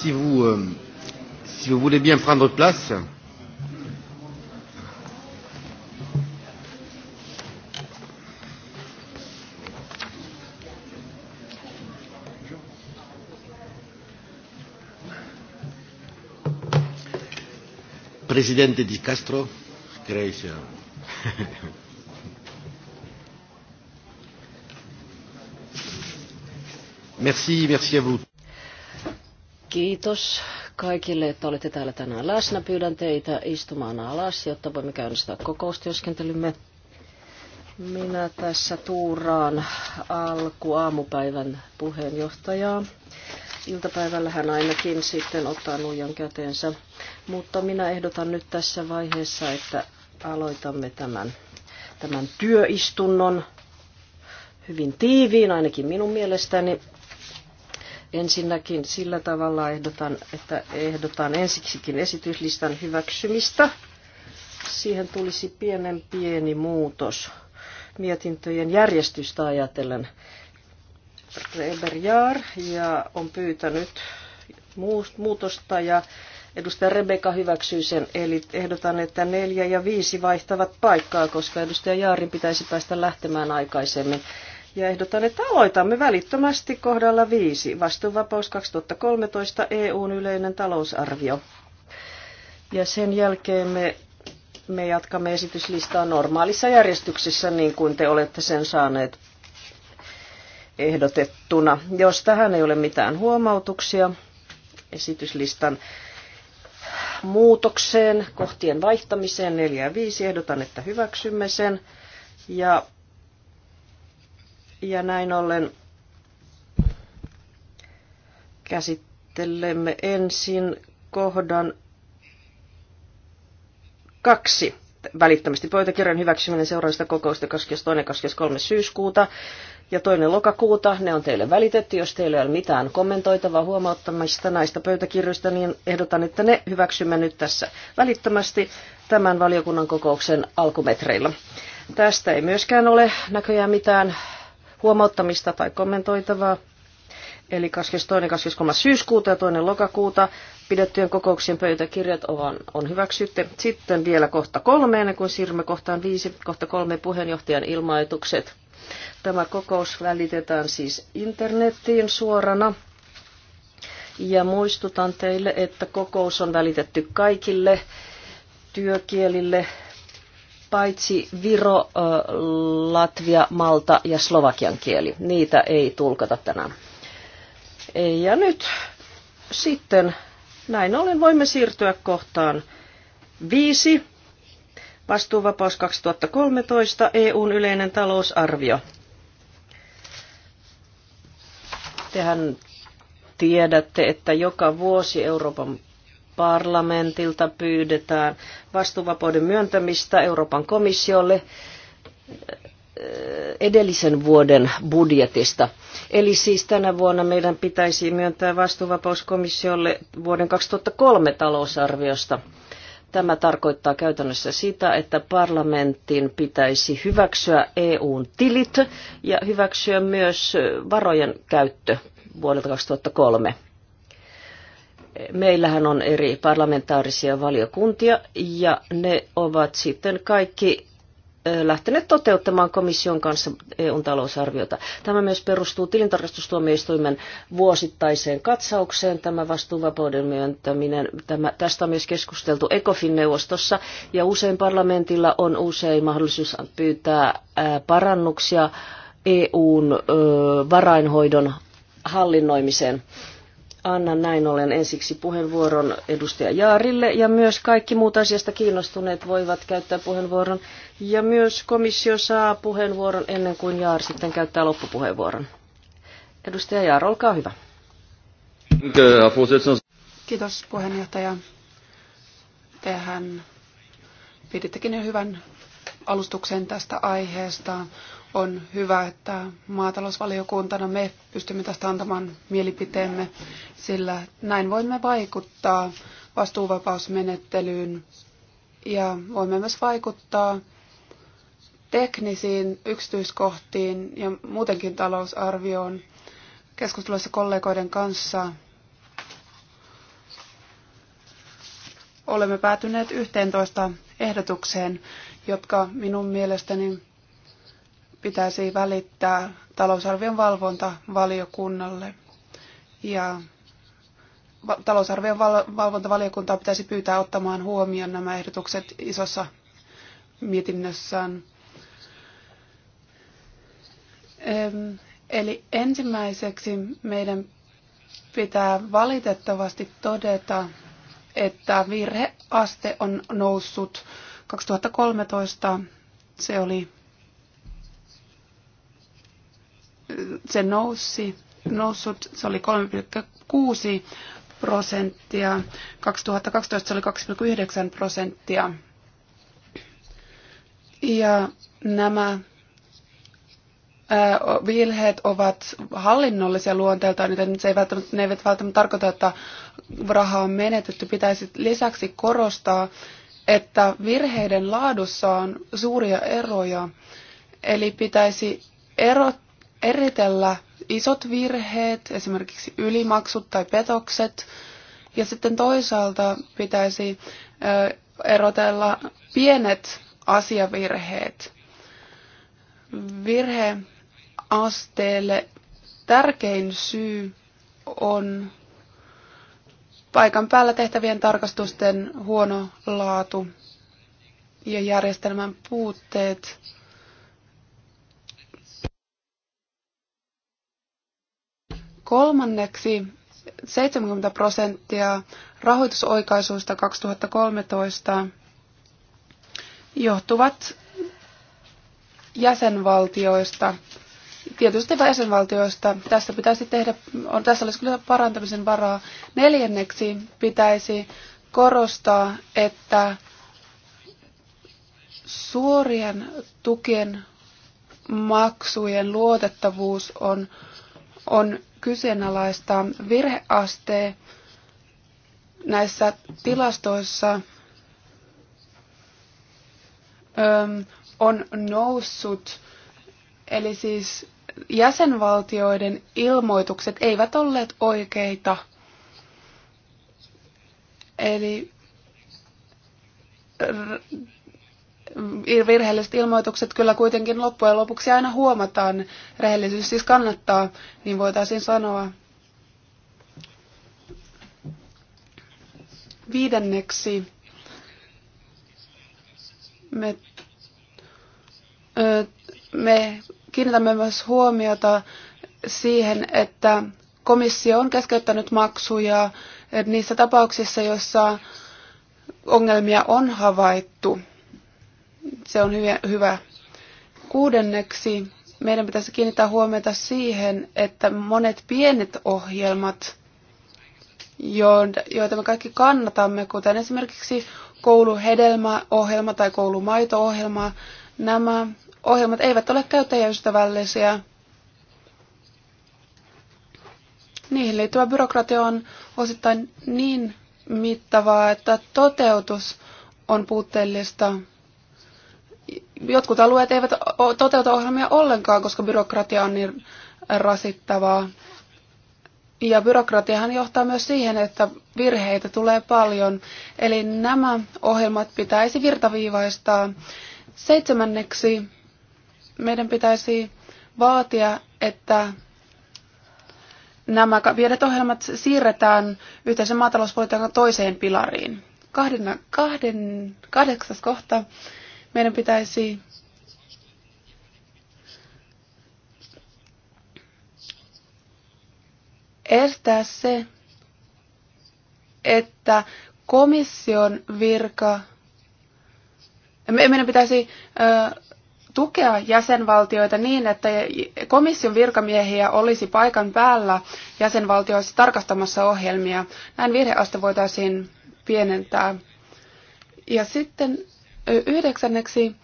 si vous, euh, si vous voulez bien prendre place. Presidente Di Castro, Grecia. merci, merci à vous. Kiitos kaikille, että olette täällä tänään läsnä. Pyydän teitä istumaan alas, jotta voimme käynnistää kokoustyöskentelymme. Minä tässä tuuraan alku aamupäivän puheenjohtajaa. Iltapäivällä hän ainakin sitten ottaa nuijan käteensä. Mutta minä ehdotan nyt tässä vaiheessa, että aloitamme tämän, tämän työistunnon hyvin tiiviin, ainakin minun mielestäni. Ensinnäkin sillä tavalla ehdotan, että ehdotan ensiksikin esityslistan hyväksymistä. Siihen tulisi pienen pieni muutos mietintöjen järjestystä ajatellen. Reber Jaar ja on pyytänyt muutosta ja edustaja Rebeka hyväksyy sen. Eli ehdotan, että neljä ja viisi vaihtavat paikkaa, koska edustaja Jaarin pitäisi päästä lähtemään aikaisemmin ja ehdotan, että aloitamme välittömästi kohdalla 5, vastuuvapaus 2013, EUn yleinen talousarvio. Ja sen jälkeen me, me jatkamme esityslistaa normaalissa järjestyksessä, niin kuin te olette sen saaneet ehdotettuna. Jos tähän ei ole mitään huomautuksia esityslistan muutokseen, kohtien vaihtamiseen 4 ja 5, ehdotan, että hyväksymme sen. Ja ja näin ollen käsittelemme ensin kohdan kaksi välittömästi pöytäkirjan hyväksyminen seuraavista kokousta 22. 23. syyskuuta ja toinen lokakuuta. Ne on teille välitetty. Jos teillä ei ole mitään kommentoitavaa huomauttamista näistä pöytäkirjoista, niin ehdotan, että ne hyväksymme nyt tässä välittömästi tämän valiokunnan kokouksen alkumetreillä. Tästä ei myöskään ole näköjään mitään huomauttamista tai kommentoitavaa. Eli 22. ja 23. syyskuuta ja 2. lokakuuta pidettyjen kokouksien pöytäkirjat on, on hyväksytty. Sitten vielä kohta kolme, ennen kuin siirrymme kohtaan viisi, kohta kolme puheenjohtajan ilmoitukset. Tämä kokous välitetään siis internettiin suorana. Ja muistutan teille, että kokous on välitetty kaikille työkielille paitsi viro, latvia, malta ja slovakian kieli. Niitä ei tulkata tänään. Ja nyt sitten näin ollen voimme siirtyä kohtaan viisi. Vastuuvapaus 2013, EUn yleinen talousarvio. Tehän tiedätte, että joka vuosi Euroopan parlamentilta pyydetään vastuuvapauden myöntämistä Euroopan komissiolle eh, edellisen vuoden budjetista. Eli siis tänä vuonna meidän pitäisi myöntää vastuuvapaus komissiolle vuoden 2003 talousarviosta. Tämä tarkoittaa käytännössä sitä, että parlamentin pitäisi hyväksyä EUn tilit ja hyväksyä myös varojen käyttö vuodelta 2003. Meillähän on eri parlamentaarisia valiokuntia ja ne ovat sitten kaikki lähteneet toteuttamaan komission kanssa EUn talousarviota. Tämä myös perustuu tilintarkastustuomioistuimen vuosittaiseen katsaukseen, tämä vastuuvapauden myöntäminen. Tämä, tästä on myös keskusteltu ECOFIN-neuvostossa ja usein parlamentilla on usein mahdollisuus pyytää parannuksia EUn varainhoidon hallinnoimiseen. Annan näin ollen ensiksi puheenvuoron edustaja Jaarille ja myös kaikki muut asiasta kiinnostuneet voivat käyttää puheenvuoron. Ja myös komissio saa puheenvuoron ennen kuin Jaar sitten käyttää loppupuheenvuoron. Edustaja Jaar, olkaa hyvä. Kiitos puheenjohtaja. Tehän pidittekin jo hyvän alustuksen tästä aiheesta on hyvä, että maatalousvaliokuntana me pystymme tästä antamaan mielipiteemme, sillä näin voimme vaikuttaa vastuuvapausmenettelyyn ja voimme myös vaikuttaa teknisiin yksityiskohtiin ja muutenkin talousarvioon keskustelussa kollegoiden kanssa. Olemme päätyneet 11 ehdotukseen, jotka minun mielestäni pitäisi välittää talousarvion valvonta valiokunnalle. Ja talousarvion val- valvontavaliokuntaa pitäisi pyytää ottamaan huomioon nämä ehdotukset isossa mietinnössään. Eli ensimmäiseksi meidän pitää valitettavasti todeta, että virheaste on noussut 2013. Se oli se nousi, noussut, se oli 3,6 prosenttia, 2012 se oli 2,9 prosenttia. Ja nämä virheet ovat hallinnollisia luonteeltaan, joten se ei välttämättä, ne eivät välttämättä tarkoita, että raha on menetetty. Pitäisi lisäksi korostaa, että virheiden laadussa on suuria eroja. Eli pitäisi erottaa eritellä isot virheet, esimerkiksi ylimaksut tai petokset, ja sitten toisaalta pitäisi erotella pienet asiavirheet. Virheasteelle tärkein syy on paikan päällä tehtävien tarkastusten huono laatu ja järjestelmän puutteet. Kolmanneksi 70 prosenttia rahoitusoikaisuista 2013 johtuvat jäsenvaltioista. Tietysti jäsenvaltioista. Tässä pitäisi tehdä, on, tässä olisi kyllä parantamisen varaa. Neljänneksi pitäisi korostaa, että suorien tukien maksujen luotettavuus on, on kyseenalaistaa virheaste näissä tilastoissa on noussut, eli siis jäsenvaltioiden ilmoitukset eivät olleet oikeita. Eli Mm, virheelliset ilmoitukset kyllä kuitenkin loppujen lopuksi aina huomataan. Rehellisyys siis kannattaa, niin voitaisiin sanoa. Viidenneksi me, me kiinnitämme myös huomiota siihen, että komissio on keskeyttänyt maksuja niissä tapauksissa, joissa ongelmia on havaittu. Se on hyvä, hyvä. Kuudenneksi meidän pitäisi kiinnittää huomiota siihen, että monet pienet ohjelmat, joita me kaikki kannatamme, kuten esimerkiksi kouluhedelmäohjelma tai koulumaito-ohjelma, nämä ohjelmat eivät ole käyttäjäystävällisiä. Niihin liittyvä byrokratia on osittain niin mittavaa, että toteutus on puutteellista jotkut alueet eivät toteuta ohjelmia ollenkaan, koska byrokratia on niin rasittavaa. Ja byrokratiahan johtaa myös siihen, että virheitä tulee paljon. Eli nämä ohjelmat pitäisi virtaviivaistaa. Seitsemänneksi meidän pitäisi vaatia, että nämä viedet ohjelmat siirretään yhteisen maatalouspolitiikan toiseen pilariin. Kahden, kahden, kahdeksas kohta meidän pitäisi estää se, että komission virka, meidän pitäisi tukea jäsenvaltioita niin, että komission virkamiehiä olisi paikan päällä jäsenvaltioissa tarkastamassa ohjelmia. Näin virheaste voitaisiin pienentää. Ja sitten Yhdeksänneksi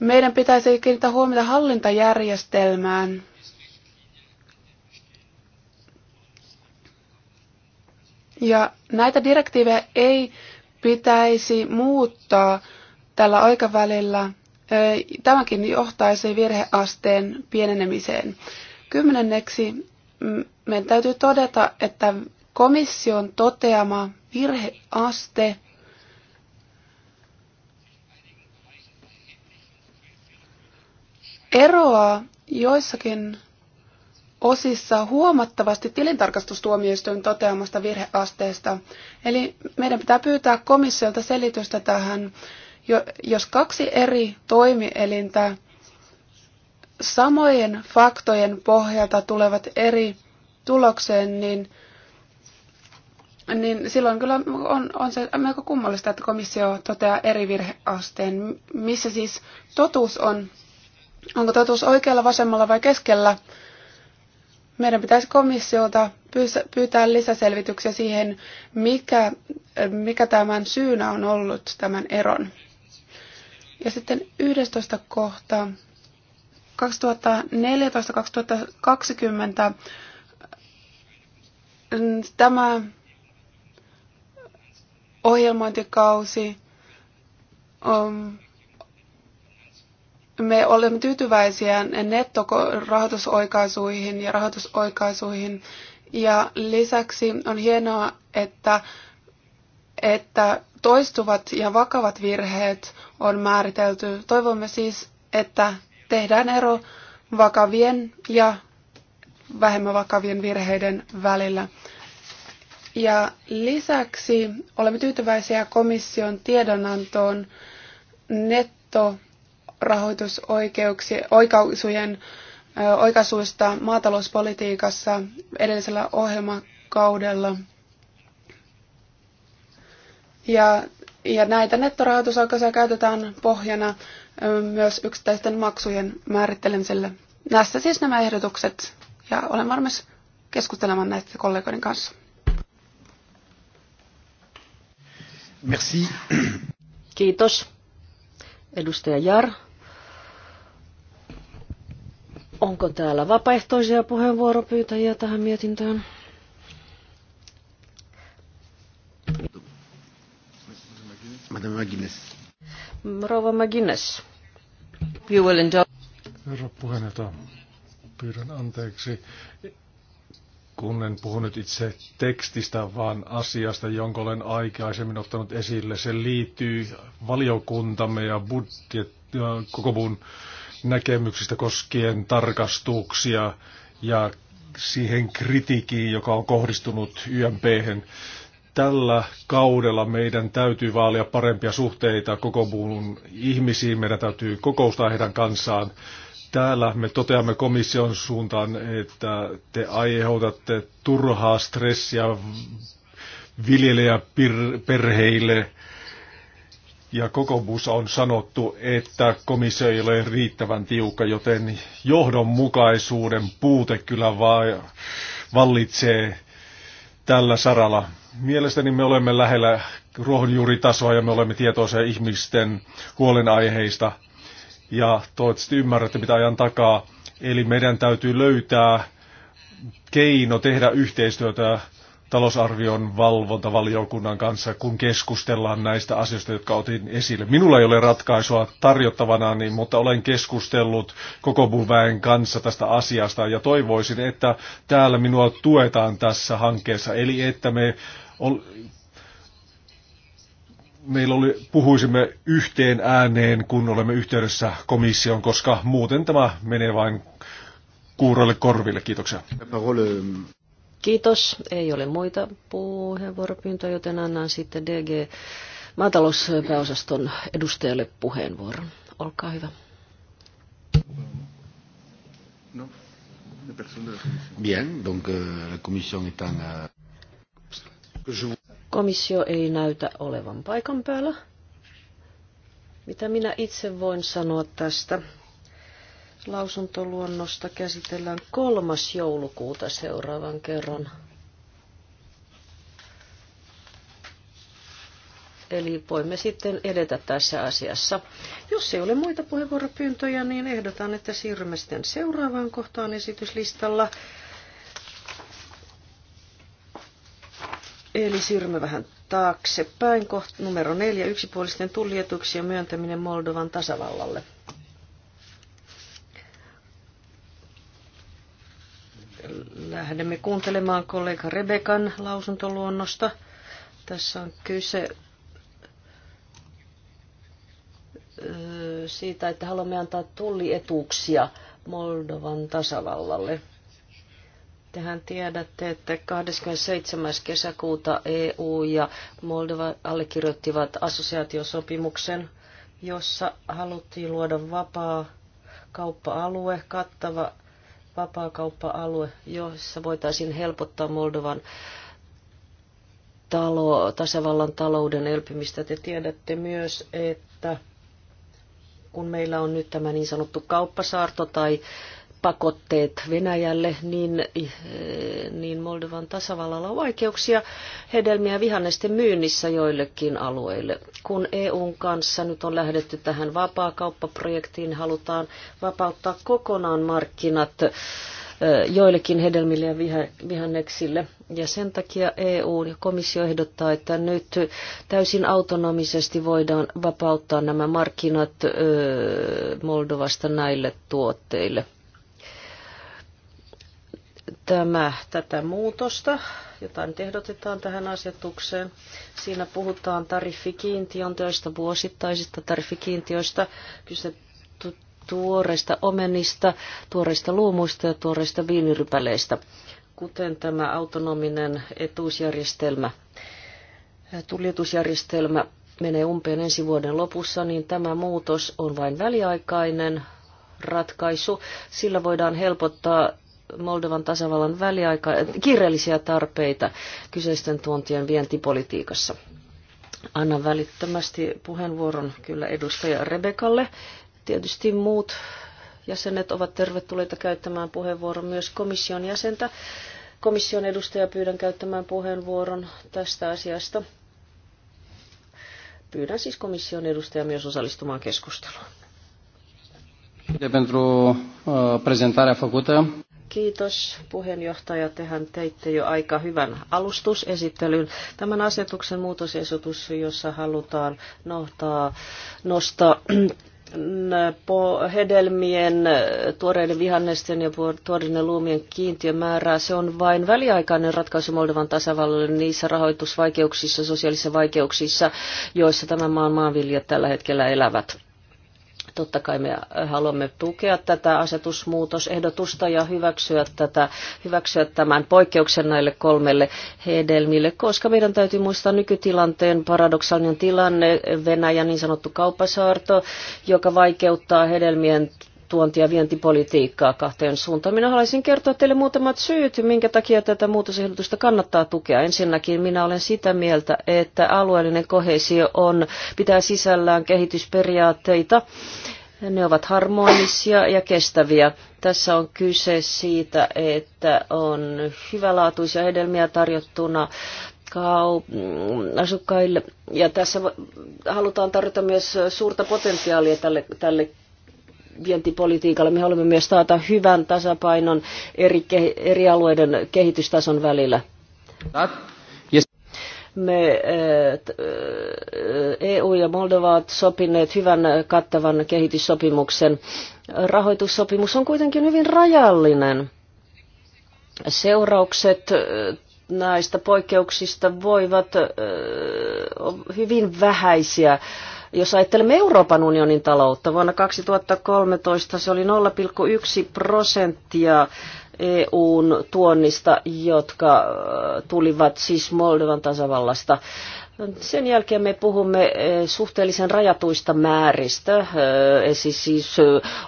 meidän pitäisi kiinnittää huomiota hallintajärjestelmään. Ja näitä direktiivejä ei pitäisi muuttaa tällä aikavälillä. Tämäkin johtaisi virheasteen pienenemiseen. Kymmenenneksi meidän täytyy todeta, että komission toteama virheaste – eroaa joissakin osissa huomattavasti tilintarkastustuomioistuin toteamasta virheasteesta. Eli meidän pitää pyytää komissiolta selitystä tähän. Jos kaksi eri toimielintä samojen faktojen pohjalta tulevat eri tulokseen, niin, niin silloin kyllä on, on se melko kummallista, että komissio toteaa eri virheasteen, missä siis totuus on Onko totuus oikealla, vasemmalla vai keskellä? Meidän pitäisi komissiolta pyytää lisäselvityksiä siihen, mikä, mikä tämän syynä on ollut tämän eron. Ja sitten 11 kohtaa. 2014-2020 tämä ohjelmointikausi on. Um, me olemme tyytyväisiä nettorahoitusoikaisuihin ja rahoitusoikaisuihin. Ja lisäksi on hienoa, että, että toistuvat ja vakavat virheet on määritelty. Toivomme siis, että tehdään ero vakavien ja vähemmän vakavien virheiden välillä. Ja lisäksi olemme tyytyväisiä komission tiedonantoon netto rahoitusoikeuksien oikaisuista maatalouspolitiikassa edellisellä ohjelmakaudella. Ja, ja näitä nettorahoitusoikeuksia käytetään pohjana myös yksittäisten maksujen määrittelemiselle. Näissä siis nämä ehdotukset ja olen varmasti keskustelemaan näistä kollegoiden kanssa. Merci. Kiitos. Edustaja Jar. Onko täällä vapaaehtoisia puheenvuoropyytäjiä tähän mietintöön? Madame McGuinness. Rouva McGuinness. You will enjoy. Herra puheenjohtaja, pyydän anteeksi, kun en puhunut itse tekstistä, vaan asiasta, jonka olen aikaisemmin ottanut esille. Se liittyy valiokuntamme ja budjet, koko muun näkemyksistä koskien tarkastuksia ja siihen kritiikkiin, joka on kohdistunut ymp -hän. Tällä kaudella meidän täytyy vaalia parempia suhteita koko muun ihmisiin. Meidän täytyy kokoustaa heidän kanssaan. Täällä me toteamme komission suuntaan, että te aiheutatte turhaa stressiä viljelijäperheille ja koko bus on sanottu, että komissio ei ole riittävän tiukka, joten johdonmukaisuuden puute kyllä vaan vallitsee tällä saralla. Mielestäni me olemme lähellä ruohonjuuritasoa ja me olemme tietoisia ihmisten huolenaiheista. Ja toivottavasti ymmärrätte, mitä ajan takaa. Eli meidän täytyy löytää keino tehdä yhteistyötä talousarvion valvontavaliokunnan kanssa, kun keskustellaan näistä asioista, jotka otin esille. Minulla ei ole ratkaisua tarjottavana, niin, mutta olen keskustellut koko mun väen kanssa tästä asiasta ja toivoisin, että täällä minua tuetaan tässä hankkeessa, eli että me ol, meillä oli, puhuisimme yhteen ääneen, kun olemme yhteydessä komissioon, koska muuten tämä menee vain kuuroille korville. Kiitoksia. Kiitos. Ei ole muita puheenvuoropyyntöjä, joten annan sitten DG maatalouspääosaston edustajalle puheenvuoron. Olkaa hyvä. No. Bien, donc eh, la commission est en... Komissio ei näytä olevan paikan päällä. Mitä minä itse voin sanoa tästä Lausuntoluonnosta käsitellään kolmas joulukuuta seuraavan kerran. Eli voimme sitten edetä tässä asiassa. Jos ei ole muita puheenvuoropyyntöjä, niin ehdotan, että siirrymme sitten seuraavaan kohtaan esityslistalla. Eli siirrymme vähän taaksepäin. Kohta numero neljä, yksipuolisten tullietuksien myöntäminen Moldovan tasavallalle. lähdemme kuuntelemaan kollega Rebekan lausuntoluonnosta. Tässä on kyse siitä, että haluamme antaa tullietuuksia Moldovan tasavallalle. Tehän tiedätte, että 27. kesäkuuta EU ja Moldova allekirjoittivat assosiaatiosopimuksen, jossa haluttiin luoda vapaa kauppa-alue, kattava vapaakauppa-alue, jossa voitaisiin helpottaa Moldovan talo, tasavallan talouden elpymistä. Te tiedätte myös, että kun meillä on nyt tämä niin sanottu kauppasaarto tai pakotteet Venäjälle, niin, eh, niin Moldovan tasavallalla on vaikeuksia hedelmiä vihannesten myynnissä joillekin alueille. Kun EUn kanssa nyt on lähdetty tähän vapaakauppaprojektiin, halutaan vapauttaa kokonaan markkinat eh, joillekin hedelmille ja vihanneksille. Ja sen takia EU ja komissio ehdottaa, että nyt täysin autonomisesti voidaan vapauttaa nämä markkinat eh, Moldovasta näille tuotteille tämä, tätä muutosta, jota nyt ehdotetaan tähän asetukseen. Siinä puhutaan töistä, vuosittaisista tariffikiintiöistä, kyse tuoreista omenista, tuoreista luomuista ja tuoreista viinirypäleistä, kuten tämä autonominen etuusjärjestelmä, tuljetusjärjestelmä menee umpeen ensi vuoden lopussa, niin tämä muutos on vain väliaikainen ratkaisu. Sillä voidaan helpottaa Moldovan tasavallan väliaika, kiireellisiä tarpeita kyseisten tuontien vientipolitiikassa. Annan välittömästi puheenvuoron kyllä edustaja Rebekalle. Tietysti muut jäsenet ovat tervetulleita käyttämään puheenvuoron myös komission jäsentä. Komission edustaja pyydän käyttämään puheenvuoron tästä asiasta. Pyydän siis komission edustaja myös osallistumaan keskusteluun. Uh, Kiitos puheenjohtaja. Tehän teitte jo aika hyvän alustusesittelyn. Tämän asetuksen muutosesitys, jossa halutaan nohtaa, nostaa hedelmien, tuoreiden vihannesten ja tuoreiden luomien kiintiömäärää. Se on vain väliaikainen ratkaisu Moldovan tasavallalle niissä rahoitusvaikeuksissa, sosiaalisissa vaikeuksissa, joissa tämän maan maanviljelijät tällä hetkellä elävät Totta kai me haluamme tukea tätä asetusmuutosehdotusta ja hyväksyä, tätä, hyväksyä tämän poikkeuksen näille kolmelle hedelmille, koska meidän täytyy muistaa nykytilanteen paradoksaalinen tilanne, Venäjän niin sanottu kauppasaarto, joka vaikeuttaa hedelmien tuonti- ja vientipolitiikkaa kahteen suuntaan. Minä haluaisin kertoa teille muutamat syyt, minkä takia tätä muutosehdotusta kannattaa tukea. Ensinnäkin minä olen sitä mieltä, että alueellinen kohesio on, pitää sisällään kehitysperiaatteita, ne ovat harmonisia ja kestäviä. Tässä on kyse siitä, että on hyvälaatuisia hedelmiä tarjottuna mm, asukkaille. Ja tässä halutaan tarjota myös suurta potentiaalia tälle, tälle vientipolitiikalla. Me haluamme myös taata hyvän tasapainon eri, eri alueiden kehitystason välillä. Me äh, äh, EU ja Moldova ovat sopineet hyvän kattavan kehityssopimuksen. Rahoitussopimus on kuitenkin hyvin rajallinen. Seuraukset äh, näistä poikkeuksista voivat hyvin vähäisiä jos ajattelemme Euroopan unionin taloutta, vuonna 2013 se oli 0,1 prosenttia EUn tuonnista, jotka äh, tulivat siis Moldovan tasavallasta. Sen jälkeen me puhumme äh, suhteellisen rajatuista määristä, äh, siis,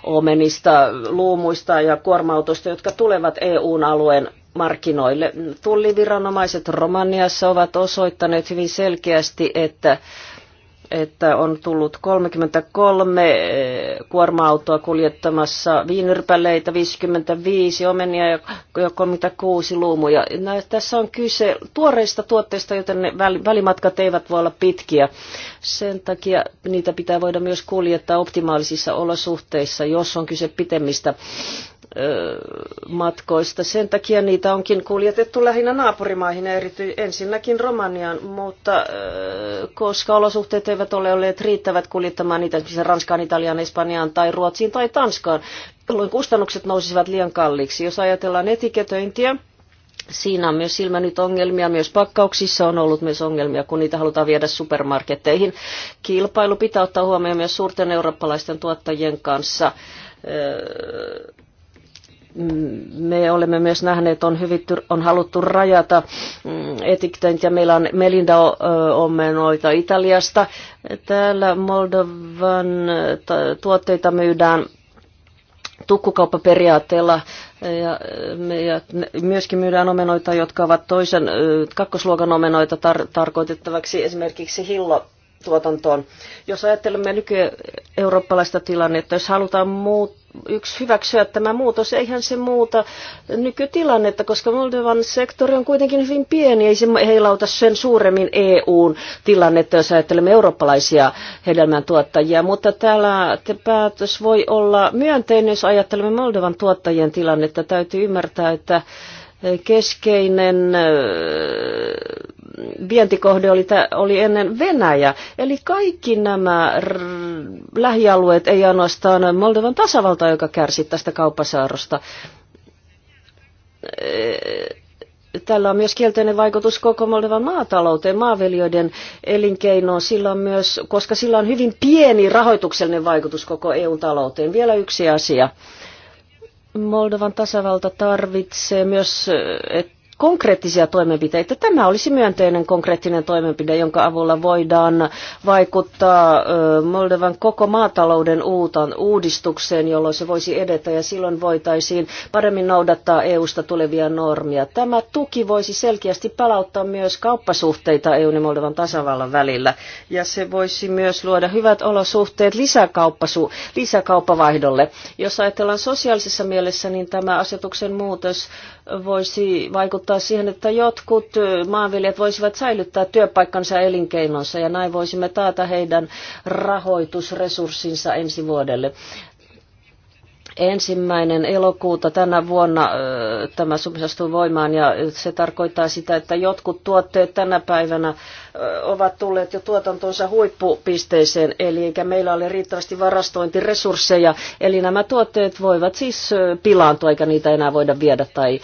omenista, luumuista ja kuorma-autoista, jotka tulevat EUn alueen markkinoille. Tulliviranomaiset Romaniassa ovat osoittaneet hyvin selkeästi, että että on tullut 33 eh, kuorma-autoa kuljettamassa viinirpäleitä, 55 omenia ja 36 luumuja. Tässä on kyse tuoreista tuotteista, joten ne välimatkat eivät voi olla pitkiä. Sen takia niitä pitää voida myös kuljettaa optimaalisissa olosuhteissa, jos on kyse pitemmistä matkoista. Sen takia niitä onkin kuljetettu lähinnä naapurimaihin, erity, ensinnäkin Romaniaan, mutta koska olosuhteet eivät ole olleet riittävät kuljettamaan niitä esimerkiksi Ranskaan, Italiaan, Espanjaan tai Ruotsiin tai Tanskaan, jolloin kustannukset nousisivat liian kalliiksi. Jos ajatellaan etiketöintiä, Siinä on myös silmänyt ongelmia, myös pakkauksissa on ollut myös ongelmia, kun niitä halutaan viedä supermarketteihin. Kilpailu pitää ottaa huomioon myös suurten eurooppalaisten tuottajien kanssa me olemme myös nähneet, on, hyvitty, on haluttu rajata mm, etiktöintiä. Meillä on Melinda Omenoita Italiasta. Täällä Moldovan tuotteita myydään tukkukauppaperiaatteella ja, me, ja myöskin myydään omenoita, jotka ovat toisen kakkosluokan omenoita tar- tarkoitettavaksi esimerkiksi hillo tuotantoon. Jos ajattelemme nyky-eurooppalaista tilannetta, jos halutaan muut, yksi hyväksyä tämä muutos. Eihän se muuta nykytilannetta, koska Moldovan sektori on kuitenkin hyvin pieni. Ei se heilauta sen suuremmin EUn tilannetta, jos ajattelemme eurooppalaisia hedelmäntuottajia. Mutta täällä päätös voi olla myönteinen, jos ajattelemme Moldovan tuottajien tilannetta. Täytyy ymmärtää, että keskeinen vientikohde oli, oli ennen Venäjä. Eli kaikki nämä lähialueet, ei ainoastaan Moldovan tasavalta, joka kärsi tästä kauppasaarosta. E, tällä on myös kielteinen vaikutus koko Moldovan maatalouteen, maaviljoiden elinkeinoon, sillä on myös, koska sillä on hyvin pieni rahoituksellinen vaikutus koko EU-talouteen. Vielä yksi asia. Moldovan tasavalta tarvitsee myös, että konkreettisia toimenpiteitä. Tämä olisi myönteinen konkreettinen toimenpide, jonka avulla voidaan vaikuttaa Moldovan koko maatalouden uutan uudistukseen, jolloin se voisi edetä ja silloin voitaisiin paremmin noudattaa EUsta tulevia normia. Tämä tuki voisi selkeästi palauttaa myös kauppasuhteita EUn ja Moldovan tasavallan välillä ja se voisi myös luoda hyvät olosuhteet lisäkauppasu, lisäkauppavaihdolle. Jos ajatellaan sosiaalisessa mielessä, niin tämä asetuksen muutos voisi vaikuttaa siihen, että jotkut maanviljelijät voisivat säilyttää työpaikkansa elinkeinonsa ja näin voisimme taata heidän rahoitusresurssinsa ensi vuodelle ensimmäinen elokuuta tänä vuonna tämä sopimus astuu voimaan ja se tarkoittaa sitä, että jotkut tuotteet tänä päivänä ovat tulleet jo tuotantonsa huippupisteeseen, eli eikä meillä ole riittävästi varastointiresursseja, eli nämä tuotteet voivat siis pilaantua eikä niitä enää voida viedä tai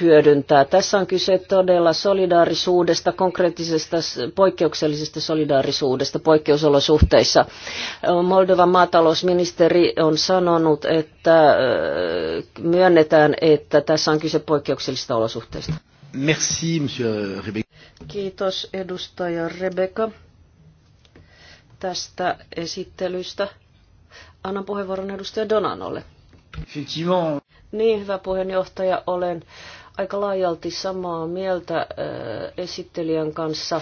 hyödyntää. Tässä on kyse todella solidaarisuudesta, konkreettisesta poikkeuksellisesta solidaarisuudesta poikkeusolosuhteissa. Moldovan maatalousministeri on sanonut, että myönnetään, että tässä on kyse poikkeuksellisista olosuhteista. Merci, monsieur Rebecca. Kiitos edustaja Rebecca tästä esittelystä. Annan puheenvuoron edustaja Donanolle. Effectivement. Niin, hyvä puheenjohtaja, olen aika laajalti samaa mieltä esittelijän kanssa,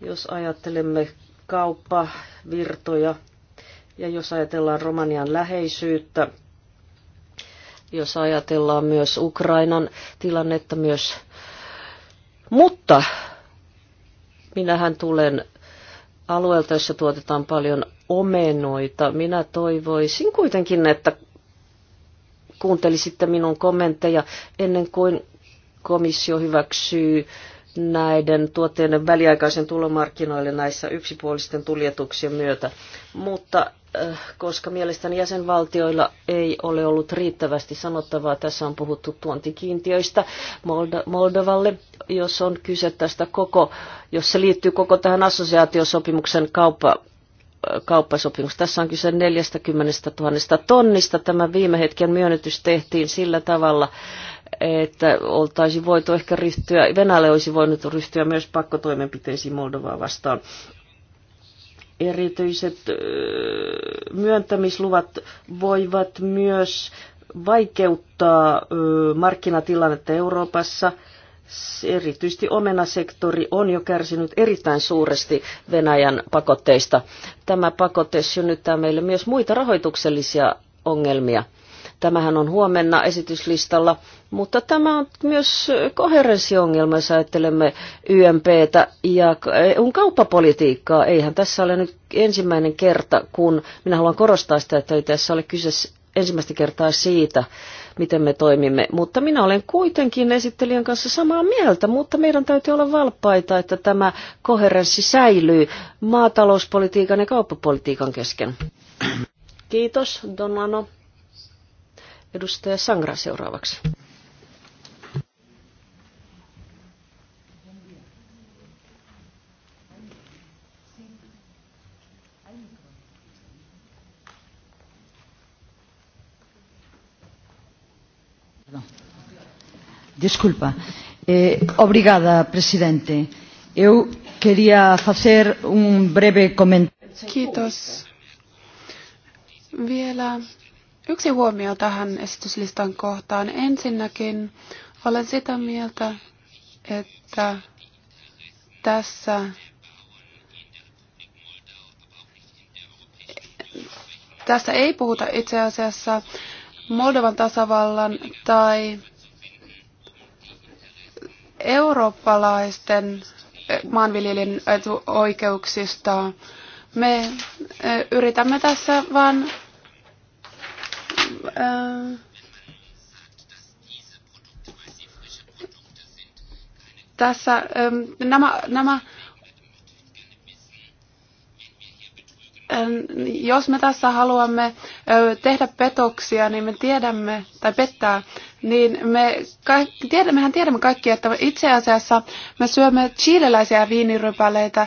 jos ajattelemme kauppavirtoja ja jos ajatellaan Romanian läheisyyttä, jos ajatellaan myös Ukrainan tilannetta myös. Mutta minähän tulen alueelta, jossa tuotetaan paljon omenoita. Minä toivoisin kuitenkin, että kuuntelisitte minun kommentteja ennen kuin komissio hyväksyy näiden tuotteiden väliaikaisen tulomarkkinoille näissä yksipuolisten tuljetuksien myötä. Mutta äh, koska mielestäni jäsenvaltioilla ei ole ollut riittävästi sanottavaa, tässä on puhuttu tuontikiintiöistä Moldovalle, jos on kyse tästä koko, jos se liittyy koko tähän assosiaatiosopimuksen kauppa kauppasopimus. Tässä on kyse 40 000 tonnista. Tämä viime hetken myönnytys tehtiin sillä tavalla, että oltaisi voitu ehkä ryhtyä, Venäjälle olisi voinut ryhtyä myös pakkotoimenpiteisiin Moldovaa vastaan. Erityiset myöntämisluvat voivat myös vaikeuttaa markkinatilannetta Euroopassa – Erityisesti omenasektori on jo kärsinyt erittäin suuresti Venäjän pakotteista. Tämä pakote synnyttää meille myös muita rahoituksellisia ongelmia. Tämähän on huomenna esityslistalla, mutta tämä on myös koherenssiongelma, jos ajattelemme YMPtä ja EUn kauppapolitiikkaa. Eihän tässä ole nyt ensimmäinen kerta, kun minä haluan korostaa sitä, että ei tässä ole kyse ensimmäistä kertaa siitä, miten me toimimme. Mutta minä olen kuitenkin esittelijän kanssa samaa mieltä, mutta meidän täytyy olla valppaita, että tämä koherenssi säilyy maatalouspolitiikan ja kauppapolitiikan kesken. Kiitos, Donano. Edustaja Sangra seuraavaksi. Disculpa. Eh, obrigada, presidente. Eu queria facer un breve comentario. Kiitos. Vielä yksi huomio tähän esityslistan kohtaan. Ensinnäkin olen sitä mieltä, että tässä tässä ei puhuta itse asiassa Moldovan tasavallan tai eurooppalaisten eh, maanviljelijän oikeuksista. Me eh, yritämme tässä vain eh, tässä nämä, nämä jos me tässä haluamme tehdä petoksia, niin me tiedämme, tai pettää, niin me kaikki, tiedä, mehän tiedämme kaikki, että itse asiassa me syömme chileläisiä viinirypäleitä.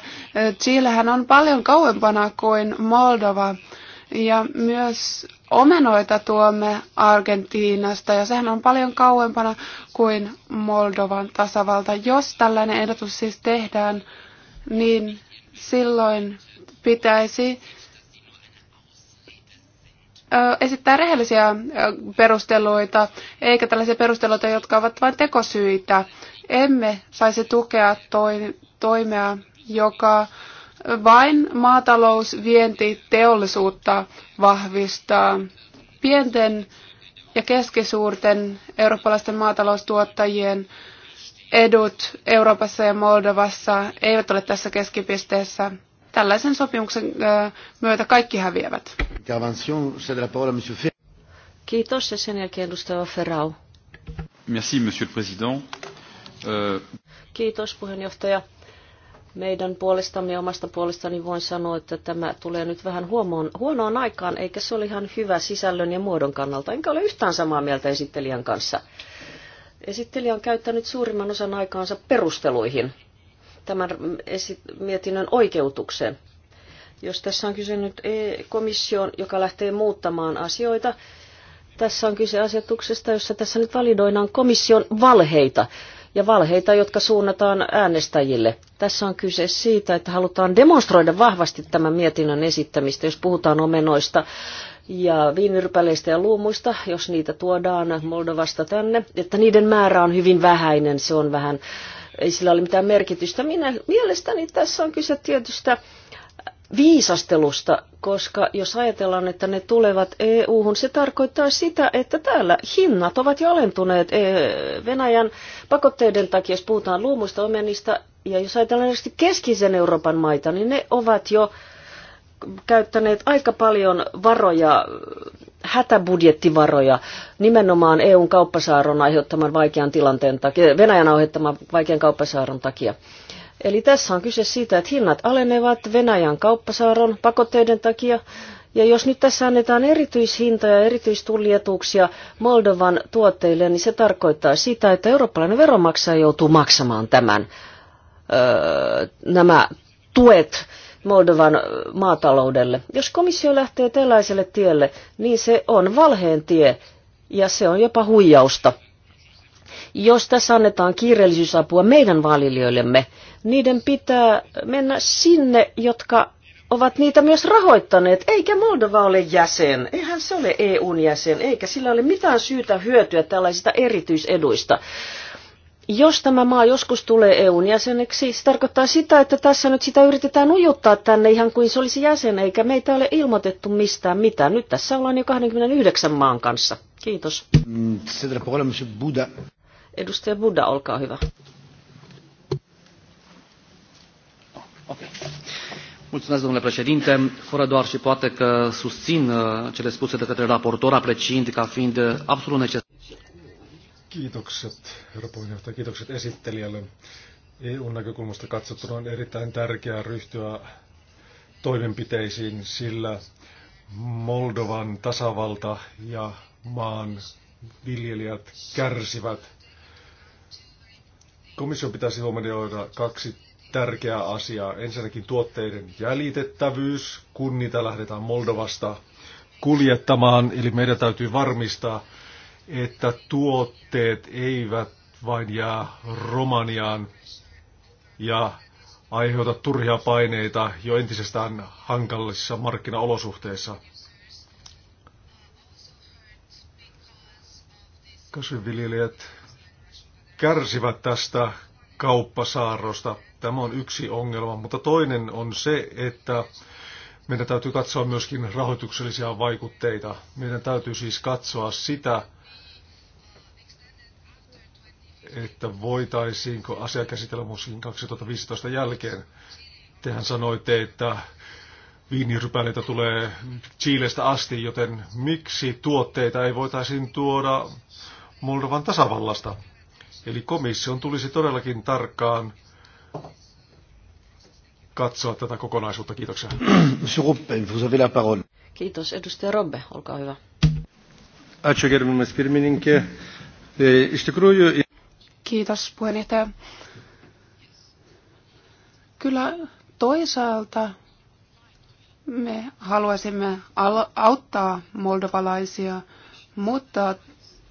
Chilehän on paljon kauempana kuin Moldova. Ja myös omenoita tuomme Argentiinasta, ja sehän on paljon kauempana kuin Moldovan tasavalta. Jos tällainen ehdotus siis tehdään, niin silloin pitäisi esittää rehellisiä perusteluita, eikä tällaisia perusteluita, jotka ovat vain tekosyitä. Emme saisi tukea toimea, joka vain teollisuutta vahvistaa. Pienten ja keskisuurten eurooppalaisten maataloustuottajien edut Euroopassa ja Moldovassa eivät ole tässä keskipisteessä. Tällaisen sopimuksen myötä kaikki häviävät. Kiitos ja sen jälkeen edustaja Ferrau. Merci, monsieur le président. Euh, Kiitos puheenjohtaja. Meidän puolestamme ja omasta puolestani voin sanoa, että tämä tulee nyt vähän huomoon, huonoon aikaan, eikä se ole ihan hyvä sisällön ja muodon kannalta. Enkä ole yhtään samaa mieltä esittelijän kanssa. Esittelijä on käyttänyt suurimman osan aikaansa perusteluihin tämän mietinnön oikeutukseen. Jos tässä on kyse nyt e- komission, joka lähtee muuttamaan asioita, tässä on kyse asetuksesta, jossa tässä nyt validoidaan komission valheita ja valheita, jotka suunnataan äänestäjille. Tässä on kyse siitä, että halutaan demonstroida vahvasti tämän mietinnön esittämistä, jos puhutaan omenoista ja viinirypäleistä ja luumuista, jos niitä tuodaan Moldovasta tänne, että niiden määrä on hyvin vähäinen, se on vähän ei sillä ole mitään merkitystä. Minä, mielestäni tässä on kyse tietystä viisastelusta, koska jos ajatellaan, että ne tulevat EU-hun, se tarkoittaa sitä, että täällä hinnat ovat jo alentuneet e- Venäjän pakotteiden takia, jos puhutaan luumuista omenista, ja jos ajatellaan keskisen Euroopan maita, niin ne ovat jo käyttäneet aika paljon varoja, hätäbudjettivaroja, nimenomaan EUn kauppasaaron aiheuttaman vaikean tilanteen takia, Venäjän aiheuttaman vaikean kauppasaaron takia. Eli tässä on kyse siitä, että hinnat alenevat Venäjän kauppasaaron pakotteiden takia. Ja jos nyt tässä annetaan erityishintoja ja erityistuljetuuksia Moldovan tuotteille, niin se tarkoittaa sitä, että eurooppalainen veronmaksaja joutuu maksamaan tämän, öö, nämä tuet Moldovan maataloudelle. Jos komissio lähtee tällaiselle tielle, niin se on valheen tie ja se on jopa huijausta. Jos tässä annetaan kiireellisyysapua meidän vaalijoillemme, niiden pitää mennä sinne, jotka ovat niitä myös rahoittaneet, eikä Moldova ole jäsen. Eihän se ole EUn jäsen, eikä sillä ole mitään syytä hyötyä tällaisista erityiseduista. Jos tämä maa joskus tulee EUn jäseneksi, se tarkoittaa sitä, että tässä nyt sitä yritetään ujuttaa tänne ihan kuin se olisi jäsen, eikä meitä ole ilmoitettu mistään mitään. Nyt tässä ollaan jo 29 maan kanssa. Kiitos. Mm, Edustaja Buddha, olkaa hyvä. Mulțumesc, domnule președinte. Fără doar și poate că susțin uh, cele spuse de către raportor, apreciind ca fiind uh, absolut necesar. Kiitokset, herra puheenjohtaja, kiitokset esittelijälle. EUn näkökulmasta katsottuna on erittäin tärkeää ryhtyä toimenpiteisiin, sillä Moldovan tasavalta ja maan viljelijät kärsivät. Komission pitäisi huomioida kaksi tärkeää asiaa. Ensinnäkin tuotteiden jäljitettävyys, kun niitä lähdetään Moldovasta kuljettamaan, eli meidän täytyy varmistaa, että tuotteet eivät vain jää Romaniaan ja aiheuta turhia paineita jo entisestään hankalissa markkinaolosuhteissa. Kasvinviljelijät kärsivät tästä kauppasaarrosta. Tämä on yksi ongelma, mutta toinen on se, että meidän täytyy katsoa myöskin rahoituksellisia vaikutteita. Meidän täytyy siis katsoa sitä, että voitaisiinko asia käsitellä myöskin 2015 jälkeen. Tehän sanoitte, että viinirypäleitä tulee Chiilestä asti, joten miksi tuotteita ei voitaisiin tuoda Moldovan tasavallasta? Eli komission tulisi todellakin tarkkaan katsoa tätä kokonaisuutta. Kiitoksia. Kiitos. Edustaja Robbe, olkaa hyvä. Ačiū gerbimas pirmininkė. E, iš tikrųjų... Kiitos puheenjohtaja. Kyllä toisaalta me haluaisimme auttaa moldovalaisia, mutta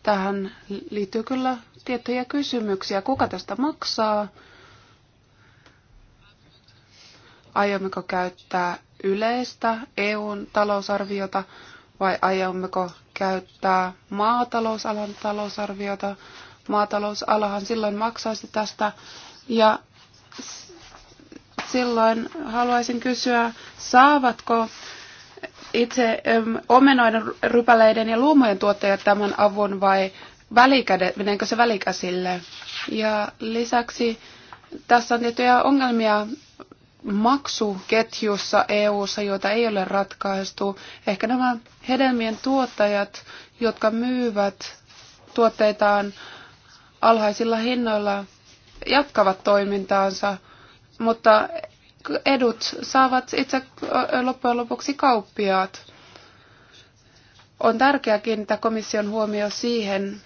tähän liittyy kyllä tiettyjä kysymyksiä. Kuka tästä maksaa? Aiommeko käyttää yleistä EUn talousarviota vai aiommeko käyttää maatalousalan talousarviota maatalousalahan silloin maksaisi tästä. Ja silloin haluaisin kysyä, saavatko itse omenoiden, rypäleiden ja luumojen tuottajat tämän avun vai välikäde, meneekö se välikäsille? Ja lisäksi tässä on tiettyjä ongelmia maksuketjussa EU-ssa, joita ei ole ratkaistu. Ehkä nämä hedelmien tuottajat, jotka myyvät tuotteitaan alhaisilla hinnoilla jatkavat toimintaansa, mutta edut saavat itse loppujen lopuksi kauppiaat. On tärkeää kiinnittää komission huomio siihen,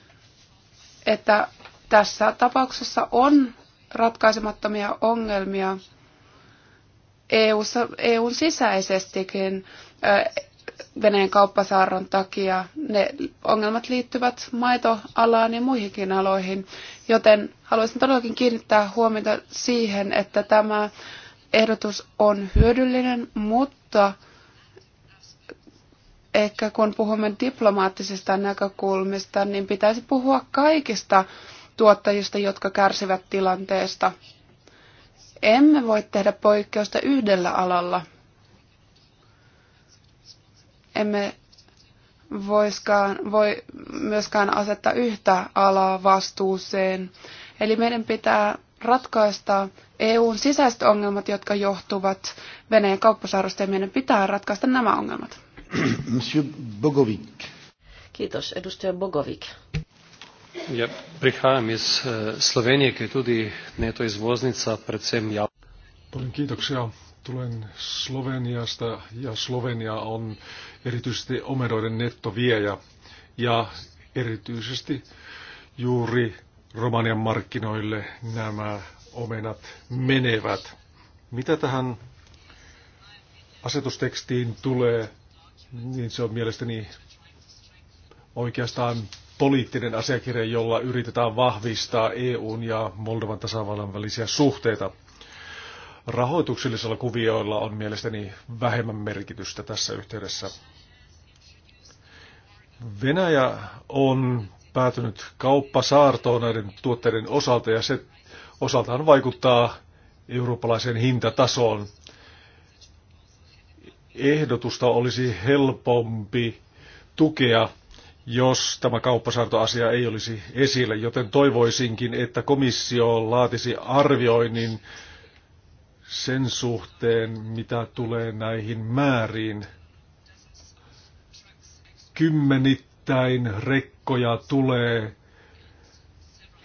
että tässä tapauksessa on ratkaisemattomia ongelmia EUssa, EUn sisäisestikin. Venäjän kauppasaarron takia. Ne ongelmat liittyvät maitoalaan ja muihinkin aloihin, joten haluaisin todellakin kiinnittää huomiota siihen, että tämä ehdotus on hyödyllinen, mutta ehkä kun puhumme diplomaattisista näkökulmista, niin pitäisi puhua kaikista tuottajista, jotka kärsivät tilanteesta. Emme voi tehdä poikkeusta yhdellä alalla emme voiskaan, voi myöskään asettaa yhtä alaa vastuuseen. Eli meidän pitää ratkaista EUn sisäiset ongelmat, jotka johtuvat Venäjän kauppasaarosta, ja meidän pitää ratkaista nämä ongelmat. Monsieur Bogovic. Kiitos, edustaja Bogovic. Ja prihajam iz eh, Slovenije, ki tudi neto izvoznica, predsem ja. Paljon kiitoksia. Tulen Sloveniasta ja Slovenia on erityisesti omeroiden nettoviejä ja erityisesti juuri Romanian markkinoille nämä omenat menevät. Mitä tähän asetustekstiin tulee, niin se on mielestäni oikeastaan poliittinen asiakirja, jolla yritetään vahvistaa EUn ja Moldovan tasavallan välisiä suhteita rahoituksellisilla kuvioilla on mielestäni vähemmän merkitystä tässä yhteydessä. Venäjä on päätynyt kauppasaartoon näiden tuotteiden osalta ja se osaltaan vaikuttaa eurooppalaiseen hintatasoon. Ehdotusta olisi helpompi tukea, jos tämä kauppasaartoasia ei olisi esillä, joten toivoisinkin, että komissio laatisi arvioinnin sen suhteen, mitä tulee näihin määriin. Kymmenittäin rekkoja tulee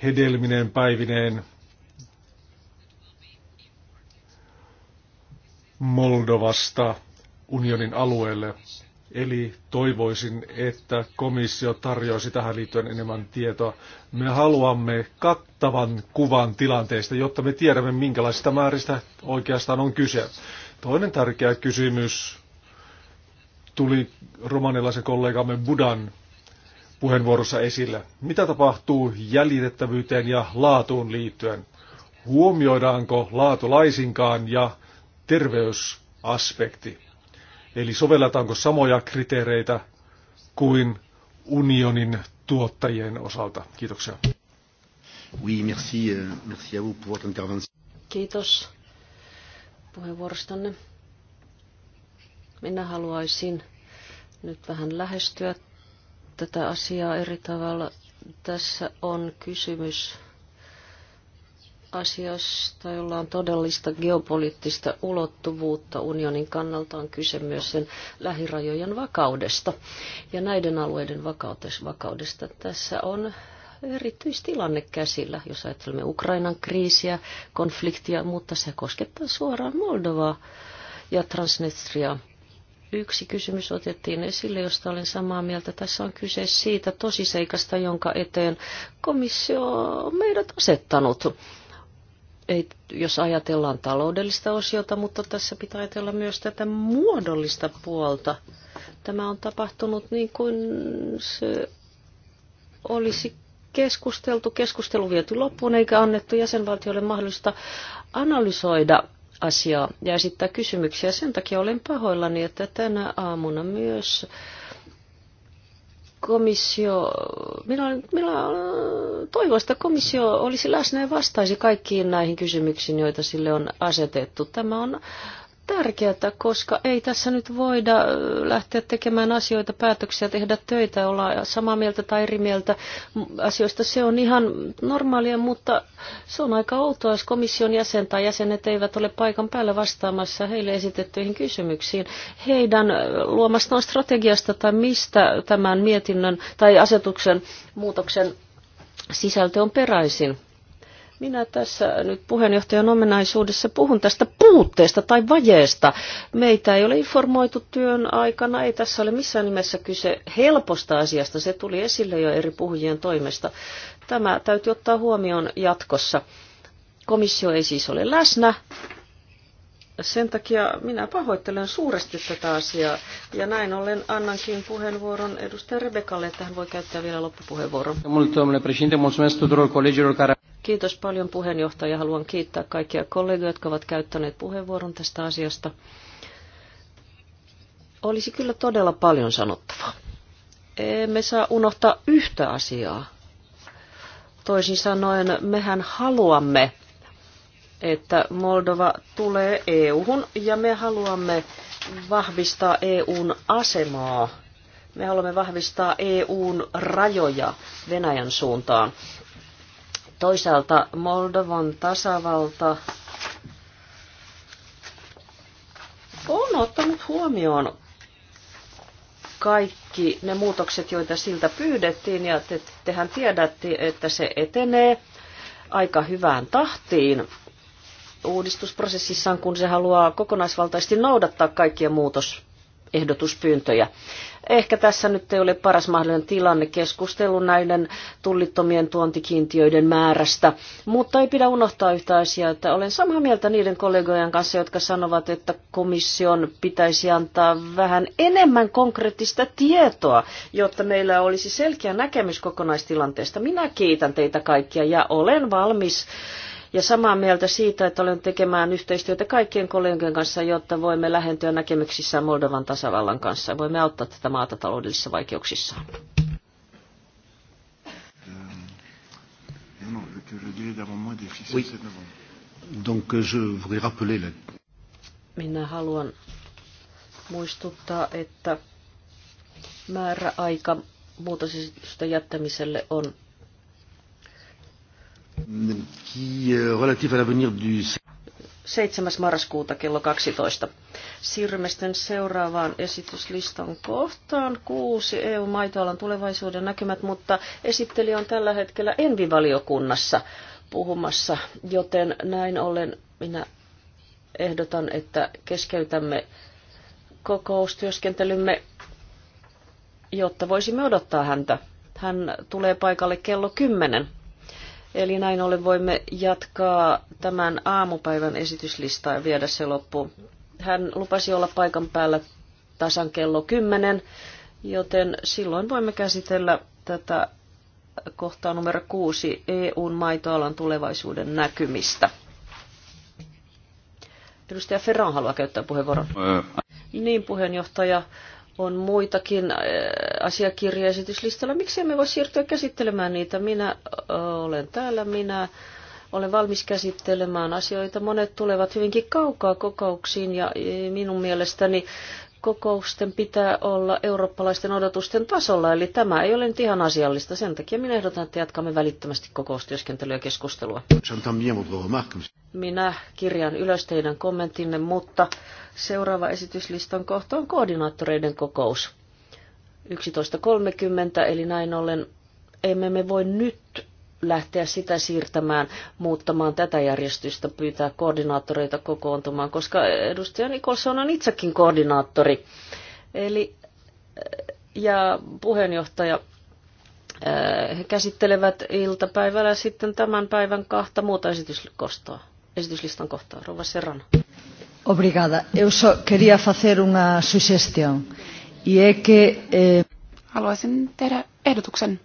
hedelmineen päivineen Moldovasta unionin alueelle. Eli toivoisin, että komissio tarjoaisi tähän liittyen enemmän tietoa. Me haluamme kattavan kuvan tilanteesta, jotta me tiedämme, minkälaisista määristä oikeastaan on kyse. Toinen tärkeä kysymys tuli romanilaisen kollegamme Budan puheenvuorossa esille. Mitä tapahtuu jäljitettävyyteen ja laatuun liittyen? Huomioidaanko laatu laisinkaan ja terveysaspekti? Eli sovelletaanko samoja kriteereitä kuin unionin tuottajien osalta? Kiitoksia. Oui, merci, euh, merci à vous pour votre intervention. Kiitos puheenvuorostanne. Minä haluaisin nyt vähän lähestyä tätä asiaa eri tavalla. Tässä on kysymys asiasta, jolla on todellista geopoliittista ulottuvuutta unionin kannalta, on kyse myös sen lähirajojen vakaudesta ja näiden alueiden vakaudesta. Tässä on erityistilanne käsillä, jos ajattelemme Ukrainan kriisiä, konfliktia, mutta se koskettaa suoraan Moldovaa ja Transnistria. Yksi kysymys otettiin esille, josta olen samaa mieltä. Tässä on kyse siitä tosiseikasta, jonka eteen komissio on meidät asettanut ei, jos ajatellaan taloudellista osiota, mutta tässä pitää ajatella myös tätä muodollista puolta. Tämä on tapahtunut niin kuin se olisi keskusteltu, keskustelu viety loppuun eikä annettu jäsenvaltioille mahdollista analysoida asiaa ja esittää kysymyksiä. Sen takia olen pahoillani, että tänä aamuna myös äh, komissio, minä, milloin toivon, että komissio olisi läsnä ja vastaisi kaikkiin näihin kysymyksiin, joita sille on asetettu. Tämä on tärkeää, koska ei tässä nyt voida lähteä tekemään asioita, päätöksiä, tehdä töitä, olla samaa mieltä tai eri mieltä asioista. Se on ihan normaalia, mutta se on aika outoa, jos komission jäsen tai jäsenet eivät ole paikan päällä vastaamassa heille esitettyihin kysymyksiin heidän luomastaan strategiasta tai mistä tämän mietinnön tai asetuksen muutoksen sisältö on peräisin. Minä tässä nyt puheenjohtajan ominaisuudessa puhun tästä puutteesta tai vajeesta. Meitä ei ole informoitu työn aikana, ei tässä ole missään nimessä kyse helposta asiasta. Se tuli esille jo eri puhujien toimesta. Tämä täytyy ottaa huomioon jatkossa. Komissio ei siis ole läsnä, sen takia minä pahoittelen suuresti tätä asiaa. Ja näin ollen annankin puheenvuoron edustaja Rebekalle, että hän voi käyttää vielä loppupuheenvuoron. Kiitos paljon puheenjohtaja. Haluan kiittää kaikkia kollegoja, jotka ovat käyttäneet puheenvuoron tästä asiasta. Olisi kyllä todella paljon sanottavaa. Emme saa unohtaa yhtä asiaa. Toisin sanoen, mehän haluamme, että Moldova tulee EU-hun ja me haluamme vahvistaa EUn asemaa. Me haluamme vahvistaa EUn rajoja Venäjän suuntaan. Toisaalta Moldovan tasavalta on ottanut huomioon kaikki ne muutokset, joita siltä pyydettiin, ja te, tehän tiedätte, että se etenee aika hyvään tahtiin uudistusprosessissaan, kun se haluaa kokonaisvaltaisesti noudattaa kaikkia muutos, ehdotuspyyntöjä. Ehkä tässä nyt ei ole paras mahdollinen tilanne keskustelu näiden tullittomien tuontikiintiöiden määrästä, mutta ei pidä unohtaa yhtä asiaa, että olen samaa mieltä niiden kollegojen kanssa, jotka sanovat, että komission pitäisi antaa vähän enemmän konkreettista tietoa, jotta meillä olisi selkeä näkemys kokonaistilanteesta. Minä kiitän teitä kaikkia ja olen valmis ja samaa mieltä siitä, että olen tekemään yhteistyötä kaikkien kollegojen kanssa, jotta voimme lähentyä näkemyksissään Moldovan tasavallan kanssa ja voimme auttaa tätä maata taloudellisissa vaikeuksissaan. Euh, euh, Minä haluan muistuttaa, että määräaika muutosista jättämiselle on 7. Euh, marraskuuta kello 12. Siirrymme sitten seuraavaan esityslistan kohtaan. Kuusi EU-maitoalan tulevaisuuden näkymät, mutta esittelijä on tällä hetkellä Envivaliokunnassa puhumassa, joten näin ollen minä ehdotan, että keskeytämme kokoustyöskentelymme, jotta voisimme odottaa häntä. Hän tulee paikalle kello 10. Eli näin ollen voimme jatkaa tämän aamupäivän esityslistaa ja viedä se loppuun. Hän lupasi olla paikan päällä tasan kello 10, joten silloin voimme käsitellä tätä kohtaa numero 6 EUn maitoalan tulevaisuuden näkymistä. Edustaja Ferran haluaa käyttää puheenvuoron. Niin, puheenjohtaja on muitakin äh, asiakirjaesityslistalla. Miksi emme voi siirtyä käsittelemään niitä? Minä äh, olen täällä, minä olen valmis käsittelemään asioita. Monet tulevat hyvinkin kaukaa kokouksiin ja äh, minun mielestäni kokousten pitää olla eurooppalaisten odotusten tasolla, eli tämä ei ole nyt ihan asiallista. Sen takia minä ehdotan, että jatkamme välittömästi kokoustyöskentelyä ja keskustelua. Minä kirjan ylös teidän kommentinne, mutta seuraava esityslistan kohta on koordinaattoreiden kokous. 11.30, eli näin ollen emme me voi nyt lähteä sitä siirtämään, muuttamaan tätä järjestystä, pyytää koordinaattoreita kokoontumaan, koska edustaja Nikolson on itsekin koordinaattori. Eli, eh, ja puheenjohtaja eh, he käsittelevät iltapäivällä sitten tämän päivän kahta muuta esityskohtaa, esityslistan kohtaa. Rova Serrano. Obrigada. Eu só quería facer una sugestión. Y es que, eh... Haluaisin tehdä ehdotuksen.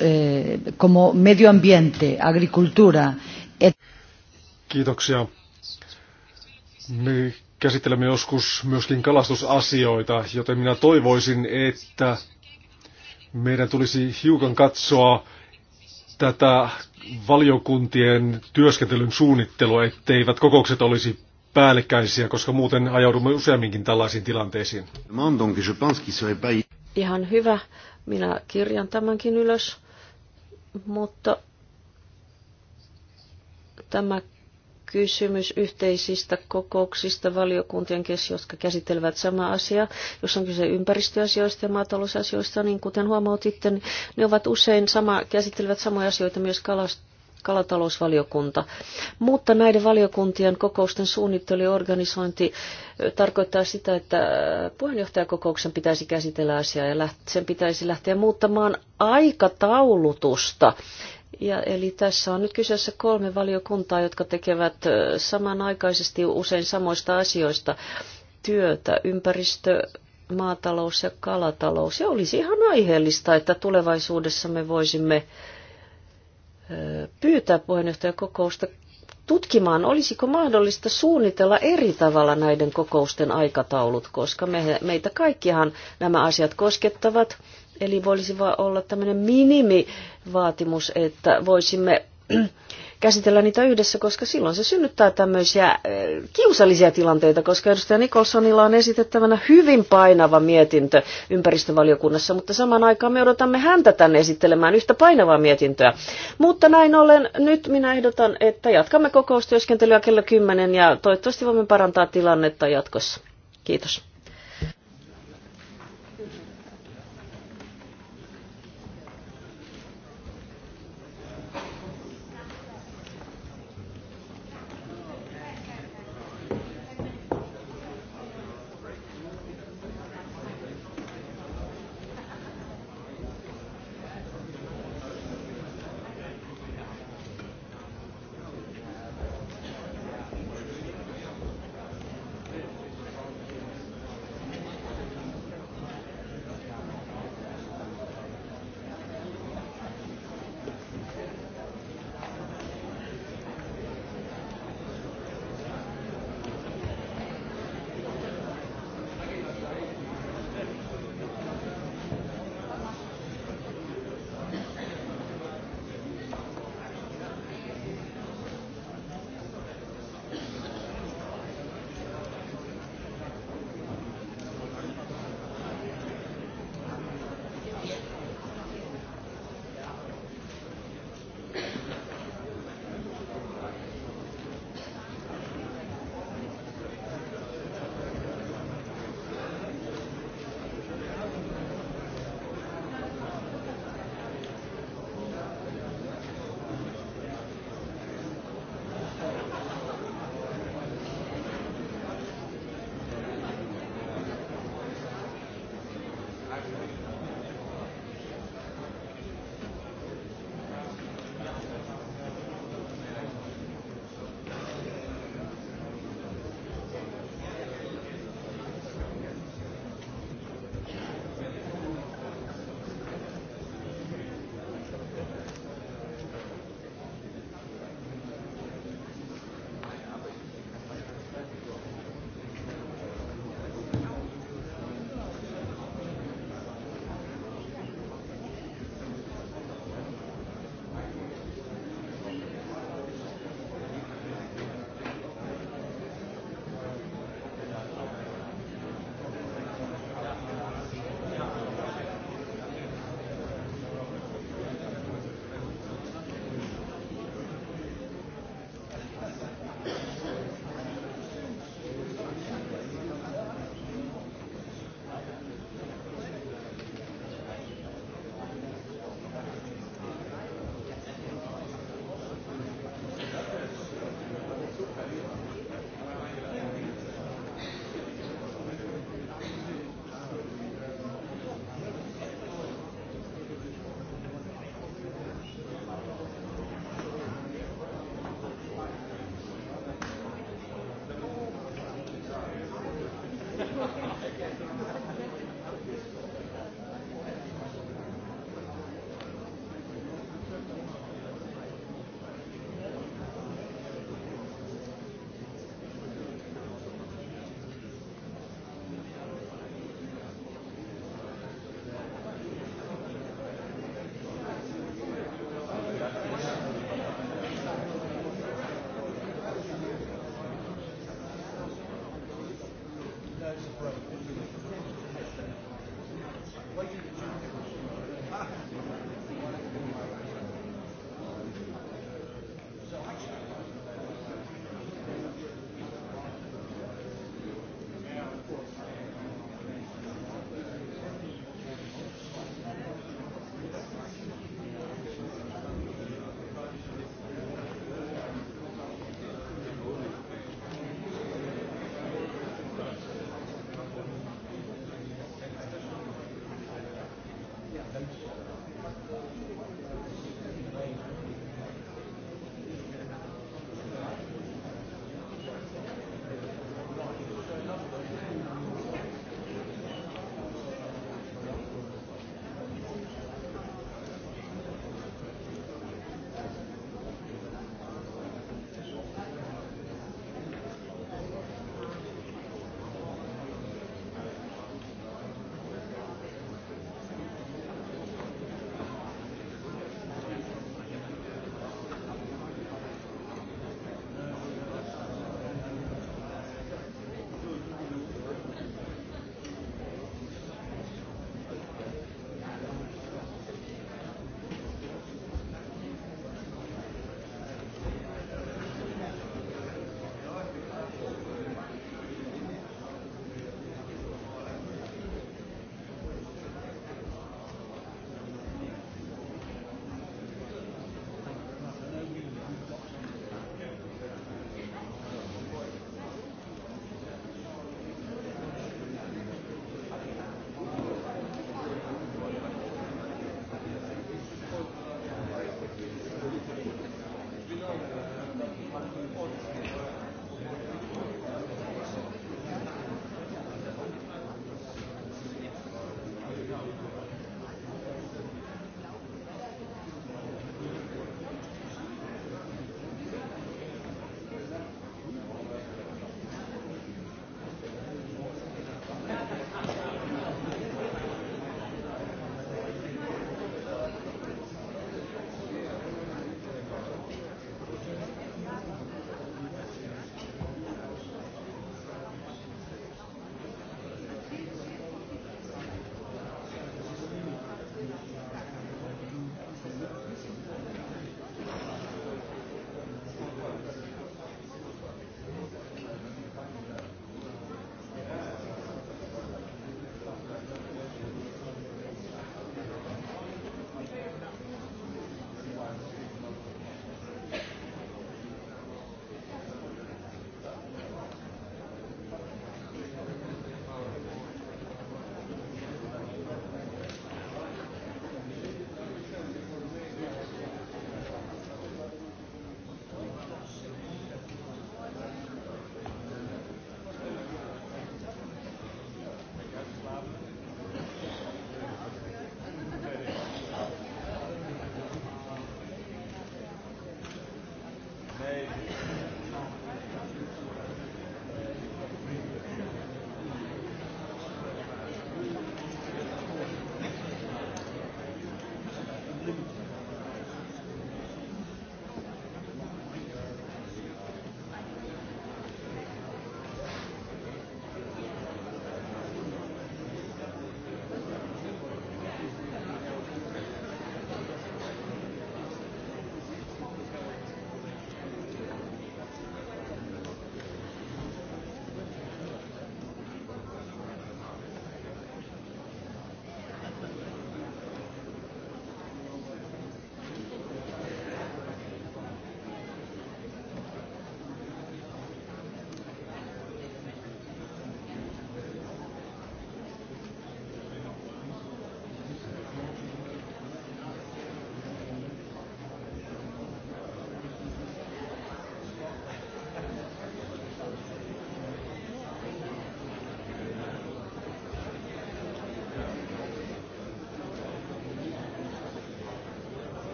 Eh, como medio ambiente, agricultura. Et... Kiitoksia. Me käsittelemme joskus myöskin kalastusasioita, joten minä toivoisin, että meidän tulisi hiukan katsoa tätä valiokuntien työskentelyn suunnittelua, etteivät kokoukset olisi päällekkäisiä, koska muuten ajaudumme useamminkin tällaisiin tilanteisiin. Ihan hyvä minä kirjan tämänkin ylös, mutta tämä kysymys yhteisistä kokouksista valiokuntien kesken, jotka käsittelevät sama asia. Jos on kyse ympäristöasioista ja maatalousasioista, niin kuten huomautitte, niin ne ovat usein sama, käsittelevät samoja asioita myös kalast- kalatalousvaliokunta. Mutta näiden valiokuntien kokousten suunnittelu ja organisointi tarkoittaa sitä, että puheenjohtajakokouksen pitäisi käsitellä asiaa ja sen pitäisi lähteä muuttamaan aikataulutusta. Ja, eli tässä on nyt kyseessä kolme valiokuntaa, jotka tekevät samanaikaisesti usein samoista asioista työtä, ympäristö, maatalous ja kalatalous. Ja olisi ihan aiheellista, että tulevaisuudessa me voisimme pyytää puheenjohtajakokousta tutkimaan, olisiko mahdollista suunnitella eri tavalla näiden kokousten aikataulut, koska me, meitä kaikkihan nämä asiat koskettavat. Eli voisi olla tämmöinen minimivaatimus, että voisimme käsitellä niitä yhdessä, koska silloin se synnyttää tämmöisiä eh, kiusallisia tilanteita, koska edustaja Nikolsonilla on esitettävänä hyvin painava mietintö ympäristövaliokunnassa, mutta samaan aikaan me odotamme häntä tänne esittelemään yhtä painavaa mietintöä. Mutta näin ollen nyt minä ehdotan, että jatkamme kokoustyöskentelyä kello 10 ja toivottavasti voimme parantaa tilannetta jatkossa. Kiitos.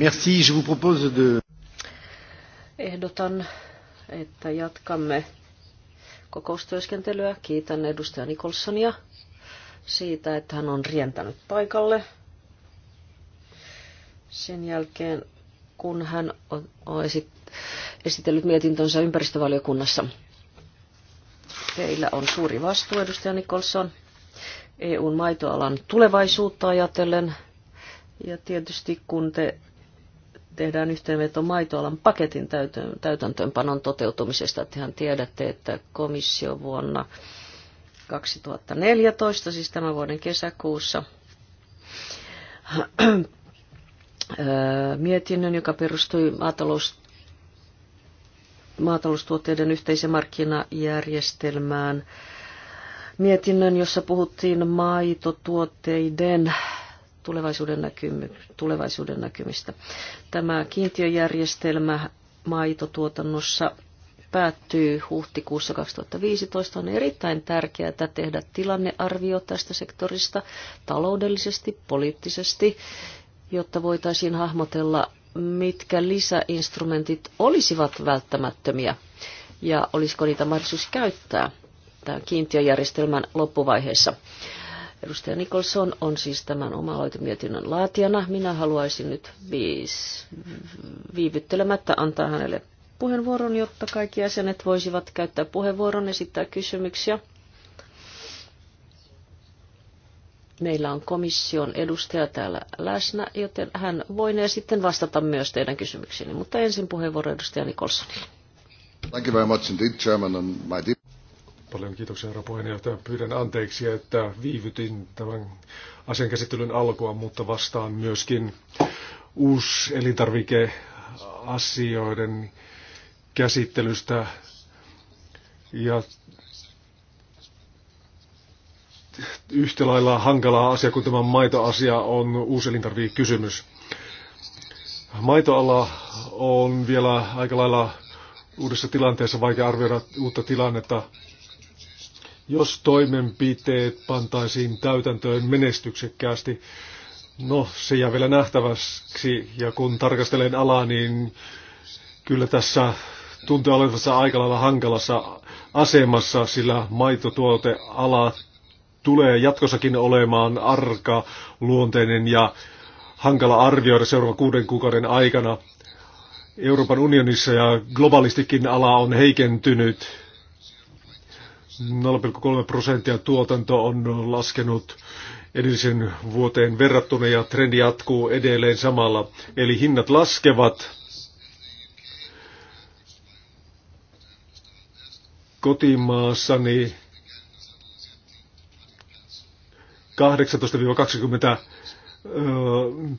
Merci, je vous propose de... Ehdotan, että jatkamme kokoustyöskentelyä. Kiitän edustaja Nikolsonia siitä, että hän on rientänyt paikalle. Sen jälkeen, kun hän on esitellyt mietintönsä ympäristövaliokunnassa. Teillä on suuri vastuu, edustaja Nikolson, EUn maitoalan tulevaisuutta ajatellen. Ja tietysti kun te tehdään yhteenveto maitoalan paketin täytäntöönpanon toteutumisesta. Tehän tiedätte, että komissio vuonna 2014, siis tämän vuoden kesäkuussa, mietinnön, joka perustui maatalous, maataloustuotteiden yhteisen markkinajärjestelmään, mietinnön, jossa puhuttiin maitotuotteiden tulevaisuuden, näkymy, tulevaisuuden näkymistä. Tämä kiintiöjärjestelmä maitotuotannossa päättyy huhtikuussa 2015. On erittäin tärkeää tehdä tilannearvio tästä sektorista taloudellisesti, poliittisesti, jotta voitaisiin hahmotella, mitkä lisäinstrumentit olisivat välttämättömiä ja olisiko niitä mahdollisuus käyttää tämän kiintiöjärjestelmän loppuvaiheessa. Edustaja Nikolson on siis tämän oma aloitemietinnön laatijana. Minä haluaisin nyt viis, viivyttelemättä antaa hänelle puheenvuoron, jotta kaikki jäsenet voisivat käyttää puheenvuoron, esittää kysymyksiä. Meillä on komission edustaja täällä läsnä, joten hän voi sitten vastata myös teidän kysymyksiinne. Mutta ensin puheenvuoro edustaja Nikolsonille. Thank you very much indeed, Chairman, and my dear... Paljon kiitoksia, herra puheenjohtaja. Pyydän anteeksi, että viivytin tämän asian käsittelyn alkua, mutta vastaan myöskin uusi elintarvikeasioiden käsittelystä ja yhtä lailla hankalaa asia kuin tämä maitoasia on uuselintarvikekysymys. Maitoala on vielä aika lailla uudessa tilanteessa, vaikea arvioida uutta tilannetta jos toimenpiteet pantaisiin täytäntöön menestyksekkäästi. No, se jää vielä nähtäväksi, ja kun tarkastelen alaa, niin kyllä tässä tuntuu olevassa aika lailla hankalassa asemassa, sillä maitotuoteala tulee jatkossakin olemaan arka, luonteinen ja hankala arvioida seuraavan kuuden kuukauden aikana. Euroopan unionissa ja globaalistikin ala on heikentynyt 0,3 prosenttia tuotanto on laskenut edellisen vuoteen verrattuna ja trendi jatkuu edelleen samalla. Eli hinnat laskevat. Kotimaassani 18-20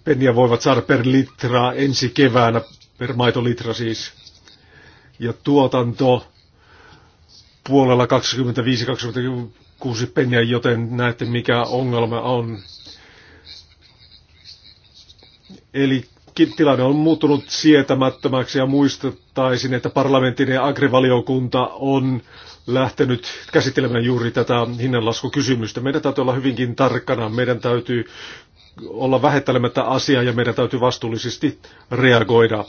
penniä voivat saada per litra ensi keväänä, per maitolitra siis. Ja tuotanto puolella 25-26 penniä, joten näette mikä ongelma on. Eli tilanne on muuttunut sietämättömäksi ja muistettaisin, että parlamentin ja agrivaliokunta on lähtenyt käsittelemään juuri tätä hinnanlaskukysymystä. Meidän täytyy olla hyvinkin tarkkana, meidän täytyy olla vähettelemättä asiaa ja meidän täytyy vastuullisesti reagoida.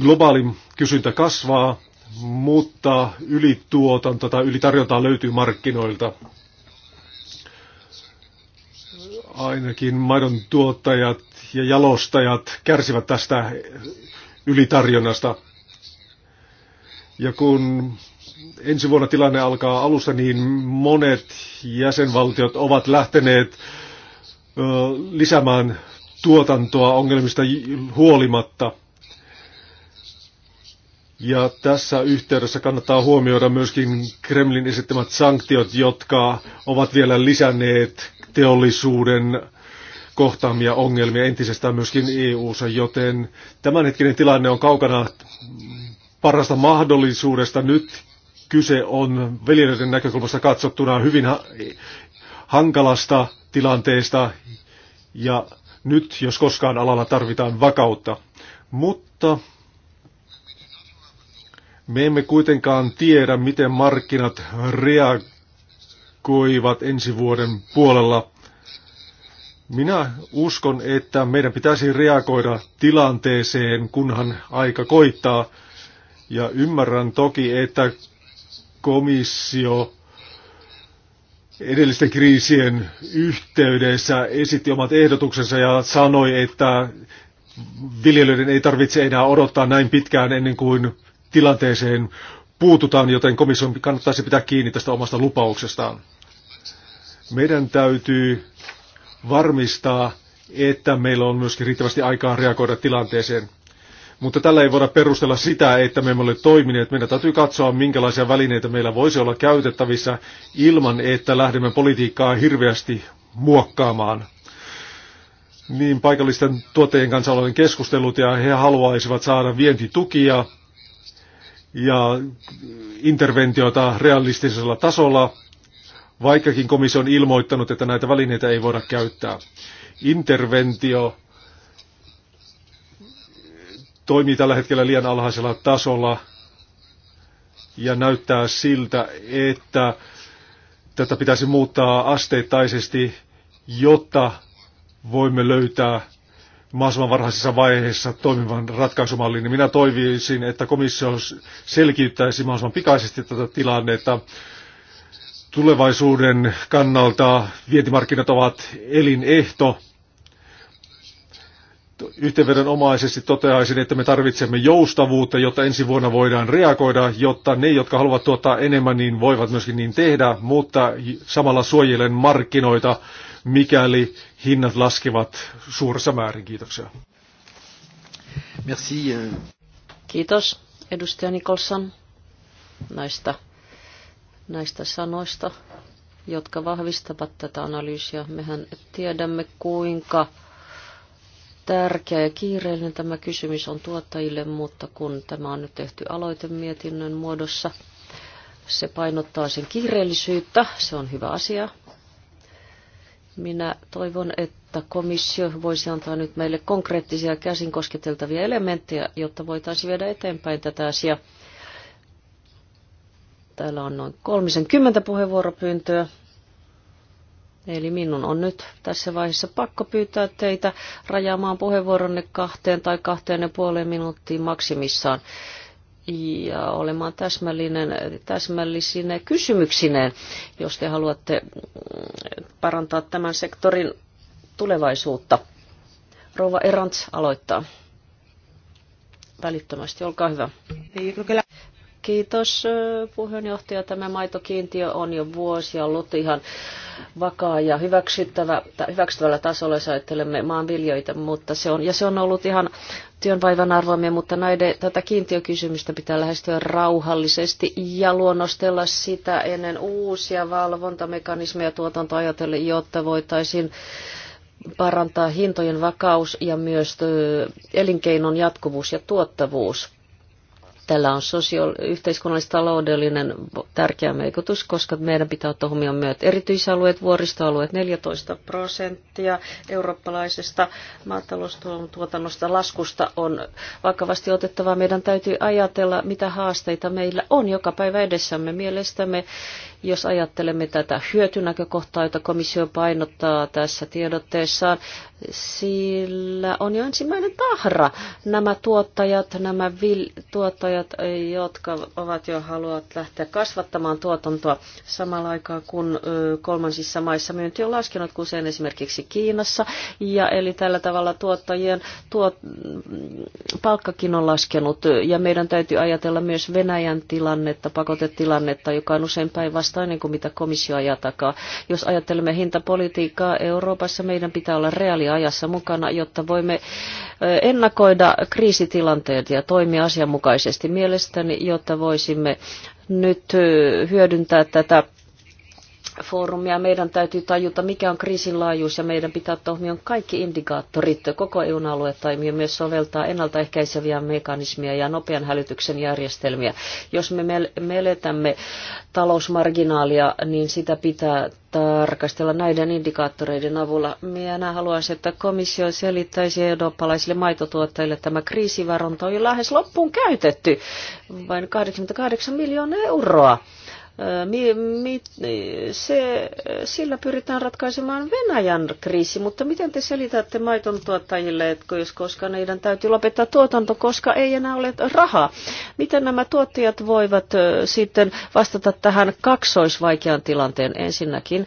Globaalin kysyntä kasvaa, mutta ylituotanto tai ylitarjontaa löytyy markkinoilta. Ainakin maidon tuottajat ja jalostajat kärsivät tästä ylitarjonnasta. Ja kun ensi vuonna tilanne alkaa alusta, niin monet jäsenvaltiot ovat lähteneet lisäämään tuotantoa ongelmista huolimatta – ja tässä yhteydessä kannattaa huomioida myöskin Kremlin esittämät sanktiot, jotka ovat vielä lisänneet teollisuuden kohtaamia ongelmia entisestään myöskin EU-ssa, joten tämänhetkinen tilanne on kaukana parasta mahdollisuudesta. Nyt kyse on veljelöiden näkökulmasta katsottuna hyvin hankalasta tilanteesta ja nyt jos koskaan alalla tarvitaan vakautta. Mutta me emme kuitenkaan tiedä, miten markkinat reagoivat ensi vuoden puolella. Minä uskon, että meidän pitäisi reagoida tilanteeseen, kunhan aika koittaa. Ja ymmärrän toki, että komissio edellisten kriisien yhteydessä esitti omat ehdotuksensa ja sanoi, että viljelijöiden ei tarvitse enää odottaa näin pitkään ennen kuin tilanteeseen puututaan, joten komission kannattaisi pitää kiinni tästä omasta lupauksestaan. Meidän täytyy varmistaa, että meillä on myöskin riittävästi aikaa reagoida tilanteeseen. Mutta tällä ei voida perustella sitä, että me emme ole toimineet. Meidän täytyy katsoa, minkälaisia välineitä meillä voisi olla käytettävissä ilman, että lähdemme politiikkaa hirveästi muokkaamaan. Niin paikallisten tuottajien kanssa olevien keskustelut ja he haluaisivat saada vientitukia ja interventiota realistisella tasolla, vaikkakin komissio on ilmoittanut, että näitä välineitä ei voida käyttää. Interventio toimii tällä hetkellä liian alhaisella tasolla ja näyttää siltä, että tätä pitäisi muuttaa asteittaisesti, jotta voimme löytää mahdollisimman varhaisessa vaiheessa toimivan ratkaisumallin, niin minä toivoisin, että komissio selkiyttäisi mahdollisimman pikaisesti tätä tilannetta. Tulevaisuuden kannalta vientimarkkinat ovat elinehto. Yhteenvedonomaisesti toteaisin, että me tarvitsemme joustavuutta, jotta ensi vuonna voidaan reagoida, jotta ne, jotka haluavat tuottaa enemmän, niin voivat myöskin niin tehdä, mutta samalla suojelen markkinoita, mikäli hinnat laskevat suuressa määrin. Kiitoksia. Merci. Euh. Kiitos edustaja Nikolson näistä, näistä sanoista, jotka vahvistavat tätä analyysiä. Mehän tiedämme, kuinka tärkeä ja kiireellinen tämä kysymys on tuottajille, mutta kun tämä on nyt tehty aloitemietinnön muodossa, se painottaa sen kiireellisyyttä, se on hyvä asia, minä toivon, että komissio voisi antaa nyt meille konkreettisia käsin kosketeltavia elementtejä, jotta voitaisiin viedä eteenpäin tätä asiaa. Täällä on noin 30 puheenvuoropyyntöä. Eli minun on nyt tässä vaiheessa pakko pyytää teitä rajaamaan puheenvuoronne kahteen tai kahteen ja puoleen minuuttiin maksimissaan ja olemaan täsmällinen, täsmällisine kysymyksineen, jos te haluatte parantaa tämän sektorin tulevaisuutta. Rouva Erants aloittaa välittömästi. Olkaa hyvä. Kiitos puheenjohtaja. Tämä maitokiintiö on jo vuosia ollut ihan vakaa ja hyväksyttävä, hyväksyttävällä tasolla, jos ajattelemme maanviljoita, mutta se on, ja se on ollut ihan työnvaivan arvoimia, mutta näiden, tätä kiintiökysymystä pitää lähestyä rauhallisesti ja luonnostella sitä ennen uusia valvontamekanismeja tuotanto ajatellen, jotta voitaisiin parantaa hintojen vakaus ja myös elinkeinon jatkuvuus ja tuottavuus Tällä on sosio- yhteiskunnallis-taloudellinen tärkeä merkitys, koska meidän pitää ottaa huomioon myös erityisalueet, vuoristoalueet 14 prosenttia eurooppalaisesta maataloustuotannosta laskusta on vakavasti otettava. Meidän täytyy ajatella, mitä haasteita meillä on joka päivä edessämme mielestämme jos ajattelemme tätä hyötynäkökohtaa, jota komissio painottaa tässä tiedotteessaan, sillä on jo ensimmäinen tahra. Nämä tuottajat, nämä vil- tuottajat, jotka ovat jo haluavat lähteä kasvattamaan tuotantoa samalla aikaa, kun kolmansissa maissa myynti on laskenut, kuten esimerkiksi Kiinassa. Ja eli tällä tavalla tuottajien tuot, palkkakin on laskenut. Ja meidän täytyy ajatella myös Venäjän tilannetta, pakotetilannetta, joka on usein päinvastoin päinvastainen niin kuin mitä komissio ajaa takaa. Jos ajattelemme hintapolitiikkaa Euroopassa, meidän pitää olla reaaliajassa mukana, jotta voimme ennakoida kriisitilanteet ja toimia asianmukaisesti mielestäni, jotta voisimme nyt hyödyntää tätä foorumia. Meidän täytyy tajuta, mikä on kriisin laajuus ja meidän pitää ottaa huomioon kaikki indikaattorit koko EUn aluetta ja myös soveltaa ennaltaehkäiseviä mekanismia ja nopean hälytyksen järjestelmiä. Jos me meletämme talousmarginaalia, niin sitä pitää tarkastella näiden indikaattoreiden avulla. Minä haluaisin, että komissio selittäisi eurooppalaisille maitotuottajille, että tämä kriisivaronta on jo lähes loppuun käytetty, vain 88 miljoonaa euroa Mi, mi, se, sillä pyritään ratkaisemaan Venäjän kriisi, mutta miten te selitätte maiton tuottajille, että jos koska heidän täytyy lopettaa tuotanto, koska ei enää ole rahaa? Miten nämä tuottajat voivat sitten vastata tähän kaksoisvaikean tilanteen ensinnäkin?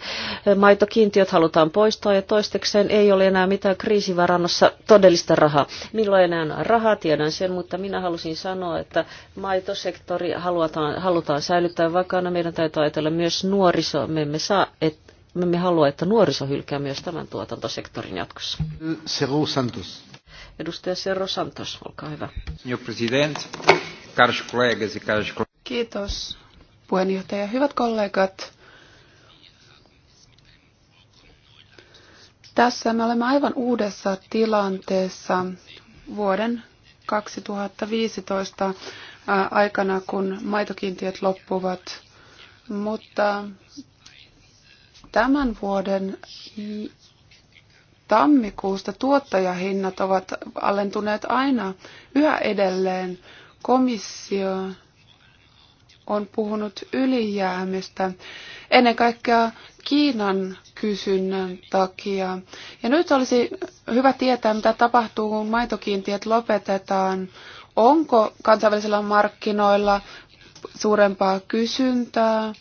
Maitokiintiöt halutaan poistaa ja toistekseen ei ole enää mitään kriisivarannossa todellista rahaa. Milloin enää rahaa, tiedän sen, mutta minä halusin sanoa, että maitosektori halutaan, halutaan säilyttää vakana meidän täytyy ajatella myös nuoriso. Me emme, saa, et, me emme halua, että nuoriso hylkää myös tämän tuotantosektorin jatkossa. Seru Santos. Edustaja Serro Santos, olkaa hyvä. Senhor president, caros colegas e caros Kiitos puheenjohtaja. Hyvät kollegat, tässä me olemme aivan uudessa tilanteessa vuoden 2015 aikana, kun maitokiintiöt loppuvat. Mutta tämän vuoden tammikuusta tuottajahinnat ovat alentuneet aina yhä edelleen. Komissio on puhunut ylijäämistä ennen kaikkea Kiinan kysynnän takia. Ja nyt olisi hyvä tietää, mitä tapahtuu, kun maitokiintiöt lopetetaan. Onko kansainvälisillä markkinoilla suurempaa kysyntää.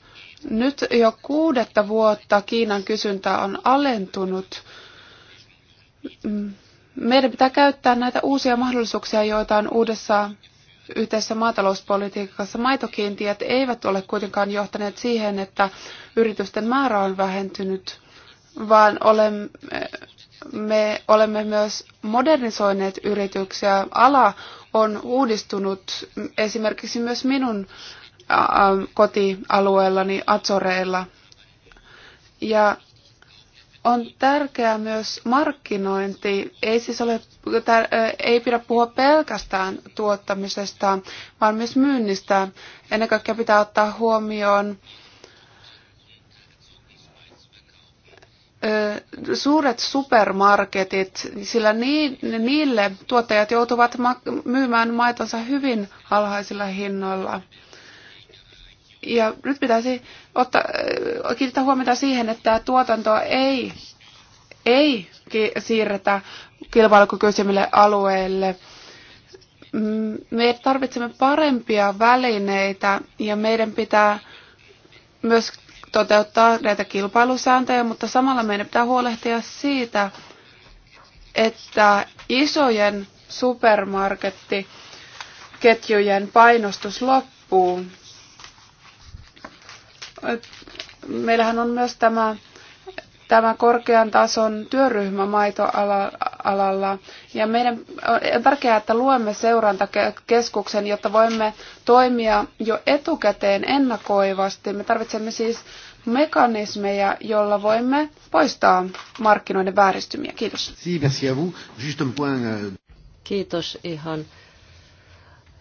Nyt jo kuudetta vuotta Kiinan kysyntä on alentunut. Meidän pitää käyttää näitä uusia mahdollisuuksia, joita on uudessa yhteisessä maatalouspolitiikassa. Maitokiintiöt eivät ole kuitenkaan johtaneet siihen, että yritysten määrä on vähentynyt, vaan olemme, me olemme myös modernisoineet yrityksiä. Ala on uudistunut esimerkiksi myös minun kotialueellani Azoreilla. Ja on tärkeää myös markkinointi. Ei siis ole, ei pidä puhua pelkästään tuottamisesta, vaan myös myynnistä. Ennen kaikkea pitää ottaa huomioon suuret supermarketit, sillä niille tuottajat joutuvat myymään maitonsa hyvin alhaisilla hinnoilla. Ja nyt pitäisi ottaa, kiinnittää huomiota siihen, että tuotantoa ei, ei siirretä kilpailukykyisimmille alueille. Mm, me tarvitsemme parempia välineitä ja meidän pitää myös toteuttaa näitä kilpailusääntöjä, mutta samalla meidän pitää huolehtia siitä, että isojen supermarkettiketjujen painostus loppuu. Meillähän on myös tämä, tämä korkean tason työryhmä maitoalalla, alalla. Ja meidän on tärkeää, että luemme seurantakeskuksen, jotta voimme toimia jo etukäteen ennakoivasti. Me tarvitsemme siis mekanismeja, jolla voimme poistaa markkinoiden vääristymiä. Kiitos. Euh, Kiitos ihan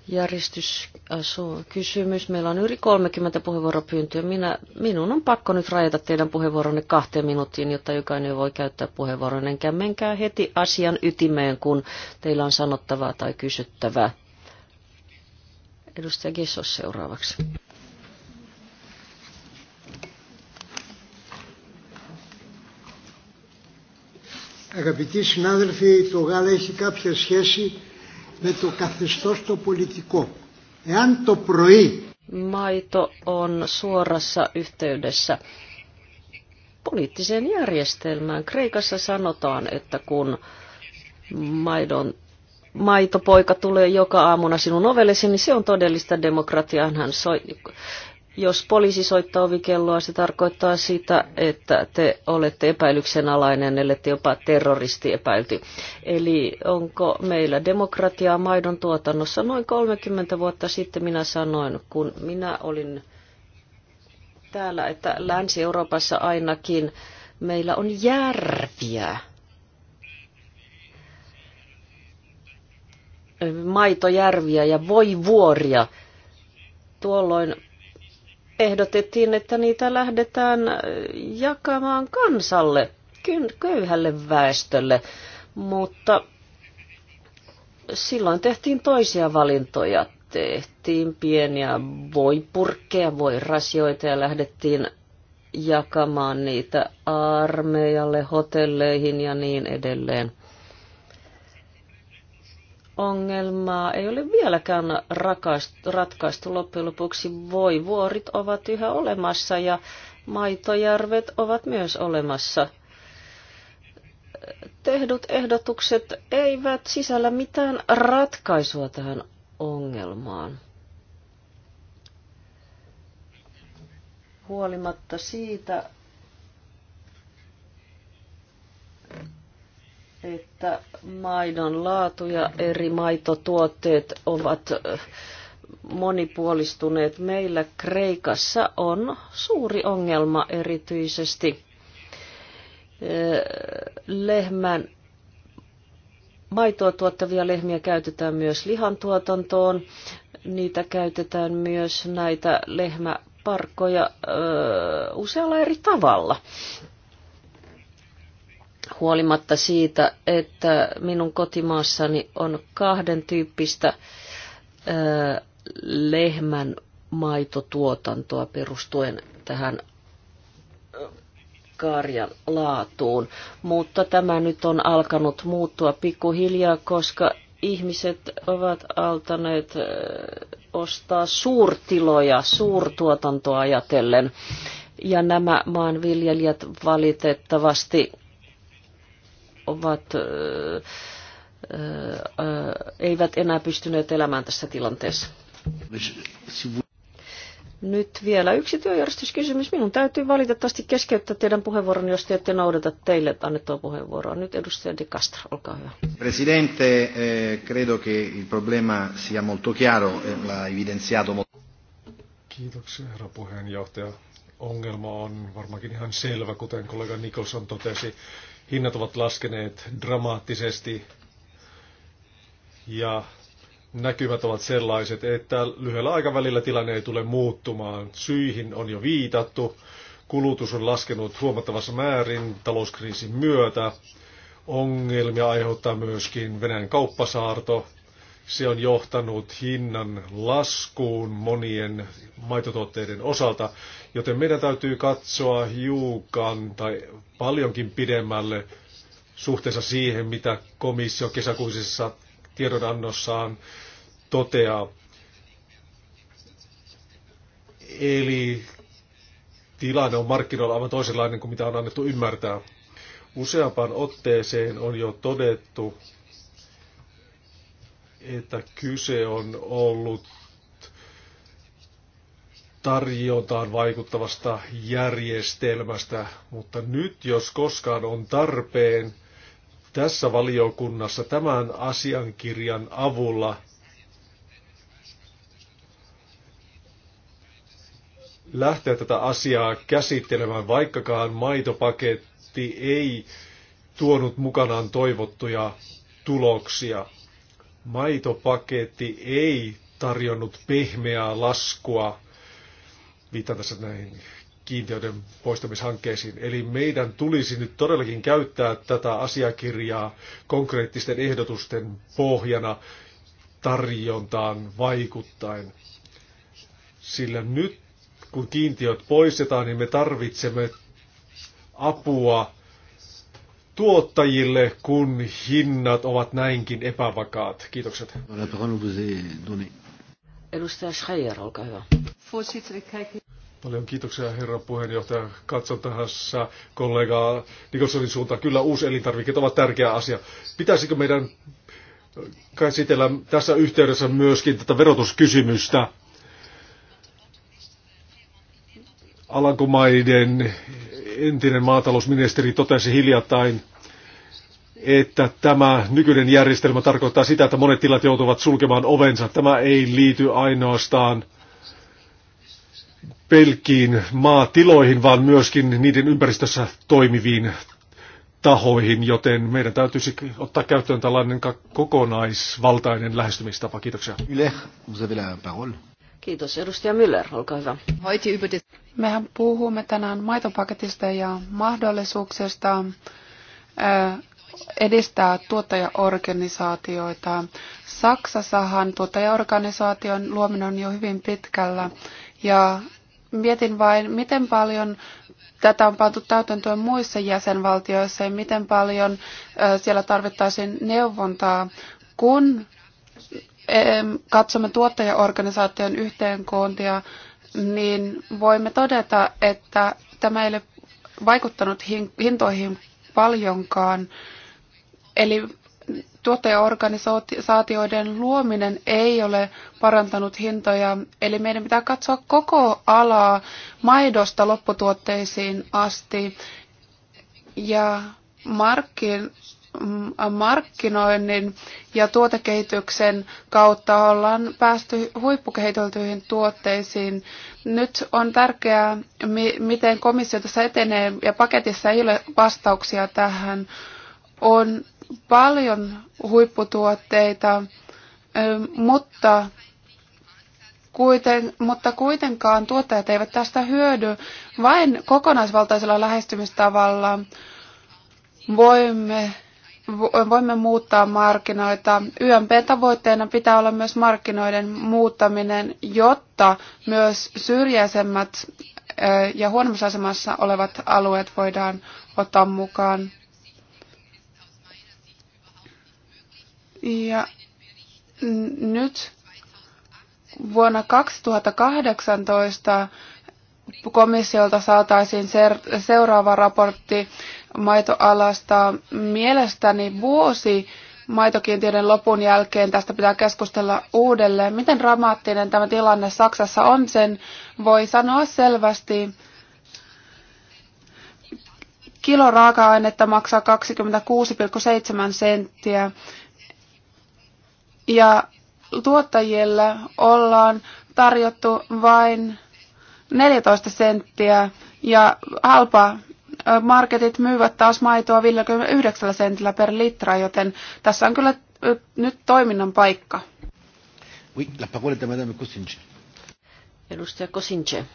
järjestyskysymys. Äh, Meillä on yli 30 puheenvuoropyyntöä. Minä, minun on pakko nyt rajata teidän puheenvuoronne kahteen minuuttiin, jotta jokainen voi käyttää puheenvuoron. Enkä menkää heti asian ytimeen, kun teillä on sanottavaa tai kysyttävää. Edustaja Gissos seuraavaksi. Αγαπητοί συνάδελφοι, το ΓΑΛΑ έχει κάποια σχέση με το καθεστώς το πολιτικό. Εάν το πρωί... Maito on suorassa yhteydessä poliittiseen järjestelmään. Kreikassa sanotaan, että kun maidon, maitopoika tulee joka aamuna sinun ovellesi, niin se on todellista demokratiaa. Hän soi, jos poliisi soittaa ovikelloa, se tarkoittaa sitä, että te olette epäilyksen alainen, ellette jopa terroristi epäilty. Eli onko meillä demokratiaa maidon tuotannossa? Noin 30 vuotta sitten minä sanoin, kun minä olin täällä, että Länsi-Euroopassa ainakin meillä on järviä. Maitojärviä ja voivuoria. Tuolloin ehdotettiin, että niitä lähdetään jakamaan kansalle, köyhälle väestölle, mutta silloin tehtiin toisia valintoja. Tehtiin pieniä voipurkkeja, voirasioita ja lähdettiin jakamaan niitä armeijalle, hotelleihin ja niin edelleen ongelmaa ei ole vieläkään ratkaistu loppujen lopuksi. vuorit ovat yhä olemassa ja maitojärvet ovat myös olemassa. Tehdut ehdotukset eivät sisällä mitään ratkaisua tähän ongelmaan. Huolimatta siitä, että maidon laatu ja eri maitotuotteet ovat monipuolistuneet. Meillä Kreikassa on suuri ongelma erityisesti lehmän maitoa tuottavia lehmiä käytetään myös lihantuotantoon. Niitä käytetään myös näitä lehmäparkkoja ö, usealla eri tavalla huolimatta siitä, että minun kotimaassani on kahden tyyppistä ö, lehmän maitotuotantoa perustuen tähän karjan laatuun. Mutta tämä nyt on alkanut muuttua pikkuhiljaa, koska ihmiset ovat altaneet ostaa suurtiloja suurtuotantoa ajatellen. Ja nämä maanviljelijät valitettavasti ovat, eivät enää pystyneet elämään tässä tilanteessa. Nyt vielä yksi työjärjestyskysymys. Minun täytyy valitettavasti keskeyttää teidän puheenvuoron, jos te ette noudata teille annettua puheenvuoroa. Nyt edustaja De Castro, olkaa hyvä. Presidente, eh, credo che il problema sia molto chiaro, eh, l'ha evidenziato molto. Kiitoksia, herra puheenjohtaja. Ongelma on varmaankin ihan selvä, kuten kollega Nikolson totesi hinnat ovat laskeneet dramaattisesti ja näkymät ovat sellaiset, että lyhyellä aikavälillä tilanne ei tule muuttumaan. Syihin on jo viitattu, kulutus on laskenut huomattavassa määrin talouskriisin myötä. Ongelmia aiheuttaa myöskin Venäjän kauppasaarto, se on johtanut hinnan laskuun monien maitotuotteiden osalta, joten meidän täytyy katsoa hiukan tai paljonkin pidemmälle suhteessa siihen, mitä komissio kesäkuisessa tiedonannossaan toteaa. Eli tilanne on markkinoilla aivan toisenlainen kuin mitä on annettu ymmärtää. Useampaan otteeseen on jo todettu, että kyse on ollut tarjotaan vaikuttavasta järjestelmästä, mutta nyt jos koskaan on tarpeen tässä valiokunnassa tämän asiankirjan avulla lähteä tätä asiaa käsittelemään, vaikkakaan maitopaketti ei tuonut mukanaan toivottuja tuloksia maitopaketti ei tarjonnut pehmeää laskua, viittaan tässä näihin kiintiöiden poistamishankkeisiin. Eli meidän tulisi nyt todellakin käyttää tätä asiakirjaa konkreettisten ehdotusten pohjana tarjontaan vaikuttaen. Sillä nyt kun kiintiöt poistetaan, niin me tarvitsemme apua tuottajille, kun hinnat ovat näinkin epävakaat. Kiitokset. Edustaja Schreier, olkaa hyvä. Paljon kiitoksia herra puheenjohtaja. Katson tässä kollegaa Nikolsonin suuntaan. Kyllä uuselintarvikkeet ovat tärkeä asia. Pitäisikö meidän käsitellä tässä yhteydessä myöskin tätä verotuskysymystä? Alankomaiden entinen maatalousministeri totesi hiljattain, että tämä nykyinen järjestelmä tarkoittaa sitä, että monet tilat joutuvat sulkemaan ovensa. Tämä ei liity ainoastaan pelkkiin maatiloihin, vaan myöskin niiden ympäristössä toimiviin tahoihin, joten meidän täytyisi ottaa käyttöön tällainen kokonaisvaltainen lähestymistapa. Kiitoksia. vous avez la parole. Kiitos. Edustaja Müller, olkaa hyvä. Mehän puhumme tänään maitopaketista ja mahdollisuuksista äh, edistää tuottajaorganisaatioita. Saksassahan tuottajaorganisaation luominen on jo hyvin pitkällä ja mietin vain, miten paljon tätä on pantu täytäntöön muissa jäsenvaltioissa ja miten paljon äh, siellä tarvittaisiin neuvontaa, kun katsomme tuottajaorganisaation yhteenkoontia, niin voimme todeta, että tämä ei ole vaikuttanut hintoihin paljonkaan. Eli tuottajaorganisaatioiden luominen ei ole parantanut hintoja, eli meidän pitää katsoa koko alaa maidosta lopputuotteisiin asti. Ja markkin, Mm, markkinoinnin ja tuotekehityksen kautta ollaan päästy huippukehiteltyihin tuotteisiin. Nyt on tärkeää, miten komissio tässä etenee, ja paketissa ei ole vastauksia tähän. On paljon huipputuotteita, mm, mutta, kuiten, mutta kuitenkaan tuottajat eivät tästä hyödy. Vain kokonaisvaltaisella lähestymistavalla voimme voimme muuttaa markkinoita. YMPn tavoitteena pitää olla myös markkinoiden muuttaminen, jotta myös syrjäisemmät ja huonommassa asemassa olevat alueet voidaan ottaa mukaan. Ja nyt vuonna 2018 komissiolta saataisiin seuraava raportti maitoalasta. Mielestäni vuosi maitokiintiöiden lopun jälkeen tästä pitää keskustella uudelleen. Miten dramaattinen tämä tilanne Saksassa on, sen voi sanoa selvästi. Kilo raaka-ainetta maksaa 26,7 senttiä. Ja tuottajille ollaan tarjottu vain 14 senttiä ja halpa marketit myyvät taas maitoa 59 sentillä per litra, joten tässä on kyllä nyt toiminnan paikka. Oui, la parole est à madame Kosinche. Edustaja Kosinche.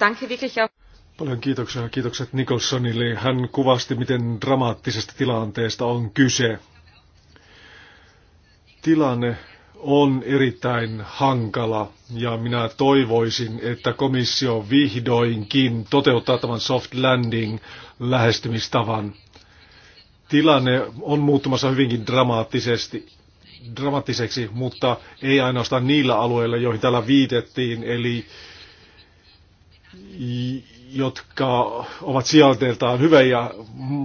Danke wirklich auch. Paljon kiitoksia ja kiitokset Nicholsonille. Hän kuvasti, miten dramaattisesta tilanteesta on kyse. Tilanne, on erittäin hankala ja minä toivoisin, että komissio vihdoinkin toteuttaa tämän soft landing lähestymistavan. Tilanne on muuttumassa hyvinkin dramaattisesti, dramaattiseksi, mutta ei ainoastaan niillä alueilla, joihin täällä viitettiin, eli jotka ovat sijainteeltaan hyviä,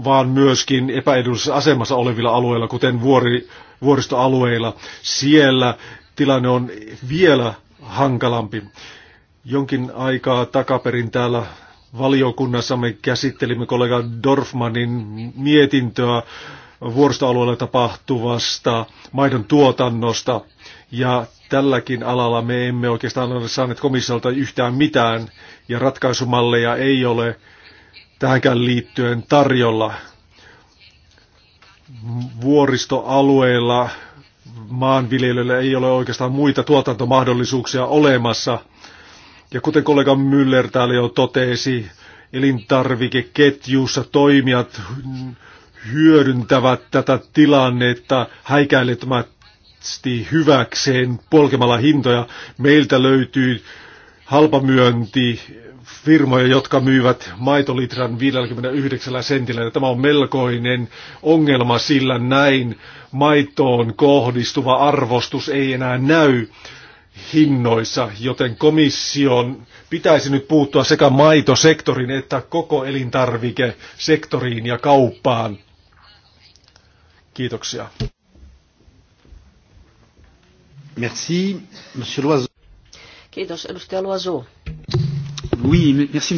vaan myöskin epäedullisessa asemassa olevilla alueilla, kuten vuori vuoristoalueilla. Siellä tilanne on vielä hankalampi. Jonkin aikaa takaperin täällä valiokunnassa me käsittelimme kollega Dorfmanin mietintöä vuoristoalueella tapahtuvasta maidon tuotannosta. Ja tälläkin alalla me emme oikeastaan ole saaneet komissiolta yhtään mitään ja ratkaisumalleja ei ole tähänkään liittyen tarjolla vuoristoalueilla maanviljelijöillä ei ole oikeastaan muita tuotantomahdollisuuksia olemassa. Ja kuten kollega Müller täällä jo totesi, elintarvikeketjussa toimijat hyödyntävät tätä tilannetta häikäilemättömästi hyväkseen polkemalla hintoja. Meiltä löytyy halpamyönti firmoja, jotka myyvät maitolitran 59 sentillä. Ja tämä on melkoinen ongelma, sillä näin maitoon kohdistuva arvostus ei enää näy hinnoissa, joten komission pitäisi nyt puuttua sekä maitosektorin että koko elintarvikesektoriin ja kauppaan. Kiitoksia. Merci, monsieur Loiseau. Kiitos, edustaja Loiseau. Oui, merci,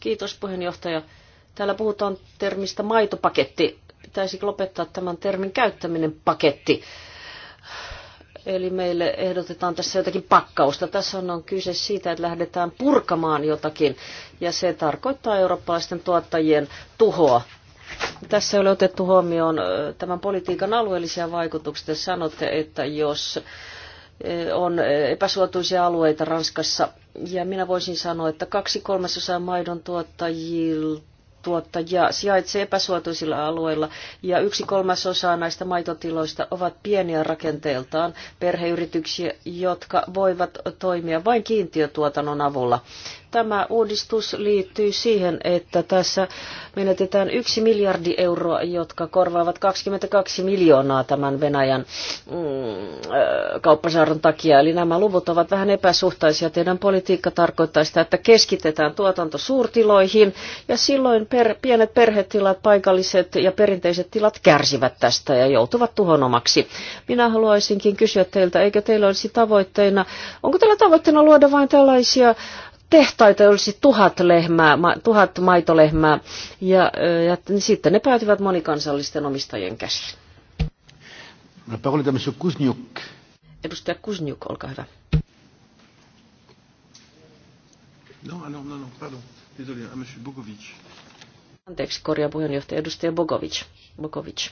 Kiitos puheenjohtaja. Täällä puhutaan termistä maitopaketti. Pitäisi lopettaa tämän termin käyttäminen paketti. Eli meille ehdotetaan tässä jotakin pakkausta. Tässä on kyse siitä, että lähdetään purkamaan jotakin, ja se tarkoittaa eurooppalaisten tuottajien tuhoa. Tässä ei ole otettu huomioon tämän politiikan alueellisia vaikutuksia. Sanotte, että jos on epäsuotuisia alueita Ranskassa. Ja minä voisin sanoa, että kaksi kolmasosaa maidon tuottajilta tuottajia sijaitsee epäsuotuisilla alueilla ja yksi kolmasosa näistä maitotiloista ovat pieniä rakenteeltaan perheyrityksiä, jotka voivat toimia vain kiintiötuotannon avulla. Tämä uudistus liittyy siihen, että tässä menetetään yksi miljardi euroa, jotka korvaavat 22 miljoonaa tämän Venäjän mm, kauppasaaron takia. Eli nämä luvut ovat vähän epäsuhtaisia. Teidän politiikka tarkoittaa sitä, että keskitetään tuotanto suurtiloihin ja silloin per, pienet perhetilat, paikalliset ja perinteiset tilat kärsivät tästä ja joutuvat tuhonomaksi. Minä haluaisinkin kysyä teiltä, eikö teillä olisi tavoitteena, onko teillä tavoitteena luoda vain tällaisia tehtaita olisi tuhat, lehmää, ma, tuhat maitolehmää, ja, ja niin sitten ne päätyvät monikansallisten omistajien käsiin. La parole Kuzniuk. Edustaja Kuzniuk, olkaa hyvä. No, no, no, no, pardon. Désolé, à monsieur Bogovic. Anteeksi, korjaa puheenjohtaja, edustaja Bogovic. Bogovic.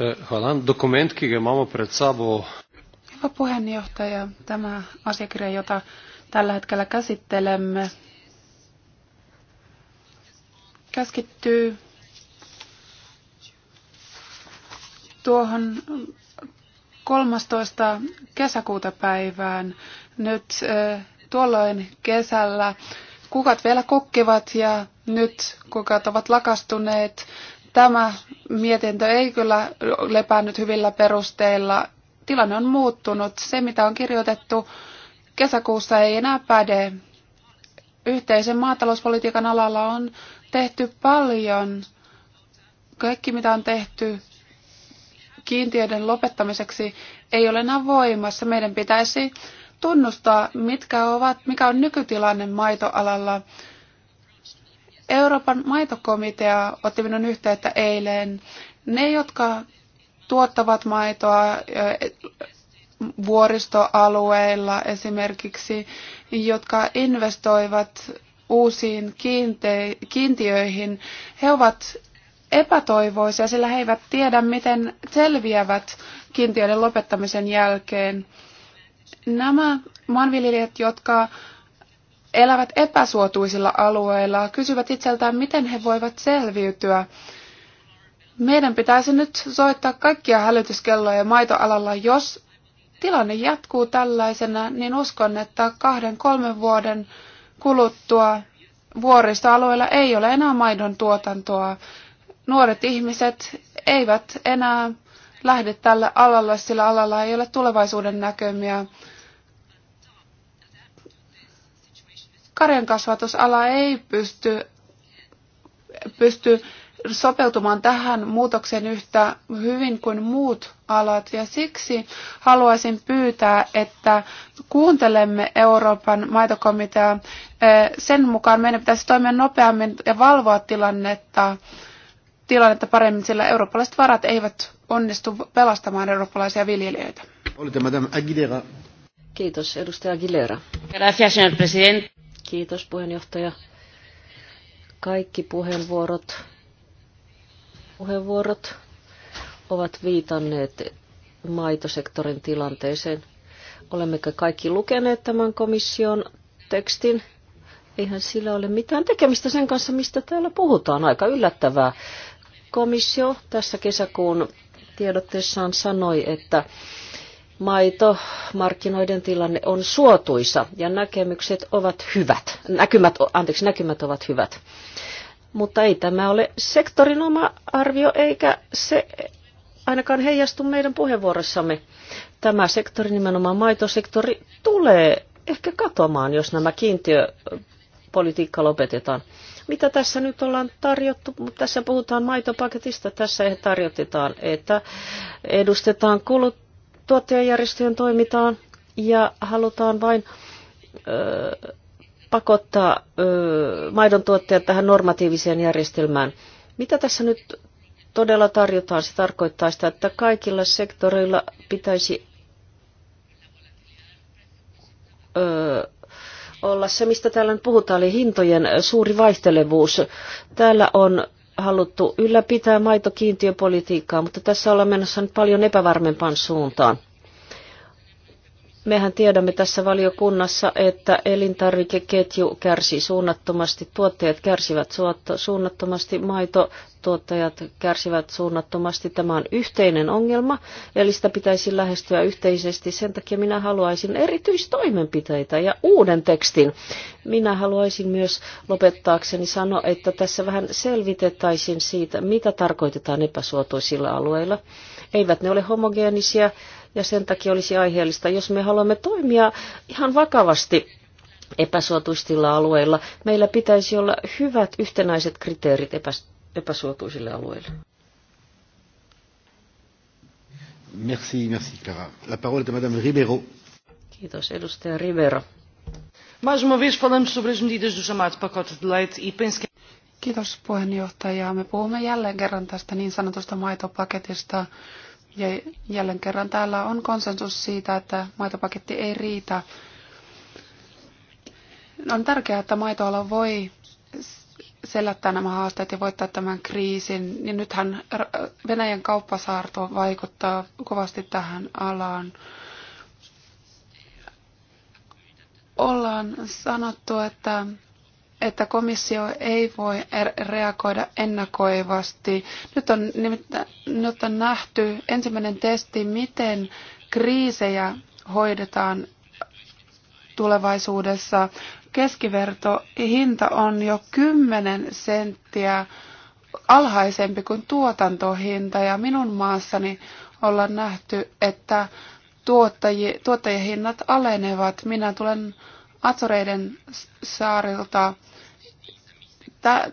Eh, hvala. Dokument, kiga imamo pred sabo, Hyvä puheenjohtaja, tämä asiakirja, jota tällä hetkellä käsittelemme, käskittyy tuohon 13. kesäkuuta päivään. Nyt tuolloin kesällä kukat vielä kukkivat ja nyt kukat ovat lakastuneet. Tämä mietintö ei kyllä lepää nyt hyvillä perusteilla tilanne on muuttunut. Se, mitä on kirjoitettu kesäkuussa, ei enää päde. Yhteisen maatalouspolitiikan alalla on tehty paljon. Kaikki, mitä on tehty kiintiöiden lopettamiseksi, ei ole enää voimassa. Meidän pitäisi tunnustaa, mitkä ovat, mikä on nykytilanne maitoalalla. Euroopan maitokomitea otti minun yhteyttä eilen. Ne, jotka tuottavat maitoa vuoristoalueilla esimerkiksi, jotka investoivat uusiin kiinte- kiintiöihin. He ovat epätoivoisia, sillä he eivät tiedä, miten selviävät kiintiöiden lopettamisen jälkeen. Nämä maanviljelijät, jotka elävät epäsuotuisilla alueilla, kysyvät itseltään, miten he voivat selviytyä. Meidän pitäisi nyt soittaa kaikkia hälytyskelloja maitoalalla. Jos tilanne jatkuu tällaisena, niin uskon, että kahden kolmen vuoden kuluttua vuoristoalueilla ei ole enää maidon tuotantoa. Nuoret ihmiset eivät enää lähde tälle alalle, sillä alalla ei ole tulevaisuuden näkömiä. kasvatusala ei pysty, pysty sopeutumaan tähän muutokseen yhtä hyvin kuin muut alat. Ja siksi haluaisin pyytää, että kuuntelemme Euroopan maitokomiteaa. Sen mukaan meidän pitäisi toimia nopeammin ja valvoa tilannetta, tilannetta paremmin, sillä eurooppalaiset varat eivät onnistu pelastamaan eurooppalaisia viljelijöitä. Olette Madame Aguilera. Kiitos, edustaja Aguilera. Gracias, señor presidente. Kiitos, puheenjohtaja. Kaikki puheenvuorot puheenvuorot ovat viitanneet maitosektorin tilanteeseen. Olemmeko kaikki lukeneet tämän komission tekstin? Eihän sillä ole mitään tekemistä sen kanssa, mistä täällä puhutaan. Aika yllättävää. Komissio tässä kesäkuun tiedotteessaan sanoi, että maitomarkkinoiden tilanne on suotuisa ja näkemykset ovat hyvät. Näkymät, anteeksi, näkymät ovat hyvät mutta ei tämä ole sektorin oma arvio, eikä se ainakaan heijastu meidän puheenvuorossamme. Tämä sektori, nimenomaan maitosektori, tulee ehkä katomaan, jos nämä kiintiöpolitiikka lopetetaan. Mitä tässä nyt ollaan tarjottu? Tässä puhutaan maitopaketista, tässä tarjotetaan, että edustetaan kulut, tuottajajärjestöjen toimitaan ja halutaan vain öö, pakottaa maidon tuottajat tähän normatiiviseen järjestelmään. Mitä tässä nyt todella tarjotaan? Se tarkoittaa sitä, että kaikilla sektoreilla pitäisi ö, olla se, mistä täällä nyt puhutaan, eli hintojen suuri vaihtelevuus. Täällä on haluttu ylläpitää maitokiintiöpolitiikkaa, mutta tässä ollaan menossa nyt paljon epävarmempaan suuntaan. Mehän tiedämme tässä valiokunnassa, että elintarvikeketju kärsii suunnattomasti, tuottajat kärsivät suunnattomasti, maitotuottajat kärsivät suunnattomasti. Tämä on yhteinen ongelma, eli sitä pitäisi lähestyä yhteisesti. Sen takia minä haluaisin erityistoimenpiteitä ja uuden tekstin. Minä haluaisin myös lopettaakseni sanoa, että tässä vähän selvitettäisiin siitä, mitä tarkoitetaan epäsuotuisilla alueilla. Eivät ne ole homogeenisia ja sen takia olisi aiheellista, jos me haluamme toimia ihan vakavasti epäsuotuisilla alueilla. Meillä pitäisi olla hyvät yhtenäiset kriteerit epä, epäsuotuisille alueille. Merci, merci Clara. La parole est à Madame Ribeiro. Kiitos, edustaja Rivera. Mais uma vez falamos sobre as medidas do chamado pacote de leite e penso que... Kiitos puheenjohtaja. Me puhumme jälleen kerran tästä niin sanotusta maitopaketista. Ja jälleen kerran täällä on konsensus siitä, että maitopaketti ei riitä. On tärkeää, että maitoala voi selättää nämä haasteet ja voittaa tämän kriisin. Ja niin nythän Venäjän kauppasaarto vaikuttaa kovasti tähän alaan. Ollaan sanottu, että että komissio ei voi er- reagoida ennakoivasti. Nyt on, nyt on nähty ensimmäinen testi, miten kriisejä hoidetaan tulevaisuudessa. Keskiverto hinta on jo 10 senttiä alhaisempi kuin tuotantohinta ja minun maassani ollaan nähty, että tuottaji, tuottajahinnat alenevat. Minä tulen Atsoreiden saarilta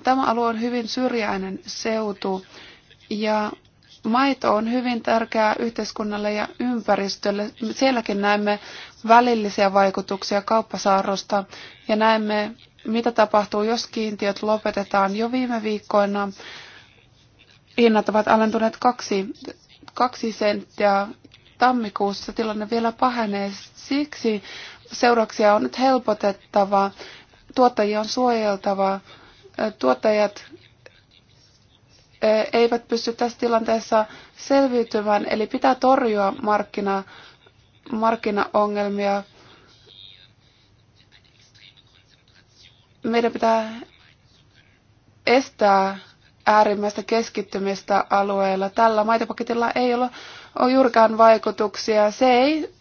tämä alue on hyvin syrjäinen seutu ja maito on hyvin tärkeää yhteiskunnalle ja ympäristölle. Sielläkin näemme välillisiä vaikutuksia kauppasaarrosta ja näemme, mitä tapahtuu, jos kiintiöt lopetetaan. Jo viime viikkoina hinnat ovat alentuneet kaksi, kaksi senttiä. Tammikuussa tilanne vielä pahenee. Siksi seurauksia on nyt helpotettava, tuottajia on suojeltava tuottajat eh, eivät pysty tässä tilanteessa selviytymään, eli pitää torjua markkina, markkinaongelmia. Meidän pitää estää äärimmäistä keskittymistä alueella. Tällä maitopaketilla ei ole, ole juurikaan vaikutuksia. Se ei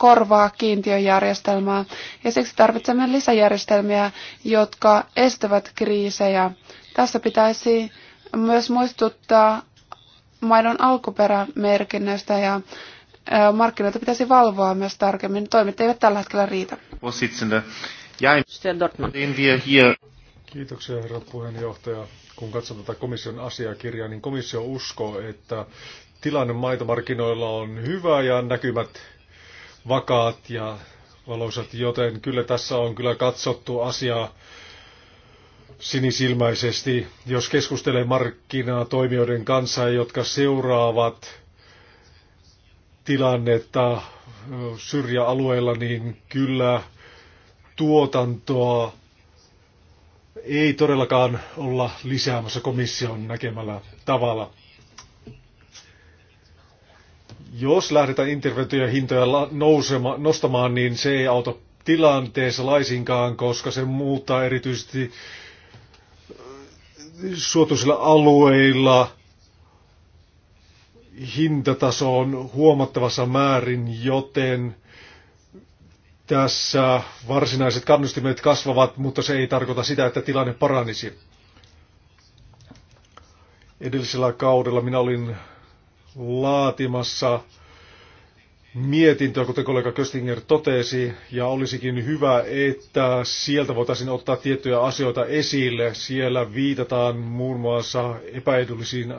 korvaa kiintiöjärjestelmää ja siksi tarvitsemme lisäjärjestelmiä, jotka estävät kriisejä. Tässä pitäisi myös muistuttaa maidon alkuperämerkinnöistä ja markkinoita pitäisi valvoa myös tarkemmin. Toimet eivät tällä hetkellä riitä. Kiitoksia herra puheenjohtaja. Kun katson tätä komission asiakirjaa, niin komissio uskoo, että tilanne maitomarkkinoilla on hyvä ja näkymät vakaat ja valoisat, joten kyllä tässä on kyllä katsottu asiaa sinisilmäisesti. Jos keskustelee toimijoiden kanssa, jotka seuraavat tilannetta syrjäalueella, niin kyllä tuotantoa ei todellakaan olla lisäämässä komission näkemällä tavalla. Jos lähdetään interventiojen hintoja nousema, nostamaan, niin se ei auta tilanteessa laisinkaan, koska se muuttaa erityisesti äh, suotuisilla alueilla hintataso huomattavassa määrin, joten tässä varsinaiset kannustimet kasvavat, mutta se ei tarkoita sitä, että tilanne paranisi. Edellisellä kaudella minä olin laatimassa mietintöä, kuten kollega Köstinger totesi, ja olisikin hyvä, että sieltä voitaisiin ottaa tiettyjä asioita esille. Siellä viitataan muun muassa epäedullisiin,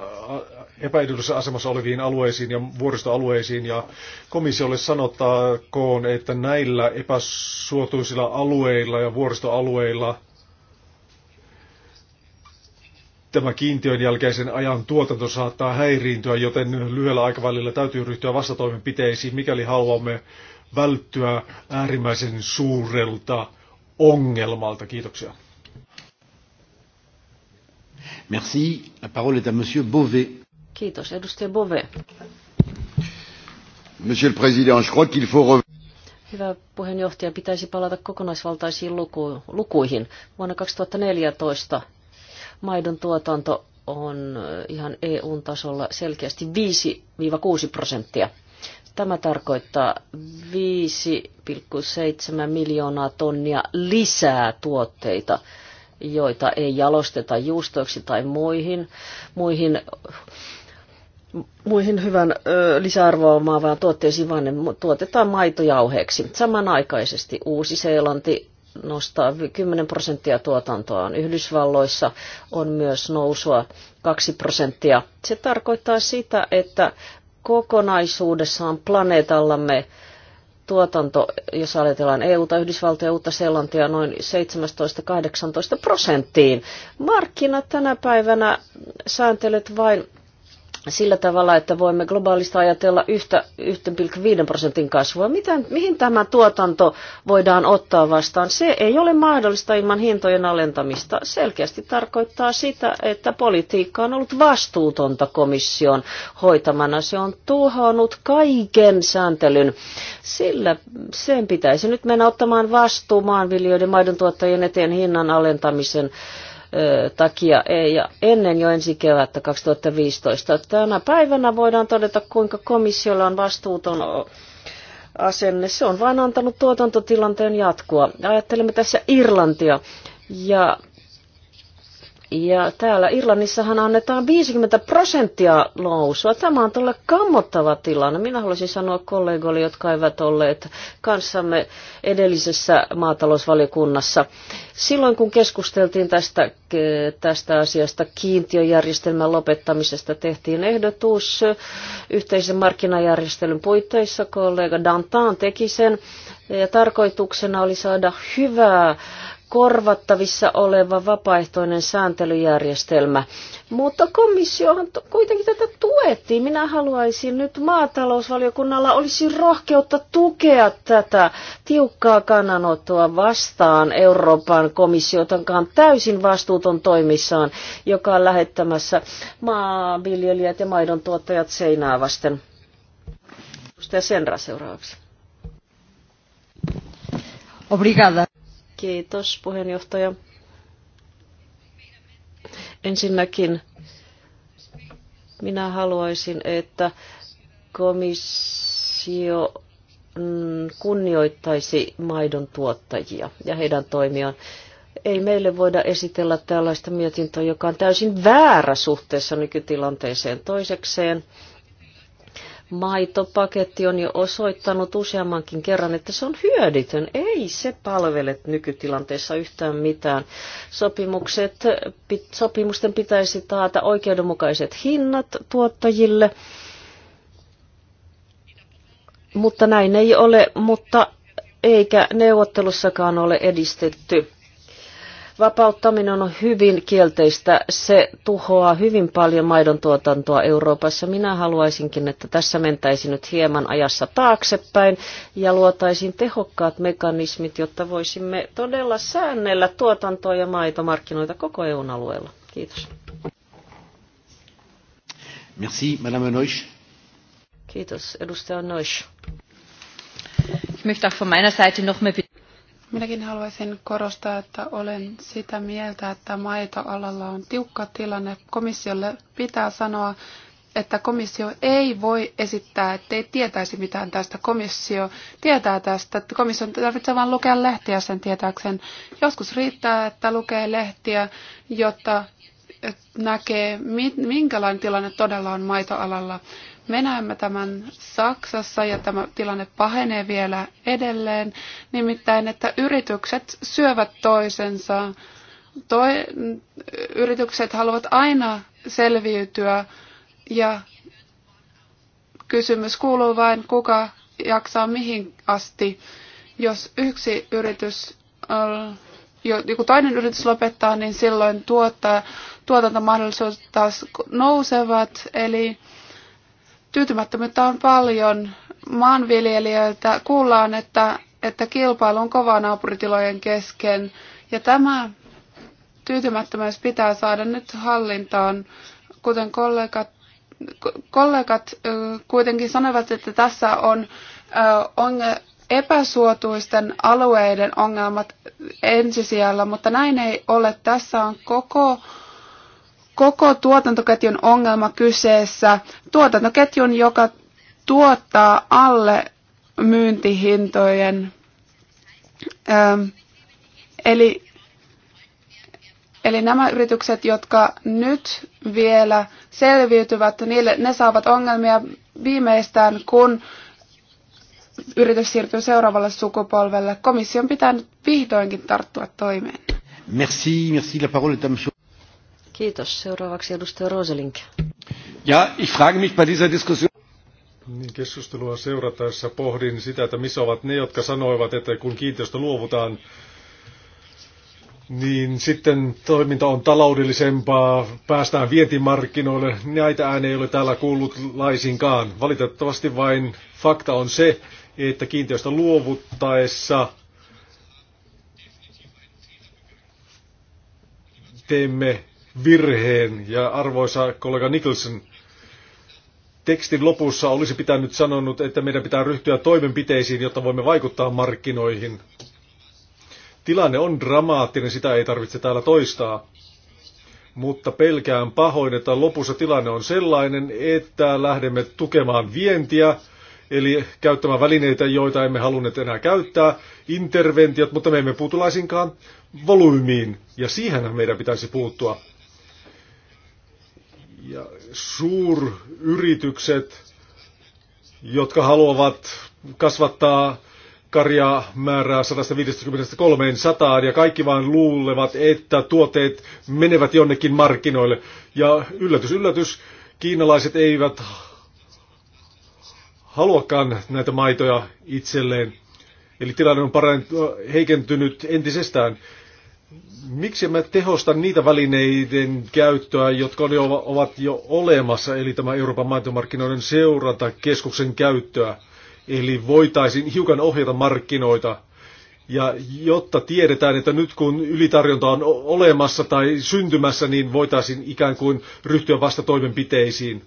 epäedullisessa asemassa oleviin alueisiin ja vuoristoalueisiin, ja komissiolle sanottakoon, että näillä epäsuotuisilla alueilla ja vuoristoalueilla – tämä kiintiön jälkeisen ajan tuotanto saattaa häiriintyä, joten lyhyellä aikavälillä täytyy ryhtyä vastatoimenpiteisiin, mikäli haluamme välttyä äärimmäisen suurelta ongelmalta. Kiitoksia. Merci. La parole est à monsieur Beauvais. Kiitos, edustaja Beauvais. Monsieur le Président, je crois qu'il faut revenir. Hyvä puheenjohtaja, pitäisi palata kokonaisvaltaisiin luku, lukuihin. Vuonna 2014 Maidon tuotanto on ihan eu tasolla selkeästi 5-6 prosenttia. Tämä tarkoittaa 5,7 miljoonaa tonnia lisää tuotteita, joita ei jalosteta juustoiksi tai muihin, muihin, muihin hyvän lisäarvoa omaavaan tuotteisiin, vaan ne tuotetaan maitojauheeksi. Samanaikaisesti Uusi-Seelanti nostaa 10 prosenttia tuotantoaan. Yhdysvalloissa on myös nousua 2 prosenttia. Se tarkoittaa sitä, että kokonaisuudessaan planeetallamme tuotanto, jos ajatellaan EUta, Yhdysvaltoja ja Uutta Seelantia, noin 17-18 prosenttiin. Markkinat tänä päivänä sääntelevät vain sillä tavalla, että voimme globaalista ajatella yhtä 1,5 prosentin kasvua. Miten, mihin tämä tuotanto voidaan ottaa vastaan? Se ei ole mahdollista ilman hintojen alentamista. Selkeästi tarkoittaa sitä, että politiikka on ollut vastuutonta komission hoitamana. Se on tuhonnut kaiken sääntelyn. Sillä sen pitäisi nyt mennä ottamaan vastuu maanviljelijöiden maidon tuottajien eteen hinnan alentamisen takia ei ja ennen jo ensi kevättä 2015. Tänä päivänä voidaan todeta, kuinka komissiolla on vastuuton asenne. Se on vain antanut tuotantotilanteen jatkua. Ajattelemme tässä Irlantia ja ja täällä Irlannissahan annetaan 50 prosenttia nousua. Tämä on tällä kammottava tilanne. Minä haluaisin sanoa kollegoille, jotka eivät olleet kanssamme edellisessä maatalousvaliokunnassa. Silloin kun keskusteltiin tästä, tästä asiasta kiintiöjärjestelmän lopettamisesta, tehtiin ehdotus yhteisen markkinajärjestelyn puitteissa. Kollega Dantaan teki sen ja tarkoituksena oli saada hyvää korvattavissa oleva vapaaehtoinen sääntelyjärjestelmä. Mutta komissiohan kuitenkin tätä tuettiin. Minä haluaisin nyt maatalousvaliokunnalla olisi rohkeutta tukea tätä tiukkaa kannanottoa vastaan Euroopan komissiotankaan täysin vastuuton toimissaan, joka on lähettämässä maanviljelijät ja maidon tuottajat seinää vasten. Edustaja Senra seuraavaksi. Obrigada. Kiitos puheenjohtaja. Ensinnäkin minä haluaisin, että komissio kunnioittaisi maidon tuottajia ja heidän toimiaan. Ei meille voida esitellä tällaista mietintöä, joka on täysin väärä suhteessa nykytilanteeseen toisekseen maitopaketti on jo osoittanut useammankin kerran, että se on hyödytön. Ei se palvele nykytilanteessa yhtään mitään. Sopimukset, sopimusten pitäisi taata oikeudenmukaiset hinnat tuottajille, mutta näin ei ole, mutta eikä neuvottelussakaan ole edistetty Vapauttaminen on hyvin kielteistä. Se tuhoaa hyvin paljon maidon tuotantoa Euroopassa. Minä haluaisinkin, että tässä mentäisi nyt hieman ajassa taaksepäin ja luotaisiin tehokkaat mekanismit, jotta voisimme todella säännellä tuotantoa ja maitomarkkinoita koko EUn alueella. Kiitos. Merci, Madame Neusch. Kiitos, edustaja Neusch. Ich möchte auch von meiner Seite noch mal Minäkin haluaisin korostaa, että olen sitä mieltä, että maitoalalla on tiukka tilanne. Komissiolle pitää sanoa, että komissio ei voi esittää, että ei tietäisi mitään tästä. Komissio tietää tästä. Komissio tarvitsee vain lukea lehtiä sen tietääkseen. Joskus riittää, että lukee lehtiä, jotta näkee, minkälainen tilanne todella on maitoalalla. Me näemme tämän Saksassa ja tämä tilanne pahenee vielä edelleen, nimittäin että yritykset syövät toisensa. Toi, yritykset haluavat aina selviytyä ja kysymys kuuluu vain, kuka jaksaa mihin asti. Jos yksi yritys äh, joku toinen yritys lopettaa, niin silloin tuottaa, tuotantomahdollisuudet taas nousevat. Eli Tyytymättömyyttä on paljon. Maanviljelijöiltä kuullaan, että, että kilpailu on kovaa naapuritilojen kesken. Ja tämä tyytymättömyys pitää saada nyt hallintaan. Kuten kollegat, kollegat kuitenkin sanovat, että tässä on, on epäsuotuisten alueiden ongelmat ensisijalla, mutta näin ei ole. Tässä on koko koko tuotantoketjun ongelma kyseessä, tuotantoketjun, joka tuottaa alle myyntihintojen. Ähm, eli, eli nämä yritykset, jotka nyt vielä selviytyvät, niille, ne saavat ongelmia viimeistään, kun yritys siirtyy seuraavalle sukupolvelle. Komission pitää nyt vihdoinkin tarttua toimeen. Merci, merci. La parole est à monsieur. Kiitos. Seuraavaksi edustaja Roselink. Ja, ich frage mich bei dieser Diskussion. Niin, keskustelua seurataessa pohdin sitä, että missä ovat ne, jotka sanoivat, että kun kiinteistö luovutaan, niin sitten toiminta on taloudellisempaa, päästään vientimarkkinoille. Näitä ääniä ei ole täällä kuullut laisinkaan. Valitettavasti vain fakta on se, että kiinteistö luovuttaessa teemme virheen. Ja arvoisa kollega Nicholson, tekstin lopussa olisi pitänyt sanonut, että meidän pitää ryhtyä toimenpiteisiin, jotta voimme vaikuttaa markkinoihin. Tilanne on dramaattinen, sitä ei tarvitse täällä toistaa. Mutta pelkään pahoin, että lopussa tilanne on sellainen, että lähdemme tukemaan vientiä, eli käyttämään välineitä, joita emme halunneet enää käyttää, interventiot, mutta me emme puutu laisinkaan volyymiin, ja siihenhän meidän pitäisi puuttua. Ja suuryritykset, jotka haluavat kasvattaa karja määrää 153 sataa, ja kaikki vain luulevat, että tuotteet menevät jonnekin markkinoille. Ja yllätys, yllätys, kiinalaiset eivät haluakaan näitä maitoja itselleen. Eli tilanne on parant- heikentynyt entisestään miksi me tehostan niitä välineiden käyttöä, jotka on jo, ovat jo olemassa, eli tämä Euroopan maitomarkkinoiden seurantakeskuksen käyttöä. Eli voitaisiin hiukan ohjata markkinoita, ja jotta tiedetään, että nyt kun ylitarjonta on olemassa tai syntymässä, niin voitaisiin ikään kuin ryhtyä vasta toimenpiteisiin.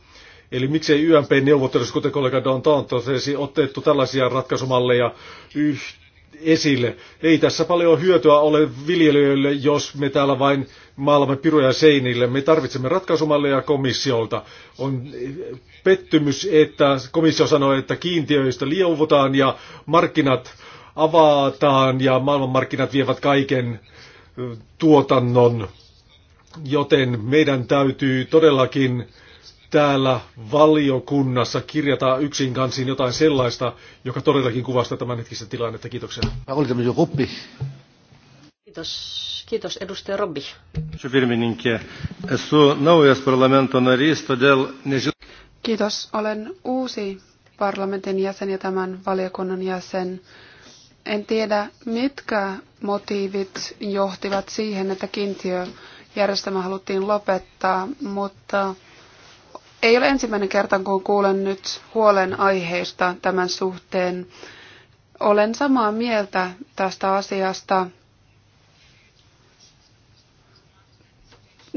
Eli miksei YMP-neuvottelussa, kuten kollega Don Tantosesi, otettu tällaisia ratkaisumalleja yhteen esille. Ei tässä paljon hyötyä ole viljelijöille, jos me täällä vain maalamme piruja seinille. Me tarvitsemme ratkaisumalleja komissiolta. On eh, pettymys, että komissio sanoi, että kiintiöistä liuvutaan ja markkinat avataan ja maailmanmarkkinat vievät kaiken eh, tuotannon. Joten meidän täytyy todellakin täällä valiokunnassa kirjataan yksin kansiin jotain sellaista, joka todellakin kuvastaa tämän hetkistä tilannetta. Kiitoksia. Kiitos. Kiitos edustaja Robbi. Kiitos. Olen uusi parlamentin jäsen ja tämän valiokunnan jäsen. En tiedä, mitkä motiivit johtivat siihen, että kiintiöjärjestelmä haluttiin lopettaa, mutta ei ole ensimmäinen kerta, kun kuulen nyt huolen aiheista tämän suhteen. Olen samaa mieltä tästä asiasta.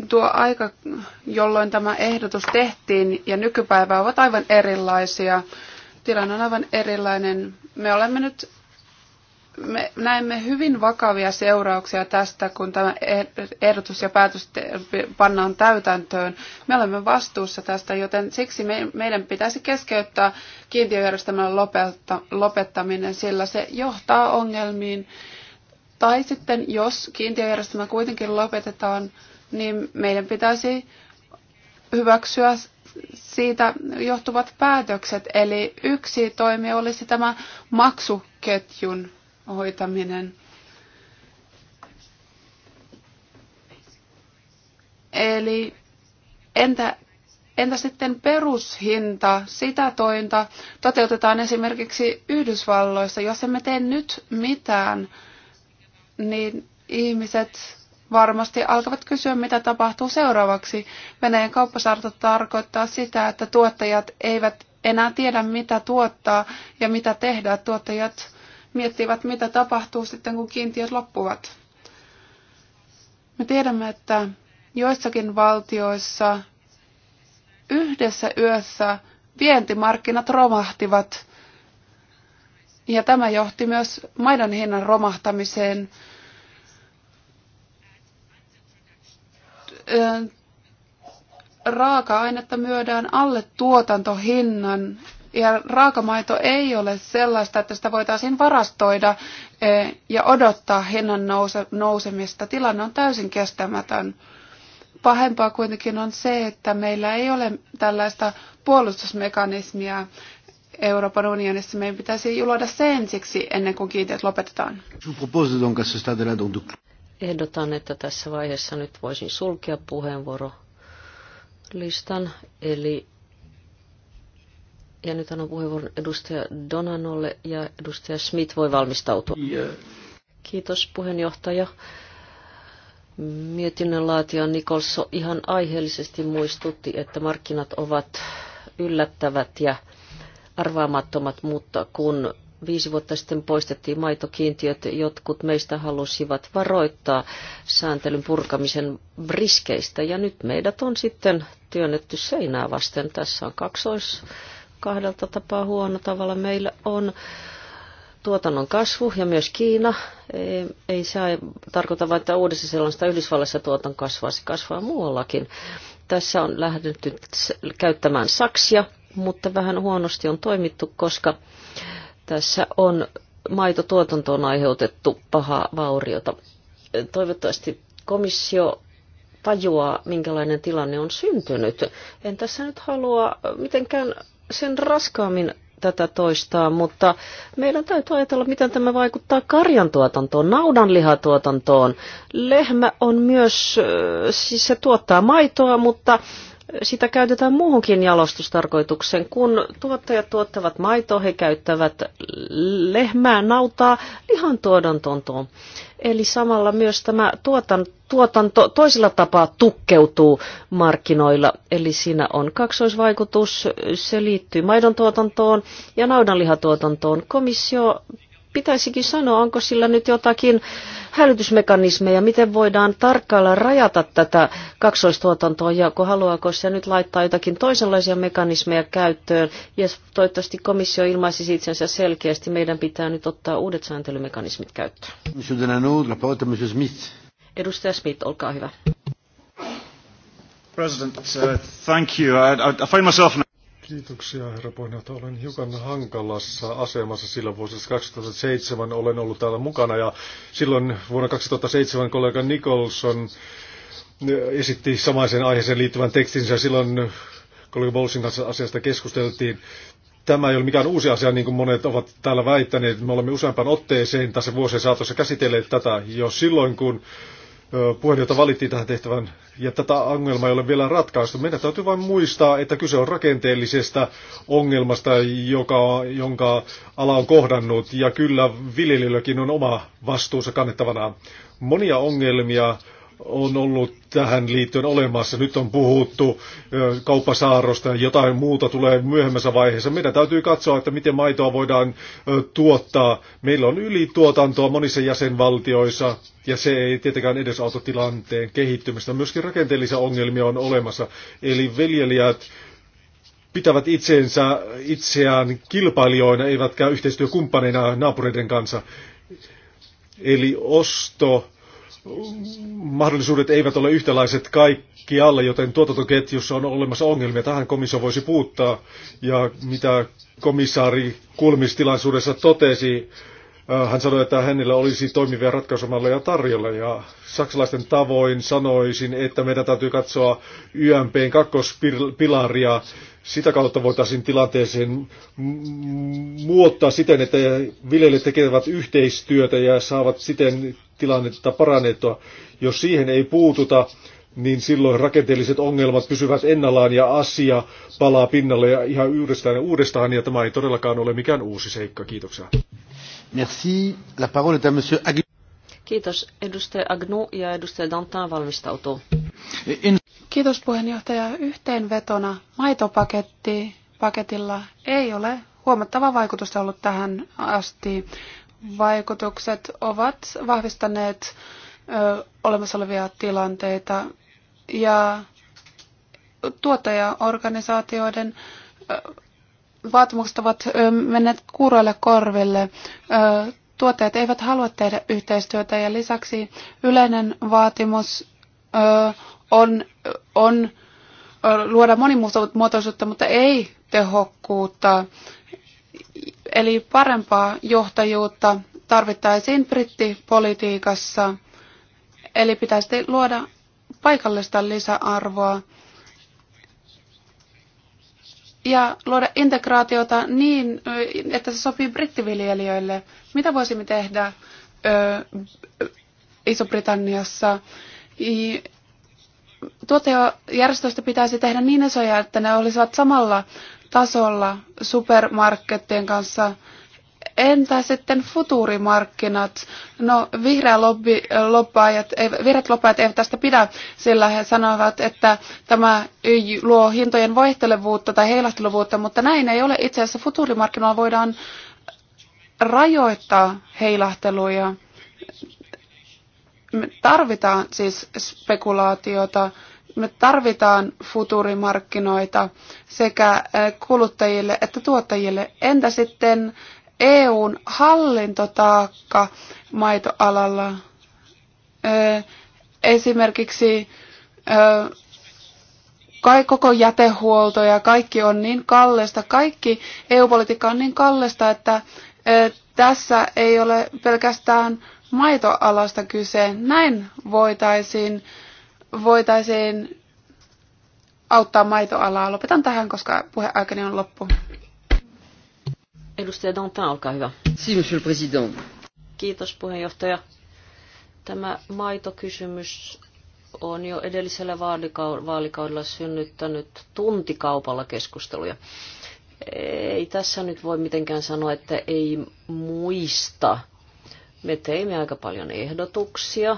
Tuo aika, jolloin tämä ehdotus tehtiin ja nykypäivä ovat aivan erilaisia. Tilanne on aivan erilainen. Me olemme nyt me näemme hyvin vakavia seurauksia tästä, kun tämä ehdotus ja päätös pannaan täytäntöön. Me olemme vastuussa tästä, joten siksi meidän pitäisi keskeyttää kiintiöjärjestelmän lopettaminen, sillä se johtaa ongelmiin. Tai sitten, jos kiintiöjärjestelmä kuitenkin lopetetaan, niin meidän pitäisi hyväksyä siitä johtuvat päätökset. Eli yksi toimi olisi tämä maksuketjun hoitaminen. Eli entä, entä sitten perushinta, sitä tointa toteutetaan esimerkiksi Yhdysvalloissa. Jos emme tee nyt mitään, niin ihmiset varmasti alkavat kysyä, mitä tapahtuu seuraavaksi. Venäjän kauppasarto tarkoittaa sitä, että tuottajat eivät enää tiedä, mitä tuottaa ja mitä tehdä. Tuottajat miettivät, mitä tapahtuu sitten, kun kiintiöt loppuvat. Me tiedämme, että joissakin valtioissa yhdessä yössä vientimarkkinat romahtivat. Ja tämä johti myös maidon hinnan romahtamiseen. Raaka-ainetta myödään alle tuotantohinnan ja raakamaito ei ole sellaista, että sitä voitaisiin varastoida eh, ja odottaa hinnan nousemista. Tilanne on täysin kestämätön. Pahempaa kuitenkin on se, että meillä ei ole tällaista puolustusmekanismia Euroopan unionissa. Meidän pitäisi luoda se ensiksi ennen kuin kiinteät lopetetaan. Ehdotan, että tässä vaiheessa nyt voisin sulkea puheenvuoro listan, eli ja nyt annan puheenvuoron edustaja Donanolle ja edustaja Smith voi valmistautua. Yeah. Kiitos puheenjohtaja. Mietinnön laatija Nikolso ihan aiheellisesti muistutti, että markkinat ovat yllättävät ja arvaamattomat, mutta kun viisi vuotta sitten poistettiin maitokiintiöt, jotkut meistä halusivat varoittaa sääntelyn purkamisen riskeistä ja nyt meidät on sitten työnnetty seinää vasten. Tässä on kaksois kahdelta tapaa huono tavalla. Meillä on tuotannon kasvu ja myös Kiina. Ei, ei se tarkoita vain, että uudessa sellaista Yhdysvalloissa tuoton kasvaa, se kasvaa muuallakin. Tässä on lähdetty käyttämään saksia, mutta vähän huonosti on toimittu, koska tässä on maitotuotantoon aiheutettu paha vauriota. E, toivottavasti komissio tajuaa, minkälainen tilanne on syntynyt. En tässä nyt halua mitenkään sen raskaammin tätä toistaa, mutta meidän täytyy ajatella, miten tämä vaikuttaa karjantuotantoon, naudanlihatuotantoon. Lehmä on myös, siis se tuottaa maitoa, mutta sitä käytetään muuhunkin jalostustarkoitukseen. Kun tuottajat tuottavat maitoa, he käyttävät lehmää, nautaa lihan tuodantontoon. Eli samalla myös tämä tuotan, tuotanto toisella tapaa tukkeutuu markkinoilla. Eli siinä on kaksoisvaikutus, se liittyy maidon tuotantoon ja naudanlihatuotantoon. Komissio pitäisikin sanoa, onko sillä nyt jotakin hälytysmekanismeja, miten voidaan tarkkailla rajata tätä kaksoistuotantoa, ja kun haluaako se nyt laittaa jotakin toisenlaisia mekanismeja käyttöön, ja toivottavasti komissio ilmaisi itsensä selkeästi, meidän pitää nyt ottaa uudet sääntelymekanismit käyttöön. Edustaja Smith, olkaa hyvä. President, uh, thank you. I, I, I find myself in Kiitoksia, herra puheenjohtaja. Olen hiukan hankalassa asemassa sillä vuosessa 2007. Olen ollut täällä mukana ja silloin vuonna 2007 kollega Nicholson eh, esitti samaisen aiheeseen liittyvän tekstinsä. Silloin kollega Bolsin kanssa asiasta keskusteltiin. Tämä ei ole mikään uusi asia, niin kuin monet ovat täällä väittäneet. Me olemme useampaan otteeseen tässä vuosien saatossa käsitelleet tätä jo silloin, kun puheenjohtaja valittiin tähän tehtävään, ja tätä ongelmaa ei ole vielä ratkaistu. Meidän täytyy vain muistaa, että kyse on rakenteellisesta ongelmasta, joka, jonka ala on kohdannut, ja kyllä viljelijöilläkin on oma vastuunsa kannettavana Monia ongelmia on ollut tähän liittyen olemassa. Nyt on puhuttu kauppasaarosta ja jotain muuta tulee myöhemmässä vaiheessa. Meidän täytyy katsoa, että miten maitoa voidaan tuottaa. Meillä on ylituotantoa monissa jäsenvaltioissa ja se ei tietenkään edes auta tilanteen kehittymistä. Myöskin rakenteellisia ongelmia on olemassa. Eli veljelijät pitävät itseensä, itseään kilpailijoina, eivätkä yhteistyökumppaneina naapureiden kanssa. Eli osto mahdollisuudet eivät ole yhtälaiset alle, joten tuotantoketjussa on olemassa ongelmia. Tähän komissio voisi puuttaa. Ja mitä komissaari kulmistilaisuudessa totesi, Äh, hän sanoi, että hänellä olisi toimivia ratkaisumalleja tarjolla ja saksalaisten tavoin sanoisin, että meidän täytyy katsoa YMPn kakkospilaria. Sitä kautta voitaisiin tilanteeseen muuttaa siten, että viljelijät tekevät yhteistyötä ja saavat siten tilannetta parannettua. Jos siihen ei puututa, niin silloin rakenteelliset ongelmat pysyvät ennallaan ja asia palaa pinnalle ja ihan uudestaan ja uudestaan, ja tämä ei todellakaan ole mikään uusi seikka. Kiitoksia. Merci. La parole est à monsieur Agnew. Kiitos. Edustaja Agnu ja edustaja Dantan valmistautuu. In... Kiitos puheenjohtaja. Yhteenvetona maitopaketti paketilla ei ole huomattavaa vaikutusta ollut tähän asti. Vaikutukset ovat vahvistaneet ö, olemassa olevia tilanteita ja tuottajaorganisaatioiden ö, vaatimukset ovat menneet kuuroille korville. Tuottajat eivät halua tehdä yhteistyötä ja lisäksi yleinen vaatimus on, on luoda monimuotoisuutta, mutta ei tehokkuutta. Eli parempaa johtajuutta tarvittaisiin brittipolitiikassa. Eli pitäisi luoda paikallista lisäarvoa ja luoda integraatiota niin, että se sopii brittiviljelijöille. Mitä voisimme tehdä Iso-Britanniassa? Tuottajajärjestöistä pitäisi tehdä niin isoja, että ne olisivat samalla tasolla supermarkettien kanssa Entä sitten futurimarkkinat? No vihreä lobby, lobbaajat, vihreät lobbaajat eivät tästä pidä, sillä he sanovat, että tämä luo hintojen vaihtelevuutta tai heilahteluvuutta, mutta näin ei ole. Itse asiassa futurimarkkinoilla voidaan rajoittaa heilahteluja. Me tarvitaan siis spekulaatiota, me tarvitaan futurimarkkinoita sekä eh, kuluttajille että tuottajille. Entä sitten EUn hallintotaakka maitoalalla. Esimerkiksi kai koko jätehuolto ja kaikki on niin kallista, kaikki EU-politiikka on niin kallista, että tässä ei ole pelkästään maitoalasta kyse. Näin voitaisiin, voitaisiin auttaa maitoalaa. Lopetan tähän, koska puheaikani on loppu. Edustaja Dantin, olkaa hyvä. Si, monsieur le président. Kiitos puheenjohtaja. Tämä maitokysymys on jo edellisellä vaalikaudella synnyttänyt tuntikaupalla keskusteluja. Ei tässä nyt voi mitenkään sanoa, että ei muista. Me teimme aika paljon ehdotuksia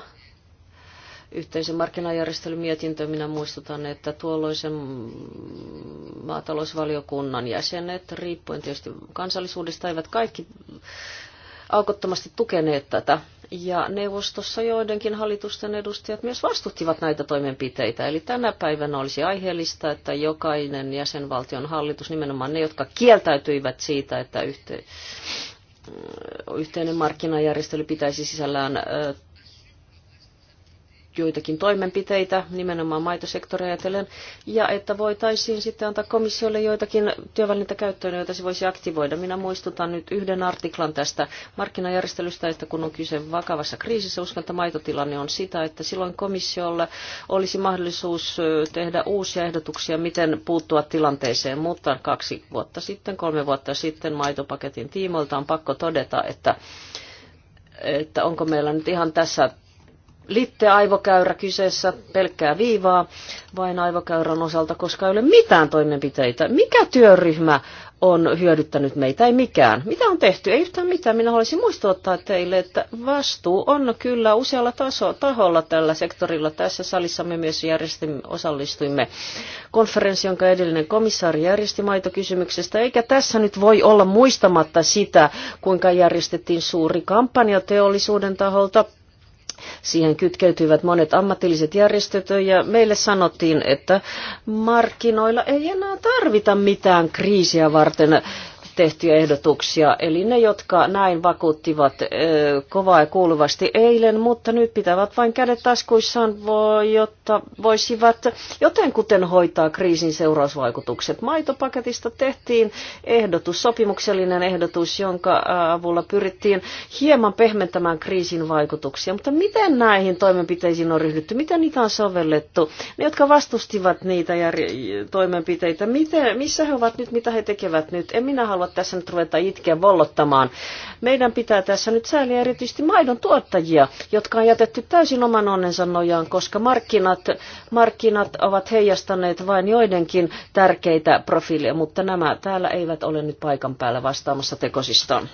yhteisen markkinajärjestelyn mietintö. Minä muistutan, että tuolloisen maatalousvaliokunnan jäsenet, riippuen tietysti kansallisuudesta, eivät kaikki aukottomasti tukeneet tätä. Ja neuvostossa joidenkin hallitusten edustajat myös vastustivat näitä toimenpiteitä. Eli tänä päivänä olisi aiheellista, että jokainen jäsenvaltion hallitus, nimenomaan ne, jotka kieltäytyivät siitä, että yhte, yhteinen markkinajärjestely pitäisi sisällään joitakin toimenpiteitä, nimenomaan maitosektoria ajatellen, ja että voitaisiin sitten antaa komissiolle joitakin työvälineitä käyttöön, joita se voisi aktivoida. Minä muistutan nyt yhden artiklan tästä markkinajärjestelystä, että kun on kyse vakavassa kriisissä, uskon, että maitotilanne on sitä, että silloin komissiolla olisi mahdollisuus tehdä uusia ehdotuksia, miten puuttua tilanteeseen, mutta kaksi vuotta sitten, kolme vuotta sitten maitopaketin tiimoilta on pakko todeta, että että onko meillä nyt ihan tässä litte aivokäyrä kyseessä, pelkkää viivaa vain aivokäyrän osalta, koska ei ole mitään toimenpiteitä. Mikä työryhmä on hyödyttänyt meitä? Ei mikään. Mitä on tehty? Ei yhtään mitään. Minä haluaisin muistuttaa teille, että vastuu on kyllä usealla taso, taholla tällä sektorilla. Tässä salissa me myös järjestimme, osallistuimme konferenssi, jonka edellinen komissaari järjesti maitokysymyksestä. Eikä tässä nyt voi olla muistamatta sitä, kuinka järjestettiin suuri kampanja teollisuuden taholta Siihen kytkeytyivät monet ammatilliset järjestöt ja meille sanottiin, että markkinoilla ei enää tarvita mitään kriisiä varten tehtyjä ehdotuksia, eli ne, jotka näin vakuuttivat kovaa ja kuuluvasti eilen, mutta nyt pitävät vain kädet taskuissaan, jotta voisivat jotenkuten hoitaa kriisin seurausvaikutukset. Maitopaketista tehtiin ehdotus, sopimuksellinen ehdotus, jonka avulla pyrittiin hieman pehmentämään kriisin vaikutuksia, mutta miten näihin toimenpiteisiin on ryhdytty, miten niitä on sovellettu? Ne, jotka vastustivat niitä toimenpiteitä, miten, missä he ovat nyt, mitä he tekevät nyt? En minä halua tässä nyt ruveta itkeä vollottamaan. Meidän pitää tässä nyt sääliä erityisesti maidon tuottajia, jotka on jätetty täysin oman onnensa nojaan, koska markkinat, markkinat ovat heijastaneet vain joidenkin tärkeitä profiileja, mutta nämä täällä eivät ole nyt paikan päällä vastaamassa tekosistaan.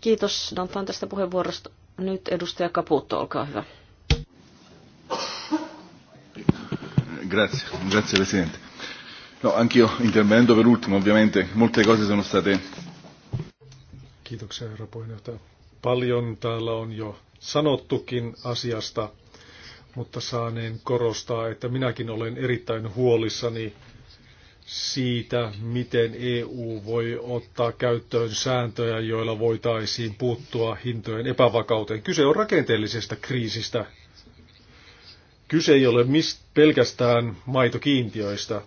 Kiitos Dantan tästä puheenvuorosta. Nyt edustaja Kaputo, olkaa hyvä. Grazie, grazie Presidente. No, anch'io intervenendo per ultimo, ovviamente. Molte cose sono state... Kiitoksia, herra puheenjohtaja. Paljon täällä on jo sanottukin asiasta, mutta saaneen korostaa, että minäkin olen erittäin huolissani siitä, miten EU voi ottaa käyttöön sääntöjä, joilla voitaisiin puuttua hintojen epävakauteen. Kyse on rakenteellisesta kriisistä. Kyse ei ole mist pelkästään maitokiintiöistä.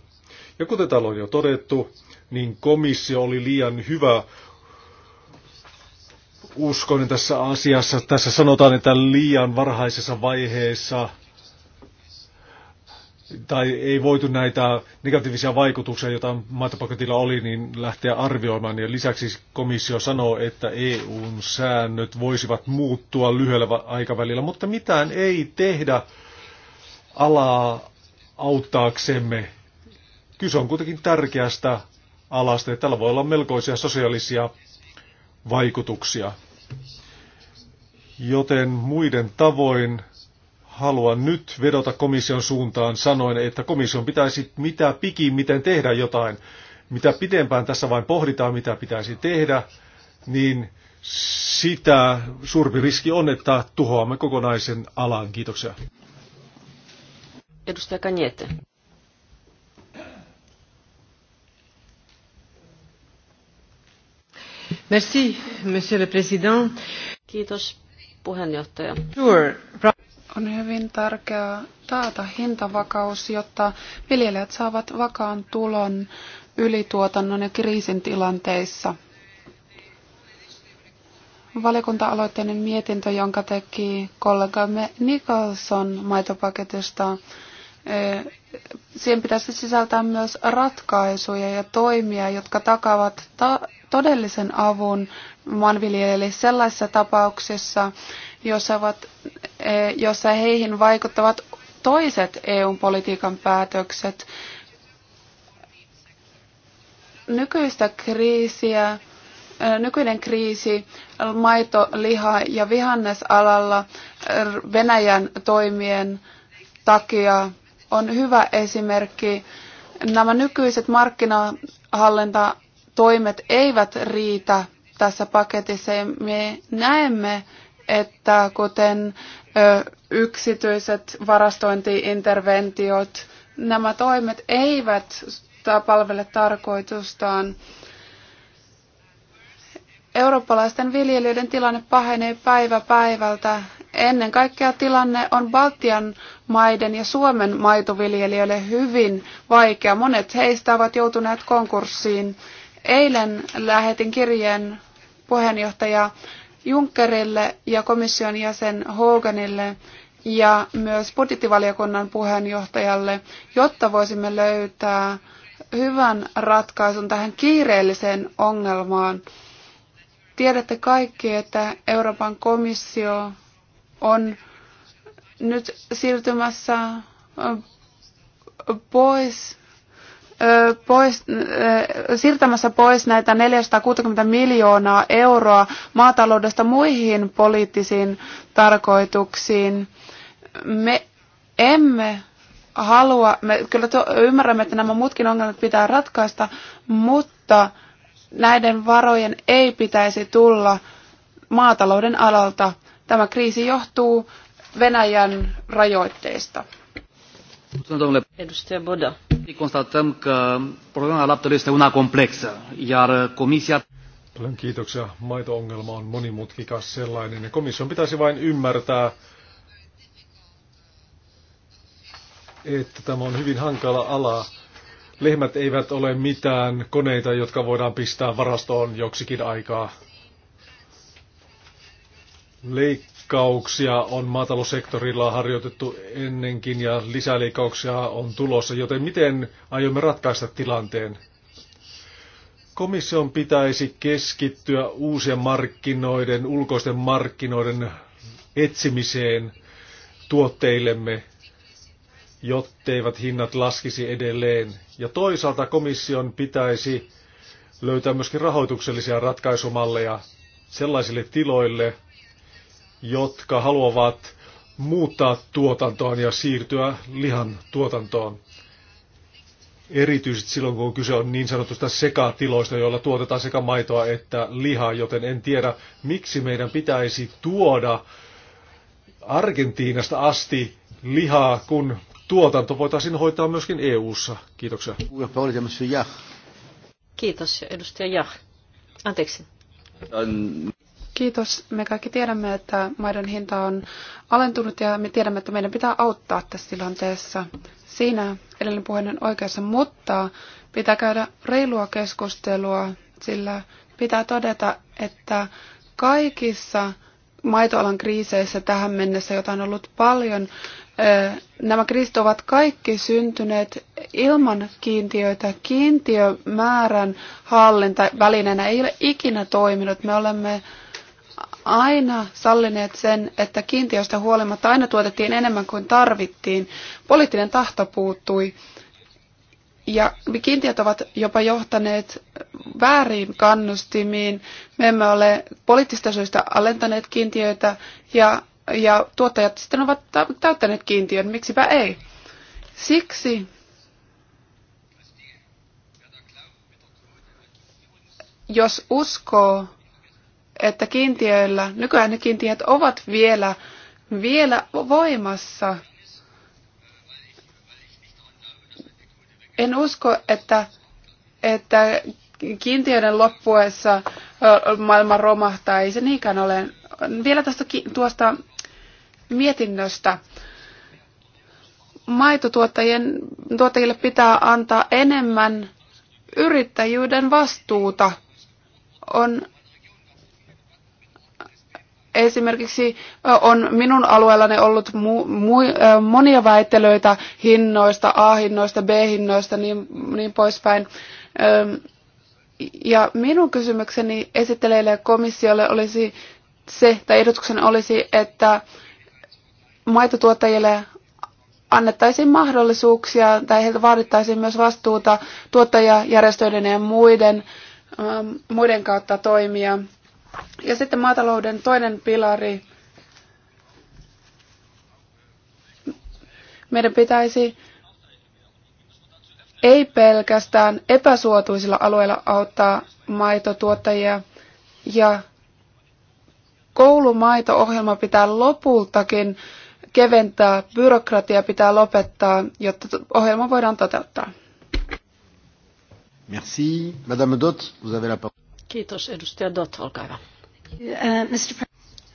Ja kuten täällä on jo todettu, niin komissio oli liian hyvä uskoinen tässä asiassa. Tässä sanotaan, että liian varhaisessa vaiheessa tai ei voitu näitä negatiivisia vaikutuksia, joita maatapaketilla oli, niin lähteä arvioimaan. Ja lisäksi komissio sanoo, että EUn säännöt voisivat muuttua lyhyellä aikavälillä, mutta mitään ei tehdä alaa auttaaksemme. Kyse on kuitenkin tärkeästä alasta ja tällä voi olla melkoisia sosiaalisia vaikutuksia. Joten muiden tavoin haluan nyt vedota komission suuntaan sanoen, että komission pitäisi mitä pikin, miten tehdä jotain. Mitä pidempään tässä vain pohditaan, mitä pitäisi tehdä, niin sitä suurempi riski on, että tuhoamme kokonaisen alan. Kiitoksia. Edustaja Kanjete. Kiitos, puheenjohtaja. On hyvin tärkeää taata hintavakaus, jotta viljelijät saavat vakaan tulon ylituotannon ja kriisin tilanteissa. Valiokunta-aloitteinen mietintö, jonka teki kollegamme Nicholson maitopaketista, siihen pitäisi sisältää myös ratkaisuja ja toimia, jotka takavat ta- todellisen avun maanviljelijöille sellaisissa tapauksissa, jossa, ovat, jossa heihin vaikuttavat toiset EU-politiikan päätökset. Nykyistä kriisiä, nykyinen kriisi maito-, liha- ja vihannesalalla Venäjän toimien takia on hyvä esimerkki. Nämä nykyiset markkinahallintatoimet eivät riitä tässä paketissa. Ja me näemme, että kuten yksityiset varastointiinterventiot, nämä toimet eivät palvele tarkoitustaan. Eurooppalaisten viljelijöiden tilanne pahenee päivä päivältä. Ennen kaikkea tilanne on Baltian maiden ja Suomen maitoviljelijöille hyvin vaikea. Monet heistä ovat joutuneet konkurssiin. Eilen lähetin kirjeen puheenjohtaja Junckerille ja komission jäsen Hoganille ja myös budjettivaliokunnan puheenjohtajalle, jotta voisimme löytää hyvän ratkaisun tähän kiireelliseen ongelmaan. Tiedätte kaikki, että Euroopan komissio on nyt siirtymässä pois, pois, siirtämässä pois näitä 460 miljoonaa euroa maataloudesta muihin poliittisiin tarkoituksiin. Me emme halua, me kyllä to, ymmärrämme, että nämä muutkin ongelmat pitää ratkaista, mutta näiden varojen ei pitäisi tulla maatalouden alalta. Tämä kriisi johtuu Venäjän rajoitteista. Edustaja Boda. Constatăm că problema laptelui este una complexă, iar Comisia... Paljon kiitoksia. Maito-ongelma on monimutkikas sellainen ja komission pitäisi vain ymmärtää, että tämä on hyvin hankala ala Lehmät eivät ole mitään koneita, jotka voidaan pistää varastoon joksikin aikaa. Leikkauksia on maataloussektorilla harjoitettu ennenkin ja lisäleikkauksia on tulossa, joten miten aiomme ratkaista tilanteen? Komission pitäisi keskittyä uusien markkinoiden, ulkoisten markkinoiden etsimiseen tuotteillemme, jotteivät hinnat laskisi edelleen ja toisaalta komission pitäisi löytää myöskin rahoituksellisia ratkaisumalleja sellaisille tiloille, jotka haluavat muuttaa tuotantoon ja siirtyä lihan tuotantoon. Erityisesti silloin, kun kyse on niin sanotusta sekatiloista, joilla tuotetaan sekä maitoa että lihaa, joten en tiedä, miksi meidän pitäisi tuoda Argentiinasta asti lihaa, kun tuotanto voitaisiin hoitaa myöskin EU-ssa. Kiitoksia. Kiitos, edustaja Jah. Anteeksi. Kiitos. Me kaikki tiedämme, että maiden hinta on alentunut ja me tiedämme, että meidän pitää auttaa tässä tilanteessa. Siinä edellinen puheen oikeassa, mutta pitää käydä reilua keskustelua, sillä pitää todeta, että kaikissa maitoalan kriiseissä tähän mennessä, jota on ollut paljon, nämä kristit ovat kaikki syntyneet ilman kiintiöitä. Kiintiömäärän hallinta välineenä ei ole ikinä toiminut. Me olemme aina sallineet sen, että kiintiöistä huolimatta aina tuotettiin enemmän kuin tarvittiin. Poliittinen tahto puuttui. Ja kiintiöt ovat jopa johtaneet väärin kannustimiin. Me emme ole poliittista syistä alentaneet kiintiöitä ja ja tuottajat sitten ovat täyttäneet kiintiön, miksipä ei. Siksi jos uskoo, että kiintiöillä, nykyään ne kiintiöt ovat vielä, vielä voimassa, en usko, että, että kiintiöiden loppuessa maailma romahtaa. Ei se niinkään ole. Vielä tästä, tuosta mietinnöstä. Maitotuottajien tuottajille pitää antaa enemmän yrittäjyyden vastuuta. On esimerkiksi on minun alueellani ollut mu, mu, monia väittelyitä hinnoista, A-hinnoista, B-hinnoista, niin, niin poispäin. Ja minun kysymykseni esittelijälle komissiolle olisi se, tai ehdotuksena olisi, että maitotuottajille annettaisiin mahdollisuuksia tai heiltä vaadittaisiin myös vastuuta tuottajajärjestöiden ja muiden, ähm, muiden kautta toimia. Ja sitten maatalouden toinen pilari. Meidän pitäisi ei pelkästään epäsuotuisilla alueilla auttaa maitotuottajia ja koulumaito-ohjelma pitää lopultakin keventää, byrokratia pitää lopettaa, jotta ohjelma voidaan toteuttaa. Merci. Madame vous avez la parole. Kiitos, edustaja Dot, olkaa hyvä. Uh,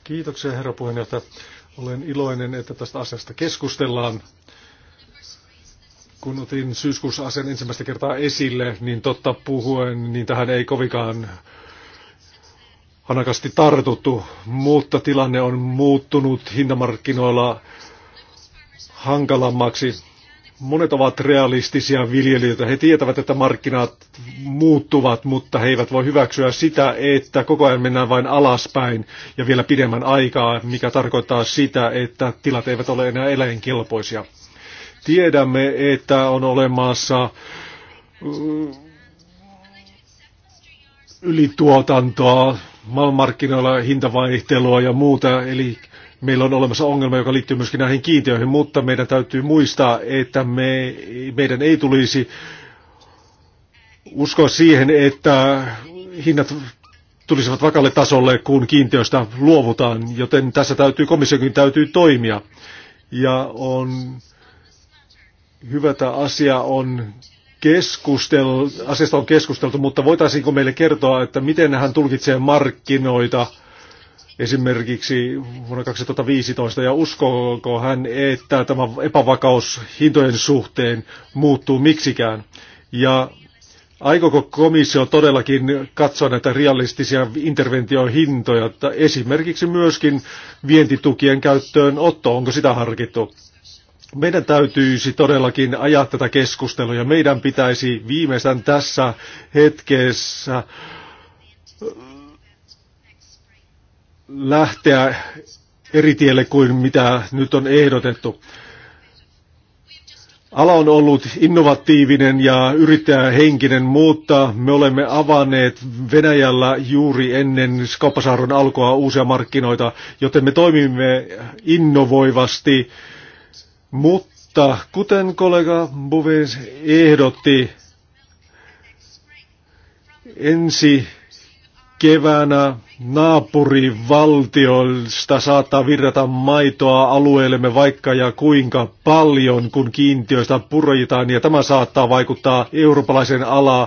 Kiitoksia, herra puheenjohtaja. Olen iloinen, että tästä asiasta keskustellaan. Kun otin syyskuussa asian ensimmäistä kertaa esille, niin totta puhuen, niin tähän ei kovikaan panakasti tartuttu, mutta tilanne on muuttunut hintamarkkinoilla hankalammaksi. Monet ovat realistisia viljelijöitä. He tietävät, että markkinat muuttuvat, mutta he eivät voi hyväksyä sitä, että koko ajan mennään vain alaspäin ja vielä pidemmän aikaa, mikä tarkoittaa sitä, että tilat eivät ole enää eläinkelpoisia. Tiedämme, että on olemassa mm, ylituotantoa, maailmanmarkkinoilla hintavaihtelua ja muuta, eli meillä on olemassa ongelma, joka liittyy myöskin näihin kiintiöihin, mutta meidän täytyy muistaa, että me, meidän ei tulisi uskoa siihen, että hinnat tulisivat vakalle tasolle, kun kiintiöistä luovutaan, joten tässä täytyy komissiokin täytyy toimia. Ja on hyvä, asia on keskustel, asiasta on keskusteltu, mutta voitaisiinko meille kertoa, että miten hän tulkitsee markkinoita esimerkiksi vuonna 2015 ja uskooko hän, että tämä epävakaus hintojen suhteen muuttuu miksikään? Ja aikooko komissio todellakin katsoa näitä realistisia interventiohintoja, että esimerkiksi myöskin vientitukien käyttöön otto, onko sitä harkittu? meidän täytyisi todellakin ajaa tätä keskustelua ja meidän pitäisi viimeisen tässä hetkessä äh, lähteä eri tielle kuin mitä nyt on ehdotettu. Ala on ollut innovatiivinen ja yrittäjähenkinen, mutta me olemme avanneet Venäjällä juuri ennen kauppasaaron alkoa uusia markkinoita, joten me toimimme innovoivasti mutta kuten kollega Buvis ehdotti, ensi keväänä naapurivaltioista saattaa virrata maitoa alueellemme vaikka ja kuinka paljon, kun kiintiöistä purjitaan ja tämä saattaa vaikuttaa eurooppalaisen alaa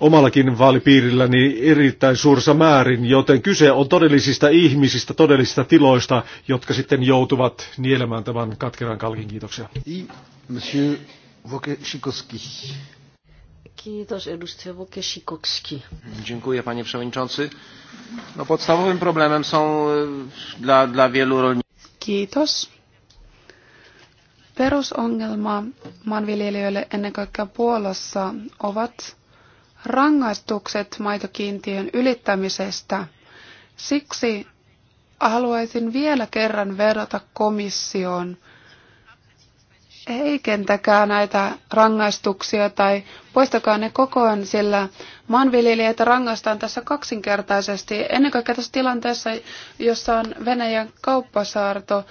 omallakin vaalipiirilläni erittäin suurissa määrin, joten kyse on todellisista ihmisistä, todellisista tiloista, jotka sitten joutuvat nielemään tämän katkeran kalkin. Kiitoksia. Kiitos edustaja Wokesikowski. Dziękuję panie przewodniczący. No, podstawowym problemem są e, dla, dla wielu rolników. Kiitos. Perusongelma maanviljelijöille ennen kaikkea Puolassa ovat rangaistukset maitokiintiön ylittämisestä. Siksi haluaisin vielä kerran vedota komissioon. Heikentäkää näitä rangaistuksia tai poistakaa ne kokoon, sillä maanviljelijöitä rangaistaan tässä kaksinkertaisesti. Ennen kaikkea tässä tilanteessa, jossa on Venäjän kauppasaarto,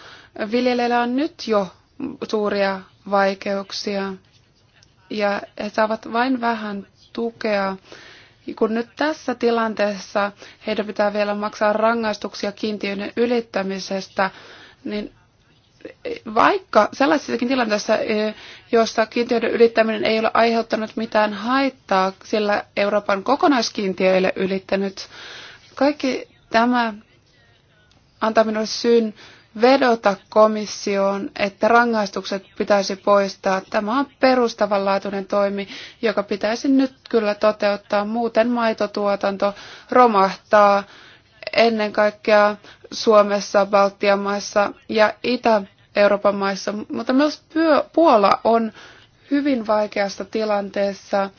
viljelijöillä on nyt jo suuria vaikeuksia ja he saavat vain vähän tukea. Kun nyt tässä tilanteessa heidän pitää vielä maksaa rangaistuksia kiintiöiden ylittämisestä, niin vaikka sellaisissakin tilanteissa, e, jossa kiintiöiden ylittäminen ei ole aiheuttanut mitään haittaa, sillä Euroopan kokonaiskiintiö ei ole ylittänyt, kaikki tämä antaa minulle syyn vedota komissioon, että rangaistukset pitäisi poistaa. Tämä on perustavanlaatuinen toimi, joka pitäisi nyt kyllä toteuttaa. Muuten maitotuotanto romahtaa ennen kaikkea Suomessa, Baltian maissa ja Itä-Euroopan maissa. Mutta myös Puola on hyvin vaikeassa tilanteessa.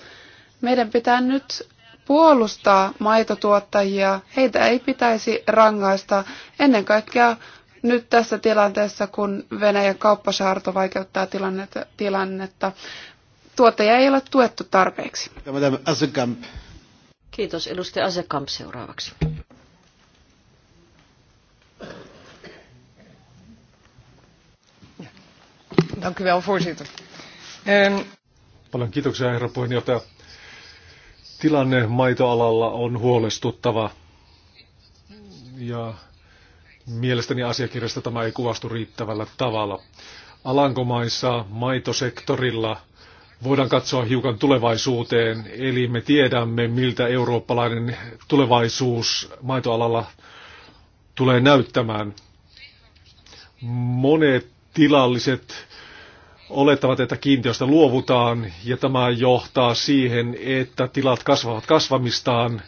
Meidän pitää nyt puolustaa maitotuottajia. Heitä ei pitäisi rangaista. Ennen kaikkea nyt tässä tilanteessa, kun Venäjän kauppasaarto vaikeuttaa tilannetta, tilannetta tuottaja ei ole tuettu tarpeeksi. Kiitos. Edustaja Asekamp seuraavaksi. Dank u wel, voorzitter. Um... Paljon kiitoksia, herra puheenjohtaja. Tilanne maitoalalla on huolestuttava ja Mielestäni asiakirjasta tämä ei kuvastu riittävällä tavalla. Alankomaissa maitosektorilla voidaan katsoa hiukan tulevaisuuteen, eli me tiedämme, miltä eurooppalainen tulevaisuus maitoalalla tulee näyttämään. Monet tilalliset olettavat, että kiintiöstä luovutaan, ja tämä johtaa siihen, että tilat kasvavat kasvamistaan,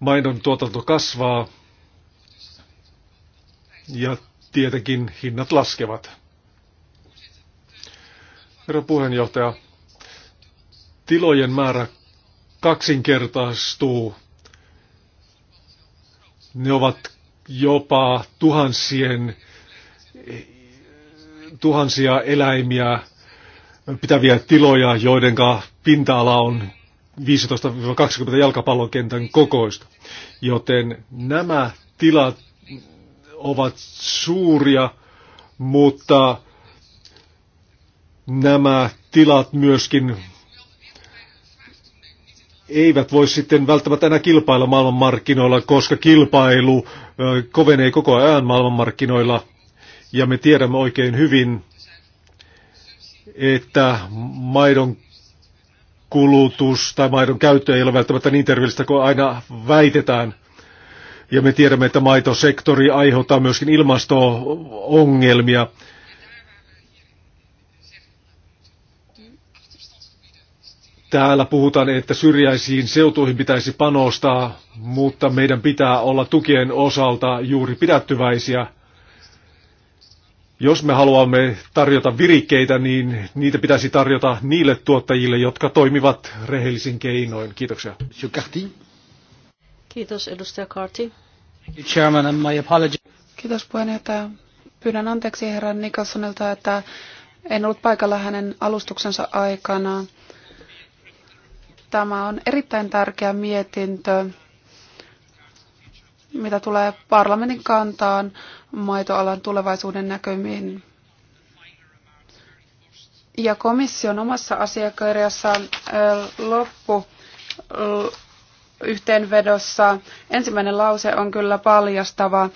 maidon tuotanto kasvaa, ja tietenkin hinnat laskevat. Herra puheenjohtaja, tilojen määrä kaksinkertaistuu. Ne ovat jopa tuhansien, tuhansia eläimiä pitäviä tiloja, joiden pinta-ala on 15-20 jalkapallokentän kokoista. Joten nämä tilat ovat suuria, mutta nämä tilat myöskin eivät voi sitten välttämättä enää kilpailla maailmanmarkkinoilla, koska kilpailu kovenee koko ajan maailmanmarkkinoilla. Ja me tiedämme oikein hyvin, että maidon kulutus tai maidon käyttö ei ole välttämättä niin terveellistä kuin aina väitetään. Ja me tiedämme, että maitosektori aiheuttaa myöskin ilmasto-ongelmia. Täällä puhutaan, että syrjäisiin seutuihin pitäisi panostaa, mutta meidän pitää olla tukien osalta juuri pidättyväisiä. Jos me haluamme tarjota virikkeitä, niin niitä pitäisi tarjota niille tuottajille, jotka toimivat rehellisin keinoin. Kiitoksia. Kiitos edustaja Carty. Chairman, and my apology. Kiitos puheenjohtaja. Pyydän anteeksi herra Nicholsonilta, että en ollut paikalla hänen alustuksensa aikana. Tämä on erittäin tärkeä mietintö, mitä tulee parlamentin kantaan maitoalan tulevaisuuden näkymiin. Ja komission omassa asiakirjassaan loppu yhteenvedossa ensimmäinen lause on kyllä paljastava.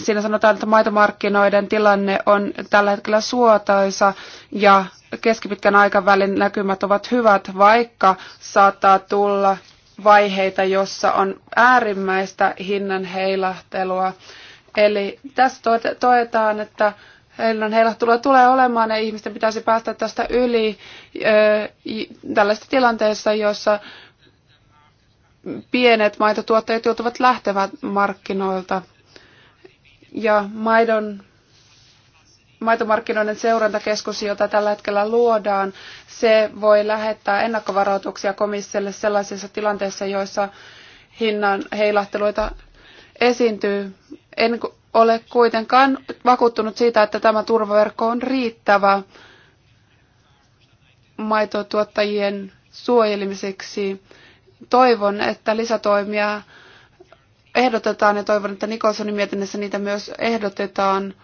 Siinä sanotaan, että maitomarkkinoiden tilanne on tällä hetkellä suotaisa ja keskipitkän aikavälin näkymät ovat hyvät, vaikka saattaa tulla vaiheita, jossa on äärimmäistä hinnan heilahtelua. Eli tässä toetaan, että hinnan heilahtelua tulee olemaan ja ihmisten pitäisi päästä tästä yli tällaisessa tilanteessa, jossa pienet maitotuottajat joutuvat lähtevät markkinoilta. Ja maidon, maitomarkkinoiden seurantakeskus, jota tällä hetkellä luodaan, se voi lähettää ennakkovaroituksia komissiolle sellaisissa tilanteissa, joissa hinnan heilahteluita esiintyy. En ole kuitenkaan vakuuttunut siitä, että tämä turvaverkko on riittävä maitotuottajien suojelemiseksi toivon, että lisätoimia ehdotetaan ja toivon, että Nikolsonin mietinnössä niitä myös ehdotetaan.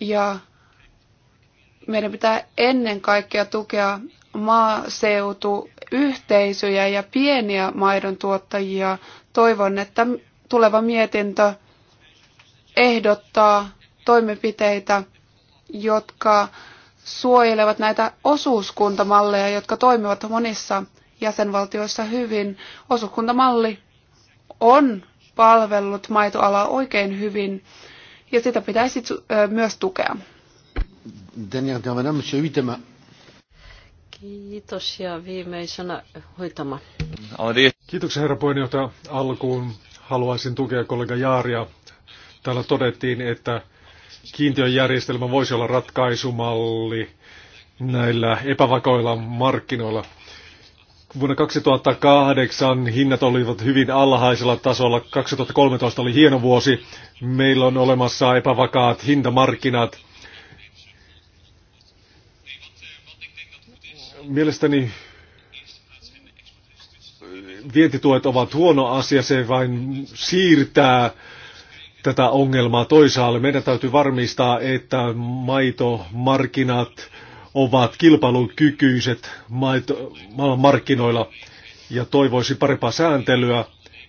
Ja meidän pitää ennen kaikkea tukea maaseutuyhteisöjä ja pieniä maidon tuottajia. Toivon, että tuleva mietintö ehdottaa toimenpiteitä, jotka suojelevat näitä osuuskuntamalleja, jotka toimivat monissa jäsenvaltioissa hyvin. Osuuskuntamalli on palvellut maitoalaa oikein hyvin ja sitä pitäisi myös tukea. Kiitos ja viimeisenä hoitama. Kiitoksia herra puheenjohtaja. Alkuun haluaisin tukea kollega Jaaria. Täällä todettiin, että kiintiöjärjestelmä voisi olla ratkaisumalli näillä epävakoilla markkinoilla. Vuonna 2008 hinnat olivat hyvin alhaisella tasolla. 2013 oli hieno vuosi. Meillä on olemassa epävakaat hintamarkkinat. Mielestäni vientituet ovat huono asia. Se vain siirtää tätä ongelmaa toisaalle. Meidän täytyy varmistaa, että maitomarkkinat ovat kilpailukykyiset maailman markkinoilla ja toivoisi parempaa sääntelyä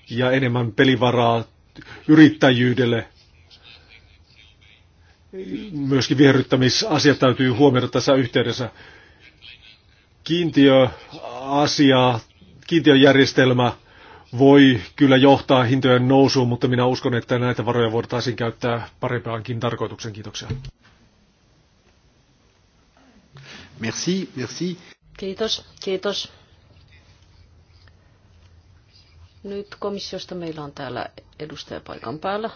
ja enemmän pelivaraa yrittäjyydelle. Myöskin viherryttämisasiat täytyy huomioida tässä yhteydessä. Kiintiöasia, kiintiöjärjestelmä voi kyllä johtaa hintojen nousuun, mutta minä uskon, että näitä varoja voitaisiin käyttää parempaankin tarkoituksen. Kiitoksia. Kiitos, kiitos. Nyt komissiosta meillä on täällä edustaja paikan päällä.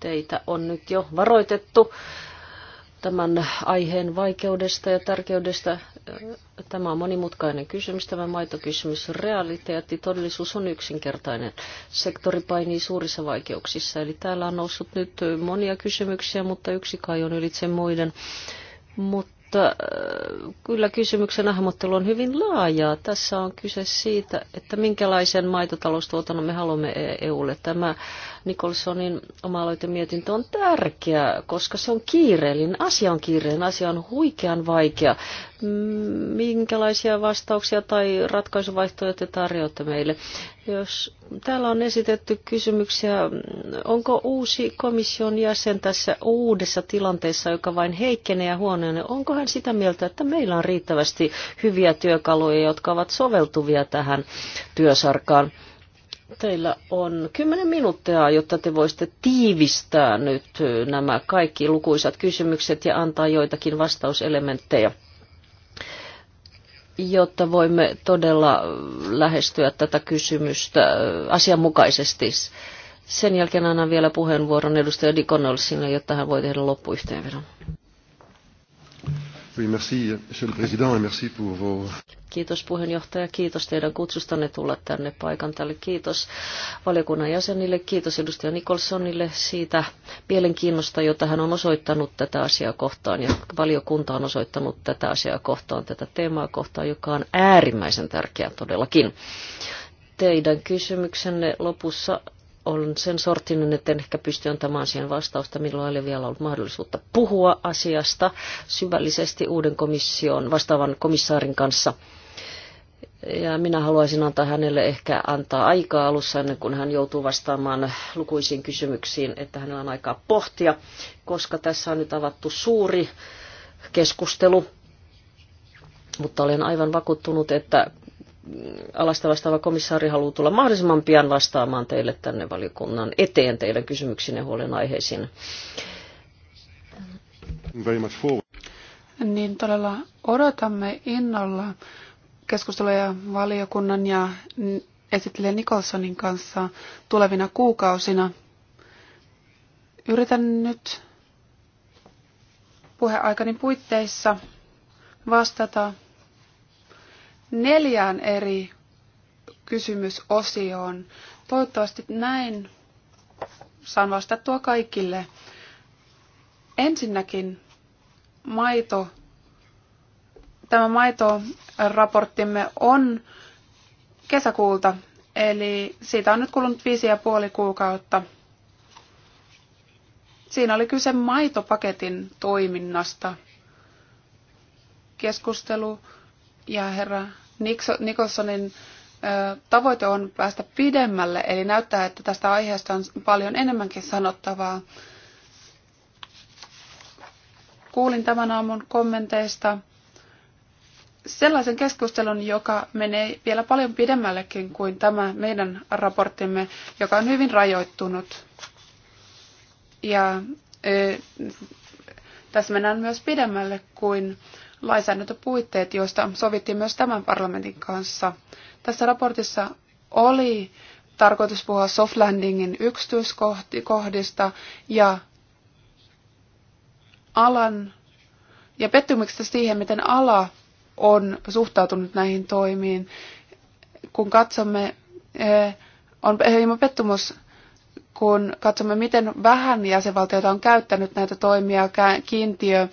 Teitä on nyt jo varoitettu tämän aiheen vaikeudesta ja tärkeydestä. Tämä on monimutkainen kysymys, tämä maitokysymys. Realiteetti, todellisuus on yksinkertainen. Sektori painii suurissa vaikeuksissa. Eli täällä on noussut nyt monia kysymyksiä, mutta yksi kai on ylitse muiden. Mutta mutta äh, kyllä kysymyksen hahmottelu on hyvin laajaa. Tässä on kyse siitä, että minkälaisen maitotaloustuotannon me haluamme e- EUlle. Tämä Nicholsonin oma mietintö on tärkeä, koska se on kiireellinen. Asia on kiireellinen, asia on huikean vaikea minkälaisia vastauksia tai ratkaisuvaihtoehtoja tarjoatte meille? Jos täällä on esitetty kysymyksiä, onko uusi komission jäsen tässä uudessa tilanteessa, joka vain heikkenee ja huonoinen, onko hän sitä mieltä, että meillä on riittävästi hyviä työkaluja, jotka ovat soveltuvia tähän työsarkaan? Teillä on kymmenen minuuttia, jotta te voisitte tiivistää nyt nämä kaikki lukuisat kysymykset ja antaa joitakin vastauselementtejä jotta voimme todella lähestyä tätä kysymystä asianmukaisesti. Sen jälkeen annan vielä puheenvuoron edustaja Dikonolsille, jotta hän voi tehdä loppuyhteenvedon. Oui, merci, monsieur le président, et merci pour vos... Kiitos puheenjohtaja, kiitos teidän kutsustanne tulla tänne paikan tälle. Kiitos valiokunnan jäsenille, kiitos edustaja Nikolsonille siitä mielenkiinnosta, jota hän on osoittanut tätä asiaa kohtaan ja valiokunta on osoittanut tätä asiaa kohtaan, tätä teemaa kohtaan, joka on äärimmäisen tärkeä todellakin teidän kysymyksenne lopussa on sen sortinen, että en ehkä pysty antamaan siihen vastausta, milloin ei ole vielä ollut mahdollisuutta puhua asiasta syvällisesti uuden komission, vastaavan komissaarin kanssa. Ja minä haluaisin antaa hänelle ehkä antaa aikaa alussa ennen kuin hän joutuu vastaamaan lukuisiin kysymyksiin, että hänellä on aikaa pohtia, koska tässä on nyt avattu suuri keskustelu. Mutta olen aivan vakuuttunut, että alasta vastaava komissaari haluaa tulla mahdollisimman pian vastaamaan teille tänne valiokunnan eteen teidän ja huolenaiheisiin. Niin todella odotamme innolla keskusteluja valiokunnan ja esittelijä Nicholsonin kanssa tulevina kuukausina. Yritän nyt puheaikani puitteissa vastata neljään eri kysymysosioon. Toivottavasti näin saan vastattua kaikille. Ensinnäkin maito, tämä maitoraporttimme on kesäkuulta, eli siitä on nyt kulunut viisi ja puoli kuukautta. Siinä oli kyse maitopaketin toiminnasta. Keskustelu ja herra Nikossonin tavoite on päästä pidemmälle, eli näyttää, että tästä aiheesta on paljon enemmänkin sanottavaa. Kuulin tämän aamun kommenteista sellaisen keskustelun, joka menee vielä paljon pidemmällekin kuin tämä meidän raporttimme, joka on hyvin rajoittunut. Ja e, tässä mennään myös pidemmälle kuin lainsäädäntöpuitteet, joista sovittiin myös tämän parlamentin kanssa. Tässä raportissa oli tarkoitus puhua soft landingin yksityiskohdista ja alan ja pettymyksestä siihen, miten ala on suhtautunut näihin toimiin. Kun katsomme, eh, on hieman pettymys kun katsomme, miten vähän jäsenvaltioita on käyttänyt näitä toimia kiintiö,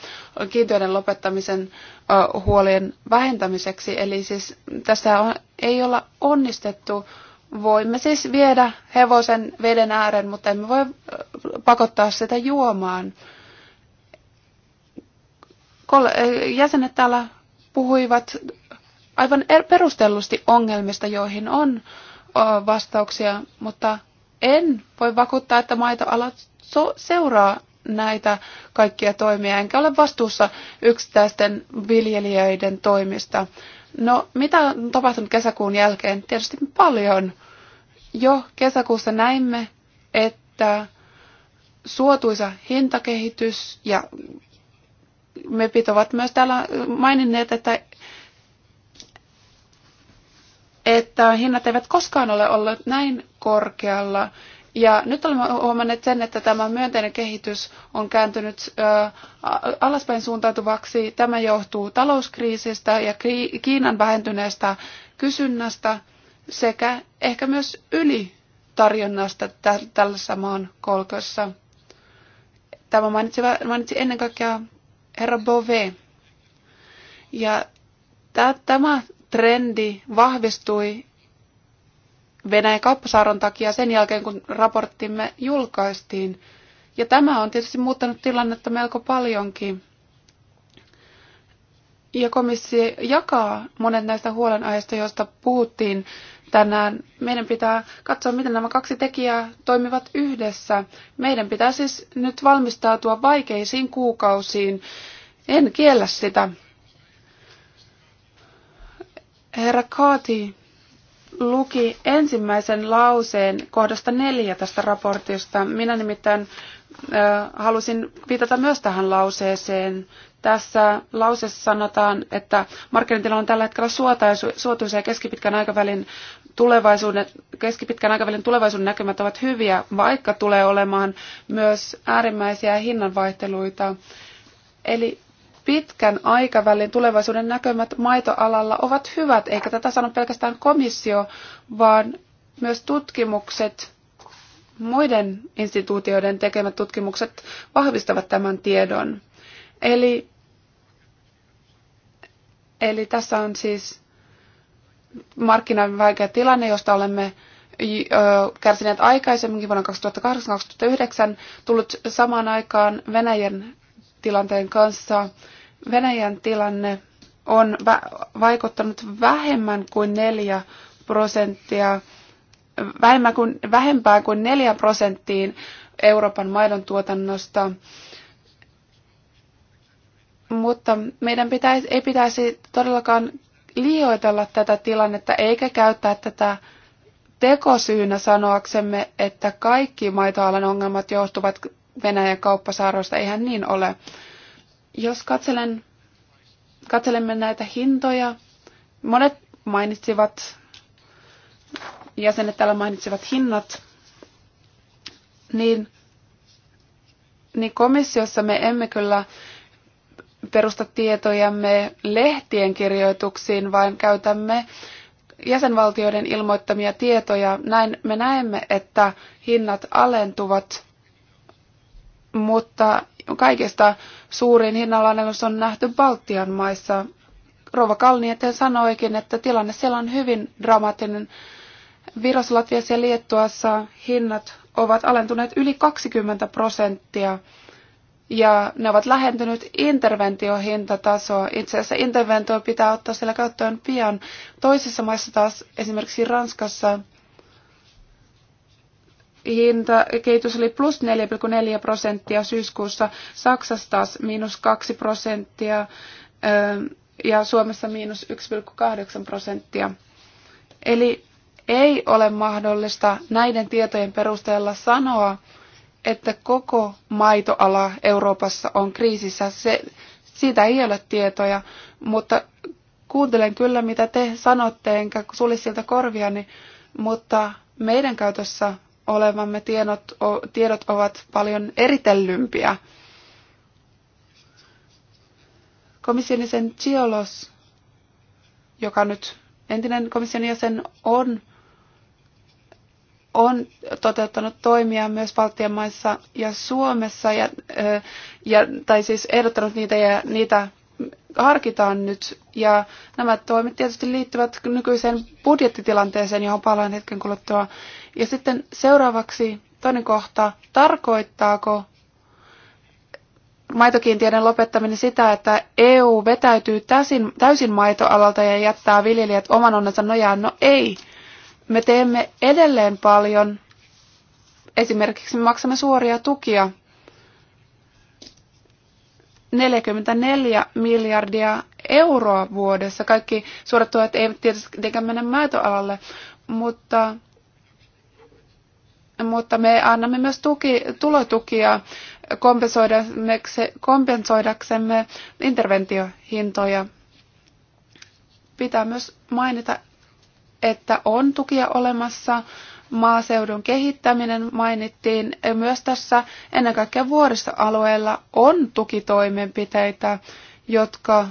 kiintiöiden lopettamisen huolien vähentämiseksi. Eli siis tässä on, ei olla onnistettu. Voimme siis viedä hevosen veden ääreen, mutta emme voi pakottaa sitä juomaan. Jäsenet täällä puhuivat aivan er- perustellusti ongelmista, joihin on vastauksia, mutta en voi vakuuttaa, että maitoalat so- seuraa näitä kaikkia toimia, enkä ole vastuussa yksittäisten viljelijöiden toimista. No, mitä on tapahtunut kesäkuun jälkeen? Tietysti paljon. Jo kesäkuussa näimme, että suotuisa hintakehitys ja MEPit ovat myös täällä maininneet, että, että hinnat eivät koskaan ole olleet näin korkealla. Ja nyt olemme huomanneet sen, että tämä myönteinen kehitys on kääntynyt alaspäin suuntautuvaksi. Tämä johtuu talouskriisistä ja Kiinan vähentyneestä kysynnästä sekä ehkä myös ylitarjonnasta tällaisessa maan kolkossa Tämä mainitsi, mainitsi ennen kaikkea herra Bove. Ja tämä trendi vahvistui Venäjän kauppasaaron takia sen jälkeen, kun raporttimme julkaistiin. Ja tämä on tietysti muuttanut tilannetta melko paljonkin. Ja komissio jakaa monet näistä huolenaiheista, joista puhuttiin tänään. Meidän pitää katsoa, miten nämä kaksi tekijää toimivat yhdessä. Meidän pitää siis nyt valmistautua vaikeisiin kuukausiin. En kiellä sitä. Herra Kaati luki ensimmäisen lauseen kohdasta neljä tästä raportista. Minä nimittäin halusin viitata myös tähän lauseeseen. Tässä lauseessa sanotaan, että markkinatila on tällä hetkellä suotuisa ja keskipitkän aikavälin tulevaisuuden, keskipitkän aikavälin tulevaisuuden näkymät ovat hyviä, vaikka tulee olemaan myös äärimmäisiä hinnanvaihteluita. Eli pitkän aikavälin tulevaisuuden näkymät maitoalalla ovat hyvät, eikä tätä sano pelkästään komissio, vaan myös tutkimukset, muiden instituutioiden tekemät tutkimukset vahvistavat tämän tiedon. Eli, eli tässä on siis markkinan vaikea tilanne, josta olemme kärsineet aikaisemminkin vuonna 2008-2009, tullut samaan aikaan Venäjän tilanteen kanssa. Venäjän tilanne on vaikuttanut vähemmän kuin 4 prosenttia, vähemmän kuin, vähempää kuin 4 prosenttiin Euroopan maidon tuotannosta. Mutta meidän pitäisi, ei pitäisi todellakaan liioitella tätä tilannetta eikä käyttää tätä tekosyynä sanoaksemme, että kaikki maitoalan ongelmat johtuvat Venäjän kauppasaaroista. Eihän niin ole. Jos katselen, katselemme näitä hintoja, monet mainitsivat, jäsenet täällä mainitsivat hinnat, niin, niin komissiossa me emme kyllä perusta tietojamme lehtien kirjoituksiin, vaan käytämme jäsenvaltioiden ilmoittamia tietoja. Näin me näemme, että hinnat alentuvat mutta kaikista suurin hinnanalennus on nähty Baltian maissa. Rova Kalnieten sanoikin, että tilanne siellä on hyvin dramaattinen. Virossa, Latviassa ja Liettuassa hinnat ovat alentuneet yli 20 prosenttia ja ne ovat lähentynyt interventiohintatasoa. Itse asiassa interventio pitää ottaa siellä käyttöön pian. Toisissa maissa taas, esimerkiksi Ranskassa, hinta, kehitys oli plus 4,4 prosenttia syyskuussa, Saksassa taas miinus 2 prosenttia ähm, ja Suomessa miinus 1,8 prosenttia. Eli ei ole mahdollista näiden tietojen perusteella sanoa, että koko maitoala Euroopassa on kriisissä. Se, siitä ei ole tietoja, mutta kuuntelen kyllä, mitä te sanotte, enkä sulje siltä korviani, mutta meidän käytössä olevamme tiedot, tiedot ovat paljon eritellympiä. Komission jäsen joka nyt entinen komission jäsen on, on toteuttanut toimia myös Baltian maissa ja Suomessa, ja, ja, tai siis ehdottanut niitä ja niitä harkitaan nyt. Ja nämä toimet tietysti liittyvät nykyiseen budjettitilanteeseen, johon palaan hetken kuluttua. Ja sitten seuraavaksi toinen kohta, tarkoittaako maitokiintiöiden lopettaminen sitä, että EU vetäytyy täysin, täysin maitoalalta ja jättää viljelijät oman onnensa nojaan? No ei. Me teemme edelleen paljon. Esimerkiksi maksamme suoria tukia 44 miljardia euroa vuodessa. Kaikki suorat tuet eivät tietenkään mene maitoalalle, mutta, mutta me annamme myös tuki, tulotukia kompensoidaksemme interventiohintoja. Pitää myös mainita, että on tukia olemassa maaseudun kehittäminen mainittiin myös tässä ennen kaikkea vuoristoalueilla on tukitoimenpiteitä, jotka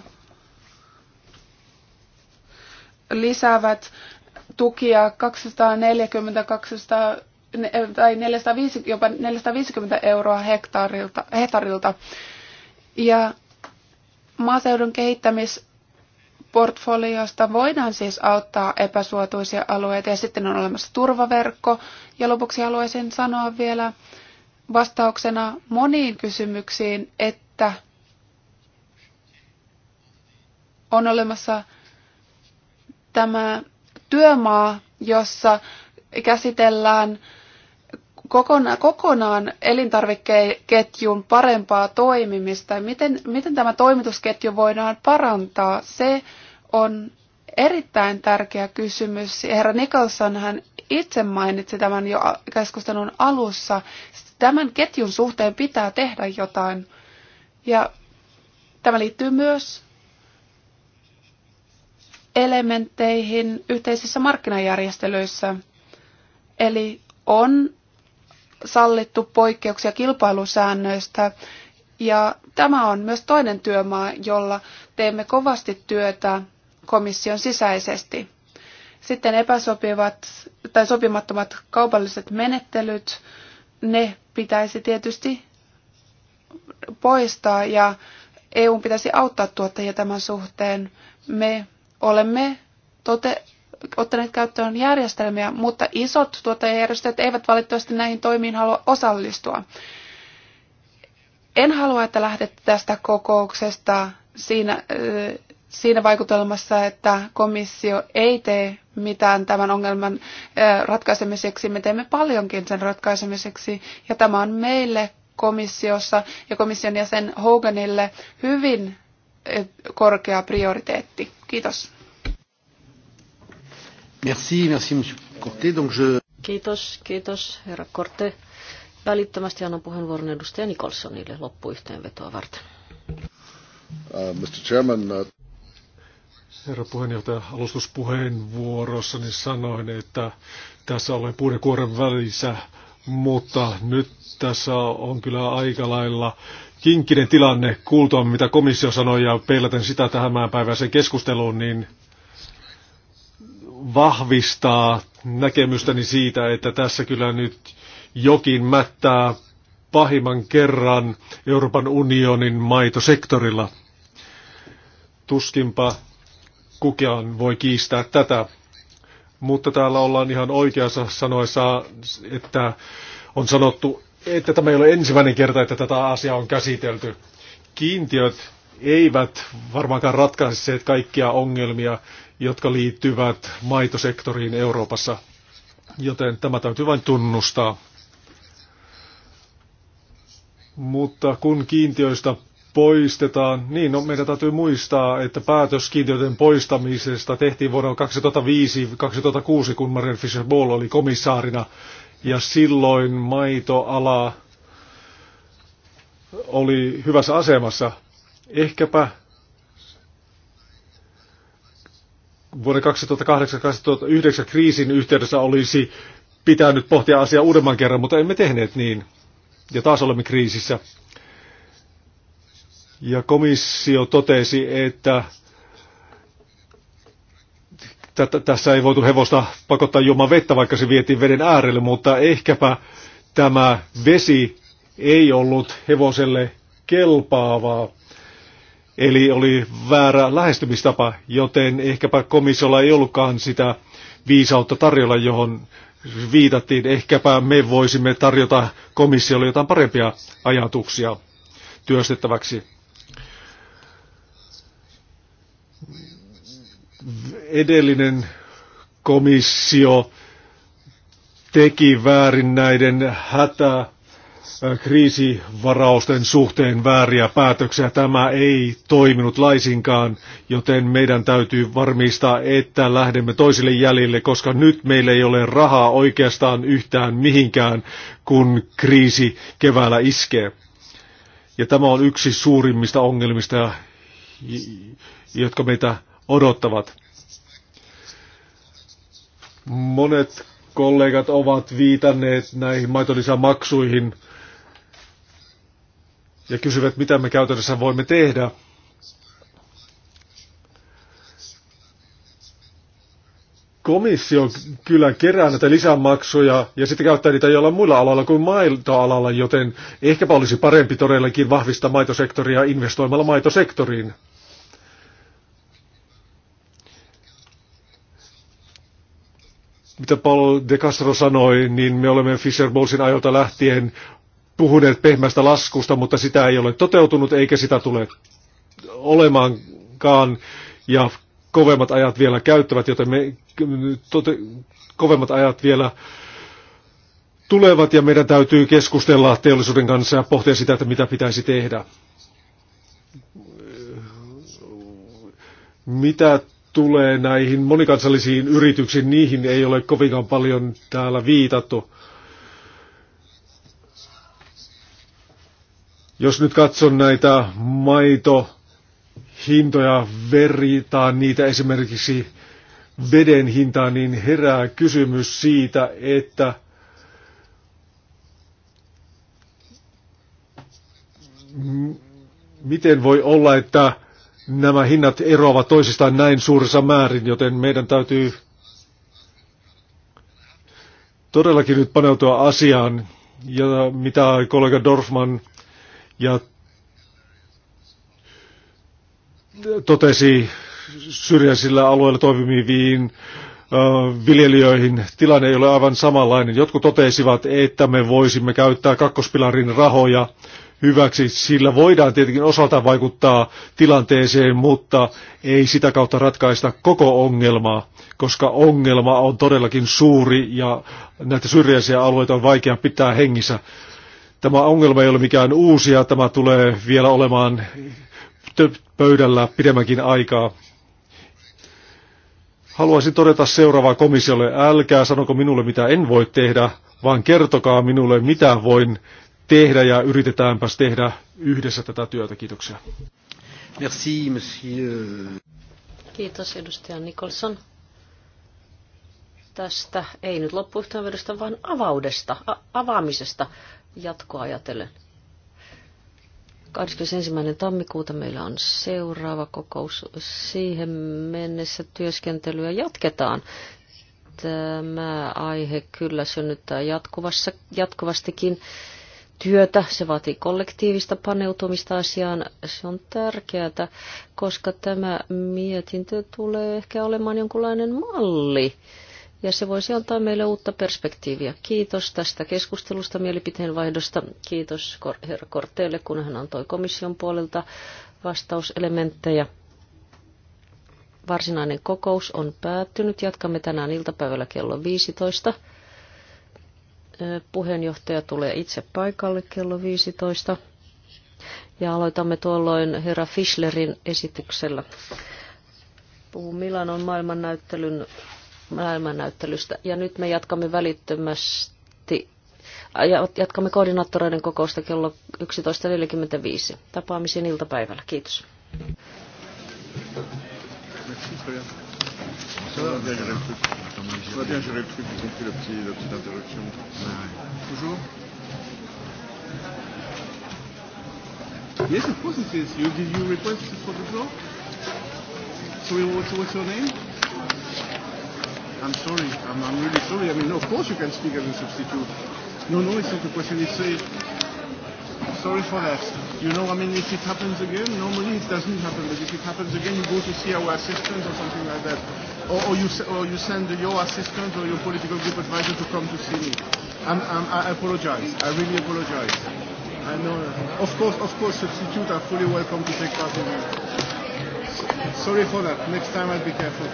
lisäävät tukia 240 200, tai 450, jopa 450 euroa hektarilta hehtaarilta. Ja maaseudun kehittämis portfoliosta voidaan siis auttaa epäsuotuisia alueita ja sitten on olemassa turvaverkko. Ja lopuksi haluaisin sanoa vielä vastauksena moniin kysymyksiin, että on olemassa tämä työmaa, jossa käsitellään kokonaan, kokonaan elintarvikeketjun parempaa toimimista. Miten, miten tämä toimitusketju voidaan parantaa? Se on erittäin tärkeä kysymys. Herra Nicholson hän itse mainitsi tämän jo keskustelun alussa. Tämän ketjun suhteen pitää tehdä jotain. Ja tämä liittyy myös elementteihin yhteisissä markkinajärjestelyissä. Eli on sallittu poikkeuksia kilpailusäännöistä. Ja tämä on myös toinen työmaa, jolla teemme kovasti työtä komission sisäisesti. Sitten epäsopivat tai sopimattomat kaupalliset menettelyt, ne pitäisi tietysti poistaa ja EU pitäisi auttaa tuottajia tämän suhteen. Me olemme tote- ottaneet käyttöön järjestelmiä, mutta isot tuottajajärjestöt eivät valitettavasti näihin toimiin halua osallistua. En halua, että lähdette tästä kokouksesta siinä, siinä vaikutelmassa, että komissio ei tee mitään tämän ongelman ratkaisemiseksi. Me teemme paljonkin sen ratkaisemiseksi ja tämä on meille komissiossa ja komission jäsen Hoganille hyvin korkea prioriteetti. Kiitos. Merci, merci, monsieur Donc je... Kiitos, kiitos, herra Korte. Välittömästi annan puheenvuoron edustaja Nikolsonille loppuyhteenvetoa varten. Uh, Mr. Chairman, uh... Herra puheenjohtaja, alustuspuheenvuorossani sanoin, että tässä olen puun kuoren välissä, mutta nyt tässä on kyllä aika lailla kinkkinen tilanne kuultua, mitä komissio sanoi ja peilaten sitä tähän sen keskusteluun, niin vahvistaa näkemystäni siitä, että tässä kyllä nyt jokin mättää pahimman kerran Euroopan unionin maitosektorilla. Tuskinpa kukaan voi kiistää tätä. Mutta täällä ollaan ihan oikeassa sanoessa, että on sanottu, että tämä ei ole ensimmäinen kerta, että tätä asiaa on käsitelty. Kiintiöt eivät varmaankaan ratkaisseet kaikkia ongelmia, jotka liittyvät maitosektoriin Euroopassa. Joten tämä täytyy vain tunnustaa. Mutta kun kiintiöistä poistetaan, niin no, meidän täytyy muistaa, että päätös kiintiöiden poistamisesta tehtiin vuonna 2005-2006, kun Marian Fisher Ball oli komissaarina, ja silloin maitoala oli hyvässä asemassa. Ehkäpä vuoden 2008-2009 kriisin yhteydessä olisi pitänyt pohtia asiaa uudemman kerran, mutta emme tehneet niin. Ja taas olemme kriisissä. Ja komissio totesi, että tässä ei voitu hevosta pakottaa juomaan vettä, vaikka se vietiin veden äärelle, mutta ehkäpä tämä vesi ei ollut hevoselle kelpaavaa. Eli oli väärä lähestymistapa, joten ehkäpä komissiolla ei ollutkaan sitä viisautta tarjolla, johon viitattiin. Ehkäpä me voisimme tarjota komissiolle jotain parempia ajatuksia työstettäväksi. Edellinen komissio teki väärin näiden hätä kriisivarausten suhteen vääriä päätöksiä. Tämä ei toiminut laisinkaan, joten meidän täytyy varmistaa, että lähdemme toisille jäljille, koska nyt meillä ei ole rahaa oikeastaan yhtään mihinkään, kun kriisi keväällä iskee. Ja tämä on yksi suurimmista ongelmista, jotka meitä odottavat. Monet kollegat ovat viitanneet näihin maitolisämaksuihin maksuihin ja kysyvät, mitä me käytännössä voimme tehdä. Komissio kyllä kerää näitä lisämaksuja ja sitten käyttää niitä jollain muilla aloilla kuin maitoalalla, joten ehkäpä olisi parempi todellakin vahvistaa maitosektoria investoimalla maitosektoriin. mitä Paul de Castro sanoi, niin me olemme Fisher Bowlesin ajoilta lähtien puhuneet pehmästä laskusta, mutta sitä ei ole toteutunut eikä sitä tule olemaankaan. Ja kovemmat ajat vielä käyttävät, joten me tote, kovemmat ajat vielä tulevat ja meidän täytyy keskustella teollisuuden kanssa ja pohtia sitä, että mitä pitäisi tehdä. Mitä tulee näihin monikansallisiin yrityksiin, niihin ei ole kovinkaan paljon täällä viitattu. Jos nyt katson näitä maitohintoja, veritaan niitä esimerkiksi veden hintaa, niin herää kysymys siitä, että miten voi olla, että nämä hinnat eroavat toisistaan näin suurissa määrin, joten meidän täytyy todellakin nyt paneutua asiaan. Ja mitä kollega Dorfman ja totesi syrjäisillä alueilla toimiviin viljelijöihin tilanne ei ole aivan samanlainen. Jotkut totesivat, että me voisimme käyttää kakkospilarin rahoja hyväksi. Sillä voidaan tietenkin osalta vaikuttaa tilanteeseen, mutta ei sitä kautta ratkaista koko ongelmaa, koska ongelma on todellakin suuri ja näitä syrjäisiä alueita on vaikea pitää hengissä. Tämä ongelma ei ole mikään uusia, tämä tulee vielä olemaan pöydällä pidemmänkin aikaa. Haluaisin todeta seuraavaa komissiolle, älkää sanoko minulle mitä en voi tehdä, vaan kertokaa minulle mitä voin tehdä ja yritetäänpäs tehdä yhdessä tätä työtä. Kiitoksia. Merci, Kiitos edustaja Nicholson. Tästä ei nyt loppuyhteenvedosta, vaan avaudesta, a- avaamisesta jatkoa ajatellen. 21. tammikuuta meillä on seuraava kokous. Siihen mennessä työskentelyä jatketaan. Tämä aihe kyllä synnyttää jatkuvassa, jatkuvastikin työtä. Se vaatii kollektiivista paneutumista asiaan. Se on tärkeää, koska tämä mietintö tulee ehkä olemaan jonkunlainen malli ja se voisi antaa meille uutta perspektiiviä. Kiitos tästä keskustelusta, mielipiteenvaihdosta. Kiitos herra Korteelle, kun hän antoi komission puolelta vastauselementtejä. Varsinainen kokous on päättynyt. Jatkamme tänään iltapäivällä kello 15. Puheenjohtaja tulee itse paikalle kello 15. Ja aloitamme tuolloin herra Fischlerin esityksellä. Puhun Milanon maailmannäyttelyn maailmannäyttelystä. Ja nyt me jatkamme välittömästi jatkamme koordinaattoreiden kokousta kello 11.45. Tapaamisen iltapäivällä. Kiitos. Yes, of course it is. You, did you request for the floor? So what's, what's your name I'm sorry. I'm, I'm really sorry. I mean, of course you can speak as a substitute. No, no, it's not a question. It's a. Sorry for that. You know, I mean, if it happens again, normally it doesn't happen, but if it happens again, you go to see our assistant or something like that. Or, or, you, or you send your assistant or your political group advisor to come to see me. I'm, I'm, I apologize. I really apologize. I know. Of course, of course, substitute are fully welcome to take part in that. Sorry for that. Next time I'll be careful.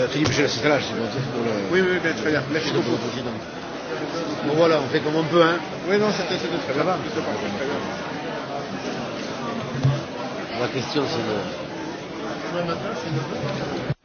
Euh, Philippe, je laisse là, je pour le... Oui, oui, bien, très bien. Merci beaucoup. Président. Bon voilà, on fait comme on peut, hein. Oui, non, c'était très bien. La question, c'est de...